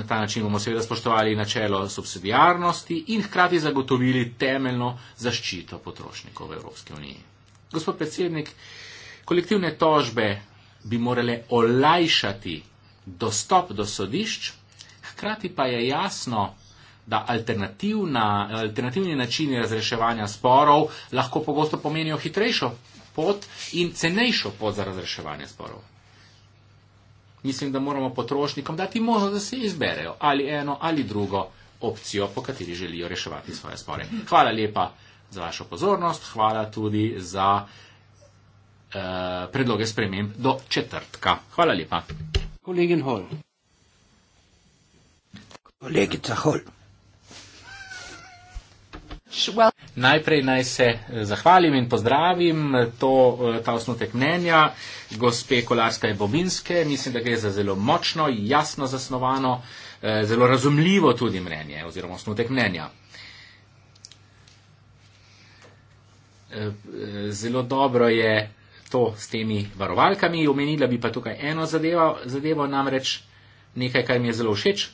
Na ta način bomo seveda spoštovali načelo subsidijarnosti in hkrati zagotovili temeljno zaščito potrošnikov v Evropski uniji. Gospod predsednik, kolektivne tožbe bi morale olajšati dostop do sodišč, hkrati pa je jasno, da alternativni načini razreševanja sporov lahko pogosto pomenijo hitrejšo pot in cenejšo pot za razreševanje sporov. Mislim, da moramo potrošnikom dati možnost, da si izberejo ali eno ali drugo opcijo, po kateri želijo reševati svoje spore. Hvala lepa za vašo pozornost, hvala tudi za eh, predloge sprememb do četrtka. Hvala lepa. Kolegin Hol. Kolegica Hol. Well. Najprej naj se eh, zahvalim in pozdravim eh, to, eh, ta osnotek mnenja gospe Kolarska in Bobinske. Mislim, da gre za zelo močno, jasno zasnovano, zelo razumljivo tudi mnenje oziroma osnotek mnenja. Eh, zelo dobro je to s temi varovalkami. Omenila bi pa tukaj eno zadevo, zadevo namreč nekaj, kar mi je zelo všeč.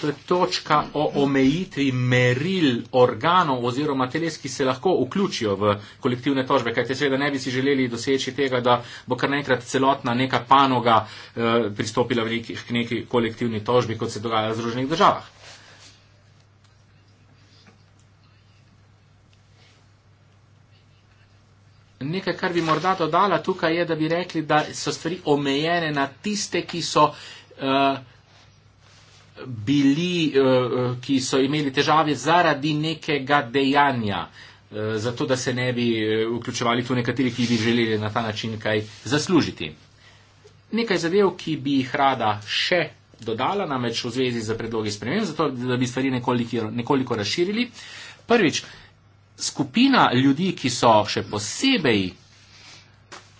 To je točka o omejitvi meril organov oziroma teles, ki se lahko vključijo v kolektivne tožbe, kajte seveda ne bi si želeli doseči tega, da bo kar naenkrat celotna neka panoga eh, pristopila v neki, neki kolektivni tožbi, kot se dogaja v združenih državah. nekaj, kar bi morda dodala tukaj, je, da bi rekli, da so stvari omejene na tiste, ki so. Uh, bili, eh, ki so imeli težave zaradi nekega dejanja, eh, zato da se ne bi vključevali tu nekateri, ki bi želeli na ta način kaj zaslužiti. Nekaj zadev, ki bi jih rada še dodala, namreč v zvezi z predlogi spremem, zato da bi stvari nekoliko, nekoliko razširili. Prvič, skupina ljudi, ki so še posebej,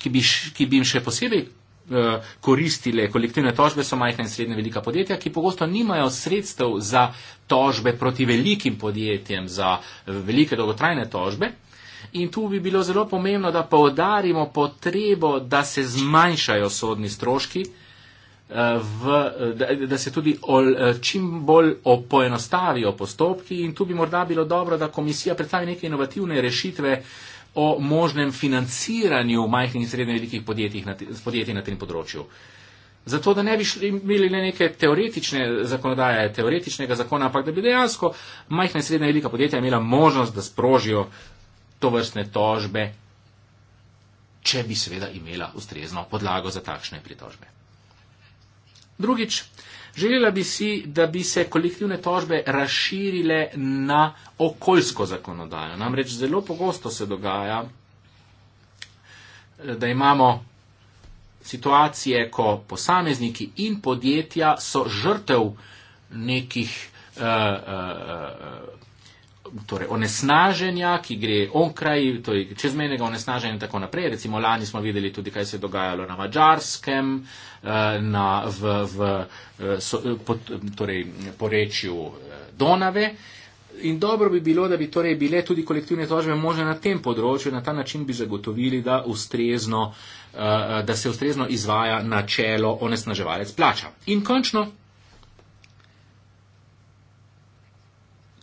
ki bi, ki bi jim še posebej eh, koristile kolektivne tožbe, so majhna in srednja velika podjetja, ki pogosto nimajo sredstev za tožbe proti velikim podjetjem, za eh, velike dolgotrajne tožbe. In tu bi bilo zelo pomembno, da poudarimo potrebo, da se zmanjšajo sodni stroški, v, da, da se tudi ol, eh, čim bolj poenostavijo postopki in tu bi morda bilo dobro, da komisija predstavi neke inovativne rešitve o možnem financiranju majhnih in srednje velikih podjetij na tem področju. Zato, da ne bi šli, imeli le neke teoretične zakonodaje, teoretičnega zakona, ampak da bi dejansko majhna in srednja velika podjetja imela možnost, da sprožijo to vrstne tožbe, če bi seveda imela ustrezno podlago za takšne pritožbe. Drugič, želela bi si, da bi se kolektivne tožbe razširile na okoljsko zakonodajo. Namreč zelo pogosto se dogaja, da imamo situacije, ko posamezniki in podjetja so žrtev nekih uh, uh, uh, torej onesnaženja, ki gre onkraj torej čezmejnega onesnaženja in tako naprej. Recimo lani smo videli tudi, kaj se je dogajalo na Mačarskem, eh, na, v, v, eh, so, eh, po, torej, po rečju Donave. In dobro bi bilo, da bi torej bile tudi kolektivne tožbe možne na tem področju, na ta način bi zagotovili, da, ustrezno, da se ustrezno izvaja načelo onesnaževalec plača. In končno,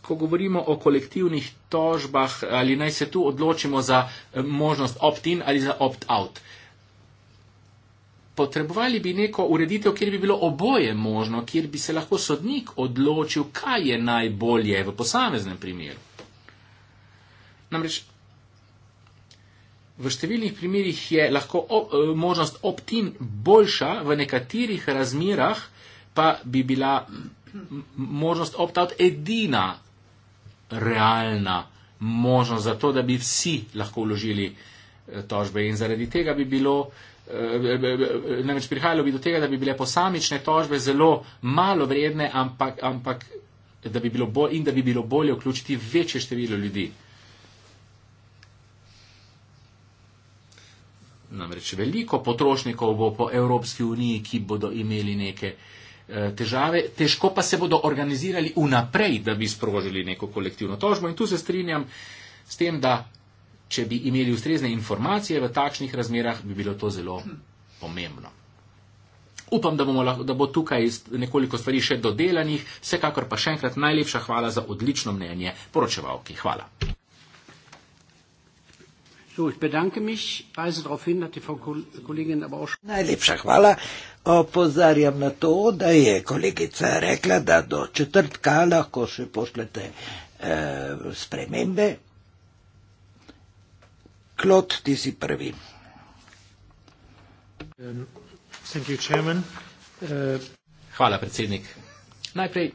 ko govorimo o kolektivnih tožbah, ali naj se tu odločimo za eh, možnost opt-in ali za opt-out. Potrebovali bi neko ureditev, kjer bi bilo oboje možno, kjer bi se lahko sodnik odločil, kaj je najbolje v posameznem primeru. Namreč v številnih primerjih je lahko op, eh, možnost opt-in boljša, v nekaterih razmerah pa bi bila možnost opt-out edina realna možnost za to, da bi vsi lahko vložili eh, tožbe in zaradi tega bi bilo, eh, eh, namreč prihajalo bi do tega, da bi bile posamične tožbe zelo malo vredne, ampak, ampak da bi bilo bolj in da bi bilo bolje vključiti večje število ljudi. Namreč veliko potrošnikov bo po Evropski uniji, ki bodo imeli neke uh, Eh, težave, težko pa se bodo organizirali vnaprej, da bi sprožili neko kolektivno tožbo. In tu se strinjam s tem, da če bi imeli ustrezne informacije v takšnih razmerah, bi bilo to zelo pomembno. Upam, da, lahko, da bo tukaj nekoliko stvari še dodelanih. Vsekakor pa še enkrat najlepša hvala za odlično mnenje poročevalki. Hvala. So, ich bedanke mich, weise darauf hin, dass die Frau Kollegin aber auch schon... Najlepša hvala. Opozarjam na to, da je kolegica rekla, da do četrtka lahko še pošljete eh, spremembe. Klot, ti si prvi. Um, thank you, uh, hvala, predsednik. Najprej,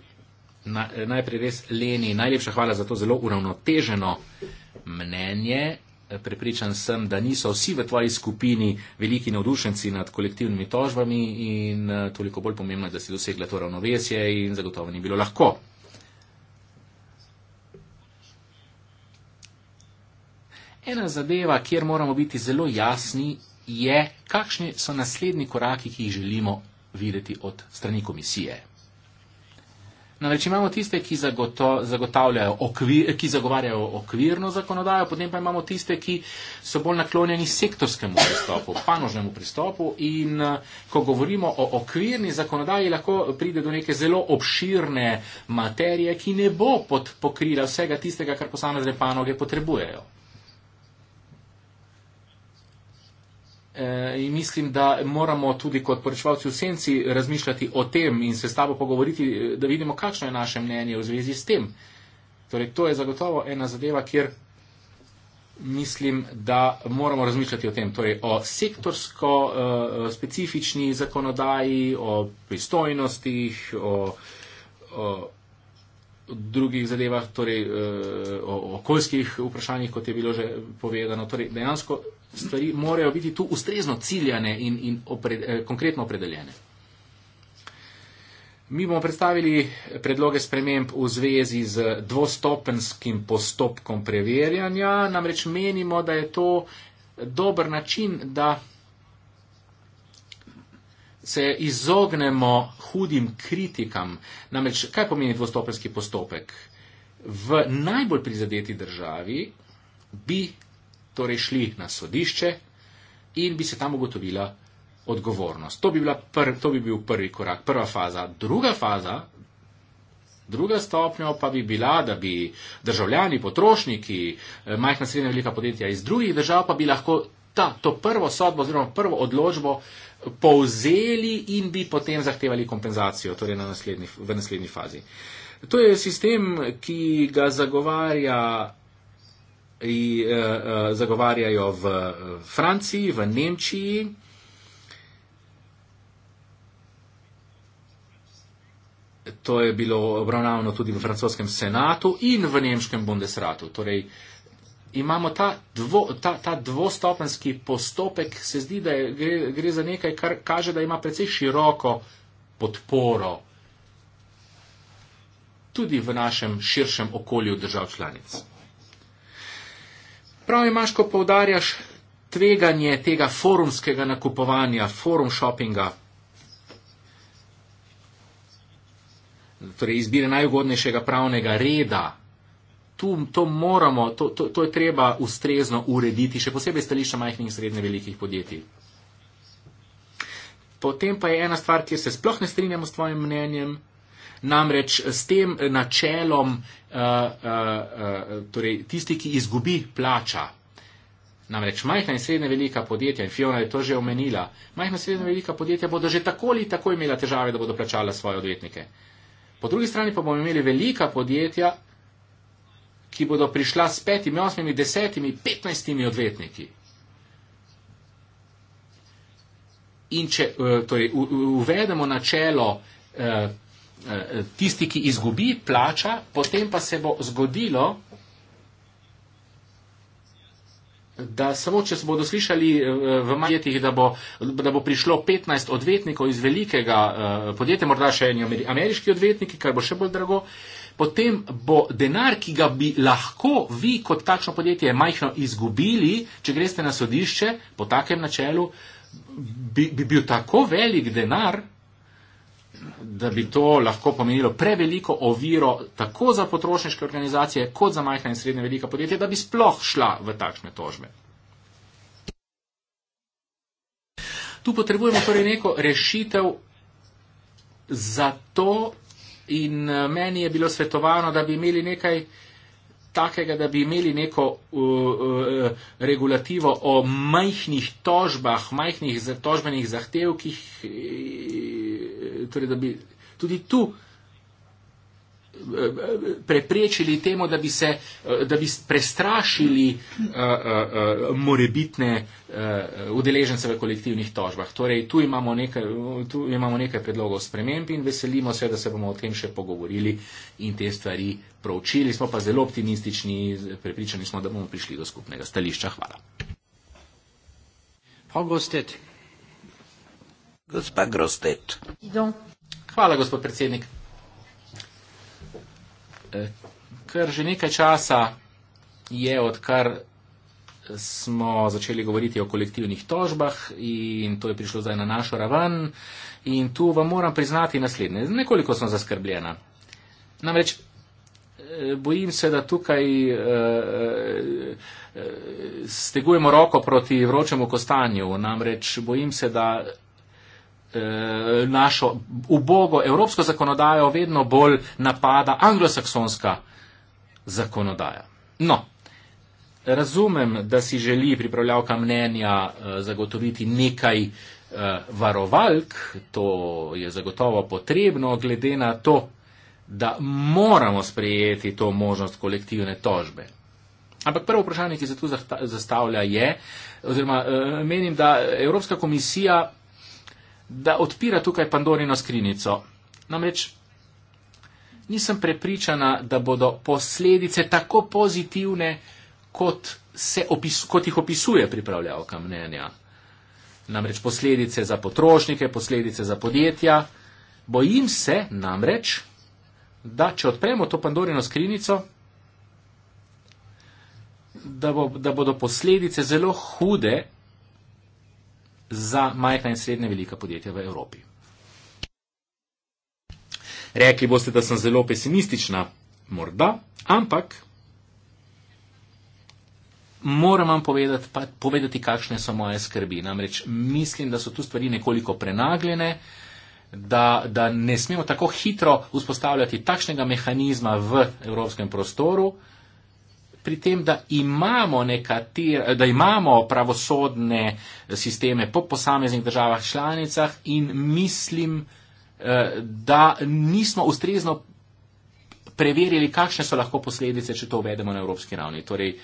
na, eh, najprej res Leni, najlepša hvala za to zelo uravnoteženo mnenje prepričan sem, da niso vsi v tvoji skupini veliki navdušenci nad kolektivnimi tožbami in eh, toliko bolj pomembno, da si dosegla to ravnovesje in zagotovo ni bilo lahko. Ena zadeva, kjer moramo biti zelo jasni, je, kakšni so naslednji koraki, ki jih želimo videti od strani komisije. Namreč imamo tiste, ki, zagoto, okvir, ki zagovarjajo okvirno zakonodajo, potem pa imamo tiste, ki so bolj naklonjeni sektorskemu pristopu, panožnemu pristopu in eh, ko govorimo o okvirni zakonodaji, lahko pride do neke zelo obširne materije, ki ne bo pokrila vsega tistega, kar posamezne panoge potrebujejo. Eh, in mislim, da moramo tudi kot poročevalci v senci razmišljati o tem in se s tabo pogovoriti, eh, da vidimo, kakšno je naše mnenje v zvezi s tem. Torej, to je zagotovo ena zadeva, kjer mislim, da moramo razmišljati o tem. Torej, o sektorsko eh, specifični zakonodaji, o pristojnostih, o, o drugih zadevah, torej o okoljskih vprašanjih, kot je bilo že povedano. Torej, dejansko stvari morajo biti tu ustrezno ciljane in, in opred, eh, konkretno opredeljene. Mi bomo predstavili predloge sprememb v zvezi z dvostopenskim postopkom preverjanja. Namreč menimo, da je to dober način, da se izognemo hudim kritikam. Namreč, kaj pomeni dvostopenski postopek? V najbolj prizadeti državi bi torej šli na sodišče in bi se tam ugotovila odgovornost. To bi, pr, to bi bil prvi korak, prva faza. Druga faza, druga stopnja pa bi bila, da bi državljani, potrošniki, eh, majhna srednja velika podjetja iz drugih držav pa bi lahko ta, to prvo sodbo oziroma prvo odločbo povzeli in bi potem zahtevali kompenzacijo torej na naslednji, v naslednji fazi. To je sistem, ki ga zagovarja i, uh, uh, zagovarjajo v eh, Franciji, v Nemčiji. To je bilo obravnavano tudi v francoskem senatu in v nemškem bundesratu. Torej, imamo ta, dvo, ta, ta dvostopenski postopek, se zdi, da je, gre, gre za nekaj, kar kaže, da ima precej široko podporo tudi v našem širšem okolju držav članic. Prav imaš, ko povdarjaš tveganje tega forumskega nakupovanja, forum shoppinga. Torej, izbire najugodnejšega pravnega reda. Tu, to, moramo, to, to, to je treba ustrezno urediti, še posebej stališča majhnih in srednje velikih podjetij. Potem pa je ena stvar, kjer se sploh ne strinjamo s tvojim mnenjem, Namreč s tem načelom, uh, uh, uh, torej tisti, ki izgubi plača, namreč majhna in srednja velika podjetja, in Fiona je to že omenila, majhna in srednja velika podjetja bodo že tako ali tako imela težave, da bodo plačala svoje odvetnike. Po drugi strani pa bomo imeli velika podjetja, ki bodo prišla s petimi, osmimi, desetimi, petnajstimi odvetniki. In če torej, uvedemo načelo Eh, tisti, ki izgubi, plača, potem pa se bo zgodilo, da samo, če se bodo slišali eh, v majetih, da bo, da bo prišlo 15 odvetnikov iz velikega eh, podjetja, morda še eni ameriški odvetniki, kar bo še bolj drago, potem bo denar, ki ga bi lahko vi kot takšno podjetje majhno izgubili, če greste na sodišče po takem načelu, bi, bi bil tako velik denar, da bi to lahko pomenilo preveliko oviro tako za potrošniške organizacije, kot za majhna in srednja velika podjetja, da bi sploh šla v takšne tožbe. Tu potrebujemo torej neko rešitev za to in eh, meni je bilo svetovano, da bi imeli nekaj takega, da bi imeli neko uh, uh, regulativo o majhnih tožbah, majhnih tožbenih zahtevkih torej da bi tudi tu eh, eh, preprečili temu, da bi se eh, da bi prestrašili morebitne udeležence v kolektivnih tožbah. Torej, tu imamo nekaj, tu imamo nekaj predlogov sprememb in veselimo se, da se bomo o tem še pogovorili in te stvari proučili. Smo pa zelo optimistični, prepričani smo, da bomo prišli do skupnega stališča. Hvala. August it gospa Grostet. Hvala, gospod predsednik. E, Ker že nekaj časa je, odkar smo začeli govoriti o kolektivnih tožbah in to je prišlo zdaj na našo raven in tu vam moram priznati naslednje. Nekoliko sem zaskrbljena. Namreč e, bojim se, da tukaj e, stegujemo roko proti vročemu kostanju. Namreč bojim se, da Eh, našo ubogo evropsko zakonodajo vedno bolj napada anglosaksonska zakonodaja. No, razumem, da si želi pripravljavka mnenja eh, zagotoviti nekaj eh, varovalk, to je zagotovo potrebno, glede na to, da moramo sprejeti to možnost kolektivne tožbe. Ampak prvo vprašanje, ki se tu zastavlja, je, oziroma menim, da Evropska komisija da odpira tukaj Pandorino skrinico. Namreč nisem prepričana, da bodo posledice tako pozitivne, kot, se, kot jih opisuje pripravljalka mnenja. Namreč posledice za potrošnike, posledice za podjetja. Bojim se namreč, da če odpremo to Pandorino skrinico, da, bo, da bodo posledice zelo hude za majhna in srednja velika podjetja v Evropi. Rekli boste, da sem zelo pesimistična, morda, ampak moram vam povedati, pa, povedati kakšne so moje skrbi. Namreč mislim, da so tu stvari nekoliko prenagljene, da, da ne smemo tako hitro vzpostavljati takšnega mehanizma v evropskem prostoru, uh, pri tem, da imamo, nekater, da imamo pravosodne sisteme po posameznih državah članicah in mislim, eh, da nismo ustrezno preverili, kakšne so lahko posledice, če to uvedemo na evropski ravni. Torej,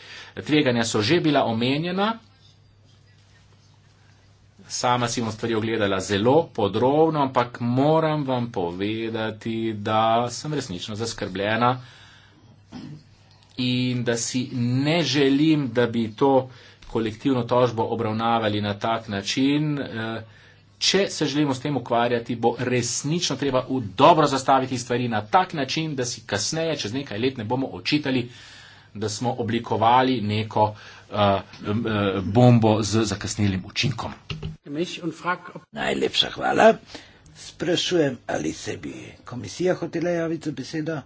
tveganja so že bila omenjena. Sama si bom stvari ogledala zelo podrobno, ampak moram vam povedati, da sem resnično zaskrbljena in da si ne želim, da bi to kolektivno tožbo obravnavali na tak način. Eh, če se želimo s tem ukvarjati, bo resnično treba dobro zastaviti stvari na tak način, da si kasneje, čez nekaj let, ne bomo očitali, da smo oblikovali neko uh, bombo z zakasnelim učinkom. Najlepša hvala. Sprašujem, ali se bi komisija hotela javiti za besedo,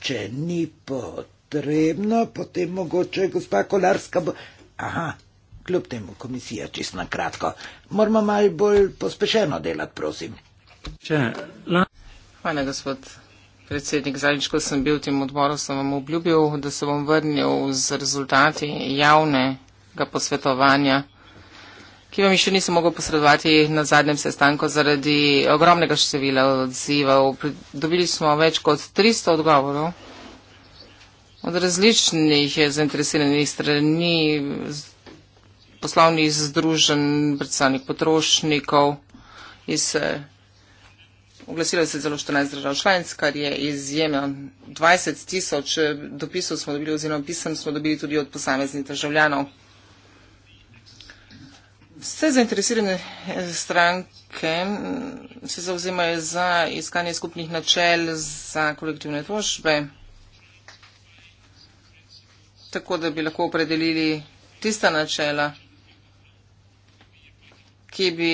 če ni pot potrebno, potem mogoče gospa Kolarska bo. Aha, kljub temu komisija čist na kratko. Moramo malo bolj pospešeno delati, prosim. Če, la... Hvala, gospod predsednik. Zadnjič, ko sem bil v tem odboru, sem vam obljubil, da se bom vrnil z rezultati javnega posvetovanja ki vam še nisem mogel posredovati na zadnjem sestanku zaradi ogromnega števila odzivov. Dobili smo več kot 300 odgovorov od različnih zainteresiranih strani, poslovnih združen, predstavnik potrošnikov. Iz, oglasilo se je zelo 14 držav članic, kar je izjemno. 20 tisoč eh, dopisov smo dobili oziroma pisem smo dobili tudi od posameznih državljanov. Vse zainteresirane eh, stranke mm, se zauzemajo za iskanje skupnih načel za kolektivne tožbe tako, da bi lahko opredelili tista načela, ki bi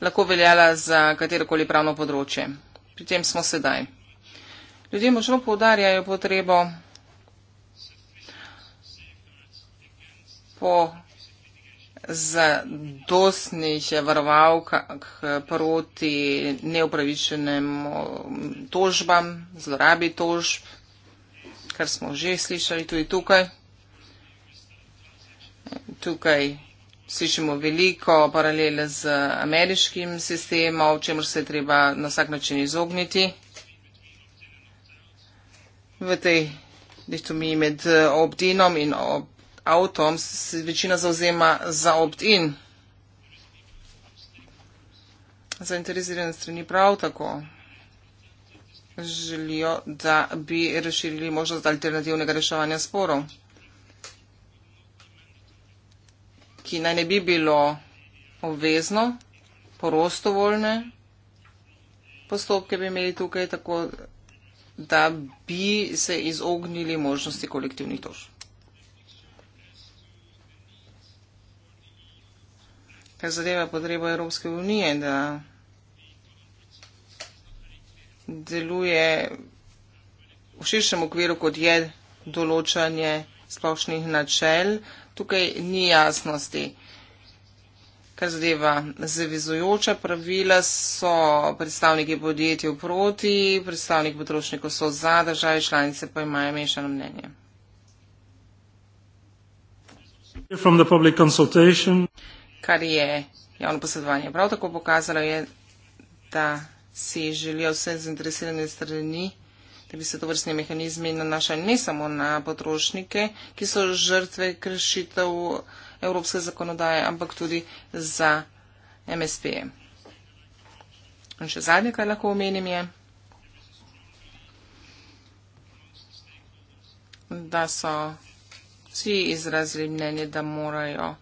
lahko veljala za katerokoli pravno področje. Pri tem smo sedaj. Ljudje močno poudarjajo potrebo po zadostnih varovalkah proti neupravičenem tožbam, zlorabi tožb, kar smo že slišali tudi tukaj. Tukaj slišimo veliko paralele z ameriškim sistemom, o čemer se je treba na vsak način izogniti. V tej dihtomiji med eh, opt-inom in opt-outom se večina zauzema za opt-in. Zainteresirane strani prav tako želijo, da bi razširili možnost alternativnega reševanja sporov, ki naj ne bi bilo obvezno, prostovoljne postopke bi imeli tukaj, tako da bi se izognili možnosti kolektivnih tožb. Kar zadeva potrebo Evropske unije, da deluje v širšem okviru, kot je določanje splošnih načel. Tukaj ni jasnosti. Kar zadeva zavizujoča pravila, so predstavniki podjetij proti, predstavniki potrošnikov so za, države članice pa imajo mešano mnenje. Kar je javno posredovanje prav tako pokazalo, je, da si želijo vse zainteresirane strani, da bi se to vrstne mehanizmi nanašali ne samo na potrošnike, ki so žrtve kršitev evropske zakonodaje, ampak tudi za MSP. In še zadnje, kaj lahko omenim, je, da so vsi izrazili mnenje, da morajo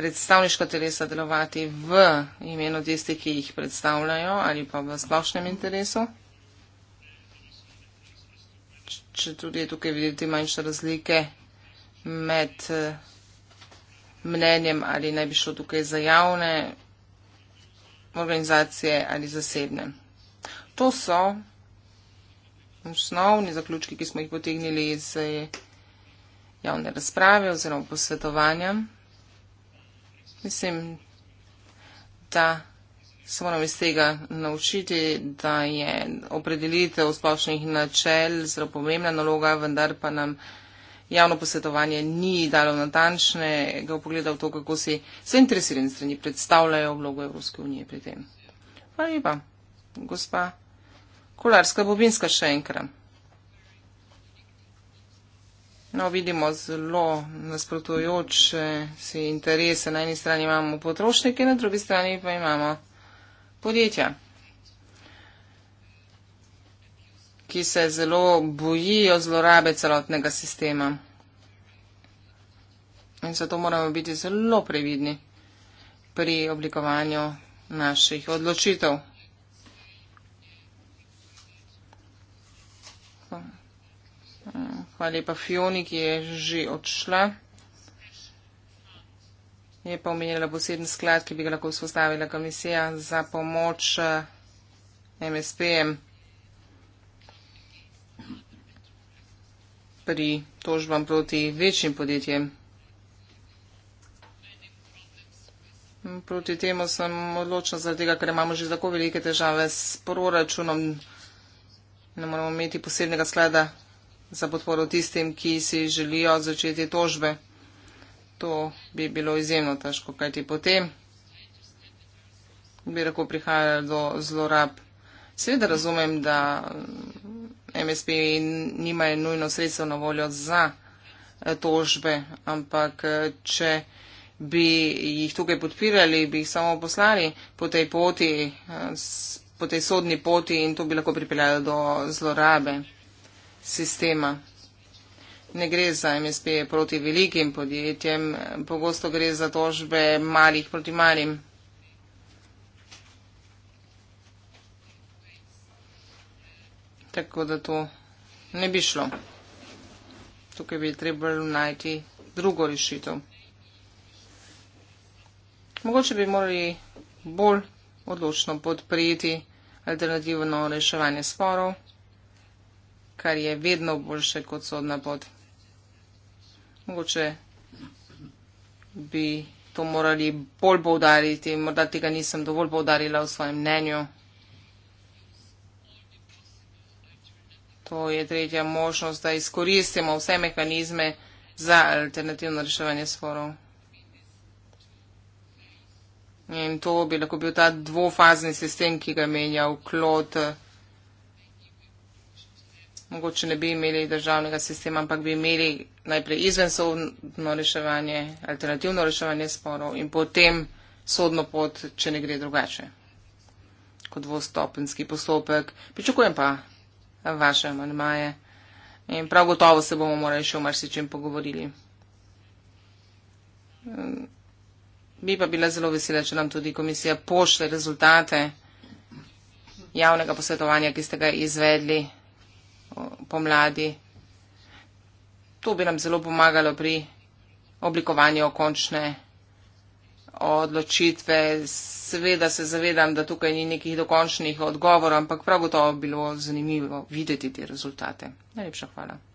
predstavniška telesa delovati v imenu tistih, ki jih predstavljajo ali pa v splošnem interesu. Če tudi je tukaj videti manjše razlike med eh, mnenjem ali naj bi šlo tukaj za javne organizacije ali zasebne. To so osnovni zaključki, ki smo jih potegnili iz eh, javne razprave oziroma posvetovanja. Mislim, da se moramo iz tega naučiti, da je opredelitev splošnih načel zelo pomembna naloga, vendar pa nam javno posvetovanje ni dalo natančnega pogleda v to, kako si vse interesirane strani predstavljajo vlogo Evropske unije pri tem. Hvala lepa, gospa Kolarska Bobinska še enkrat. No, vidimo zelo nasprotujoče si interese. Na eni strani imamo potrošnike, na drugi strani pa imamo podjetja, ki se zelo bojijo zlorabe celotnega sistema. In zato moramo biti zelo previdni pri oblikovanju naših odločitev. Hvala lepa Fioni, ki je že odšla. Je pa omenjala poseben sklad, ki bi ga lahko vzpostavila komisija za pomoč eh, MSP-jem pri tožbam proti večjim podjetjem. Proti temu sem odločna zaradi tega, ker imamo že tako velike težave s proračunom. Ne moramo imeti posebnega sklada za podporo tistim, ki si želijo začeti tožbe. To bi bilo izjemno težko, kajti potem bi lahko prihajalo do zlorab. Seveda razumem, da eh, MSP nimajo nujno sredstvo na voljo za eh, tožbe, ampak eh, če bi jih tukaj podpirali, bi jih samo poslali po tej poti, po tej sodni poti in to bi lahko pripeljalo do zlorabe sistema. Ne gre za MSP proti velikim podjetjem, pogosto gre za tožbe malih proti malim. Tako da to ne bi šlo. Tukaj bi trebalo najti drugo rešitev. Mogoče bi morali bolj odločno podpreti alternativno reševanje sporov kar je vedno boljše kot sodna pot. Mogoče bi to morali bolj povdariti, morda tega nisem dovolj povdarila v svojem mnenju. To je tretja možnost, da izkoristimo vse mehanizme za alternativno reševanje sporov. In to bi lahko bil ta dvofazni sistem, ki ga menja v klot mogoče ne bi imeli državnega sistema, ampak bi imeli najprej izvensodno reševanje, alternativno reševanje sporov in potem sodno pot, če ne gre drugače kot dvostopenski postopek. Pričakujem pa vaše manjmaje in prav gotovo se bomo morali še o marsičem pogovorili. Bi pa bila zelo vesela, če nam tudi komisija pošle rezultate javnega posvetovanja, ki ste ga izvedli pomladi. To bi nam zelo pomagalo pri oblikovanju končne odločitve. Seveda se zavedam, da tukaj ni nekih dokončnih odgovorov, ampak prav gotovo bilo zanimivo videti te rezultate. Najlepša hvala.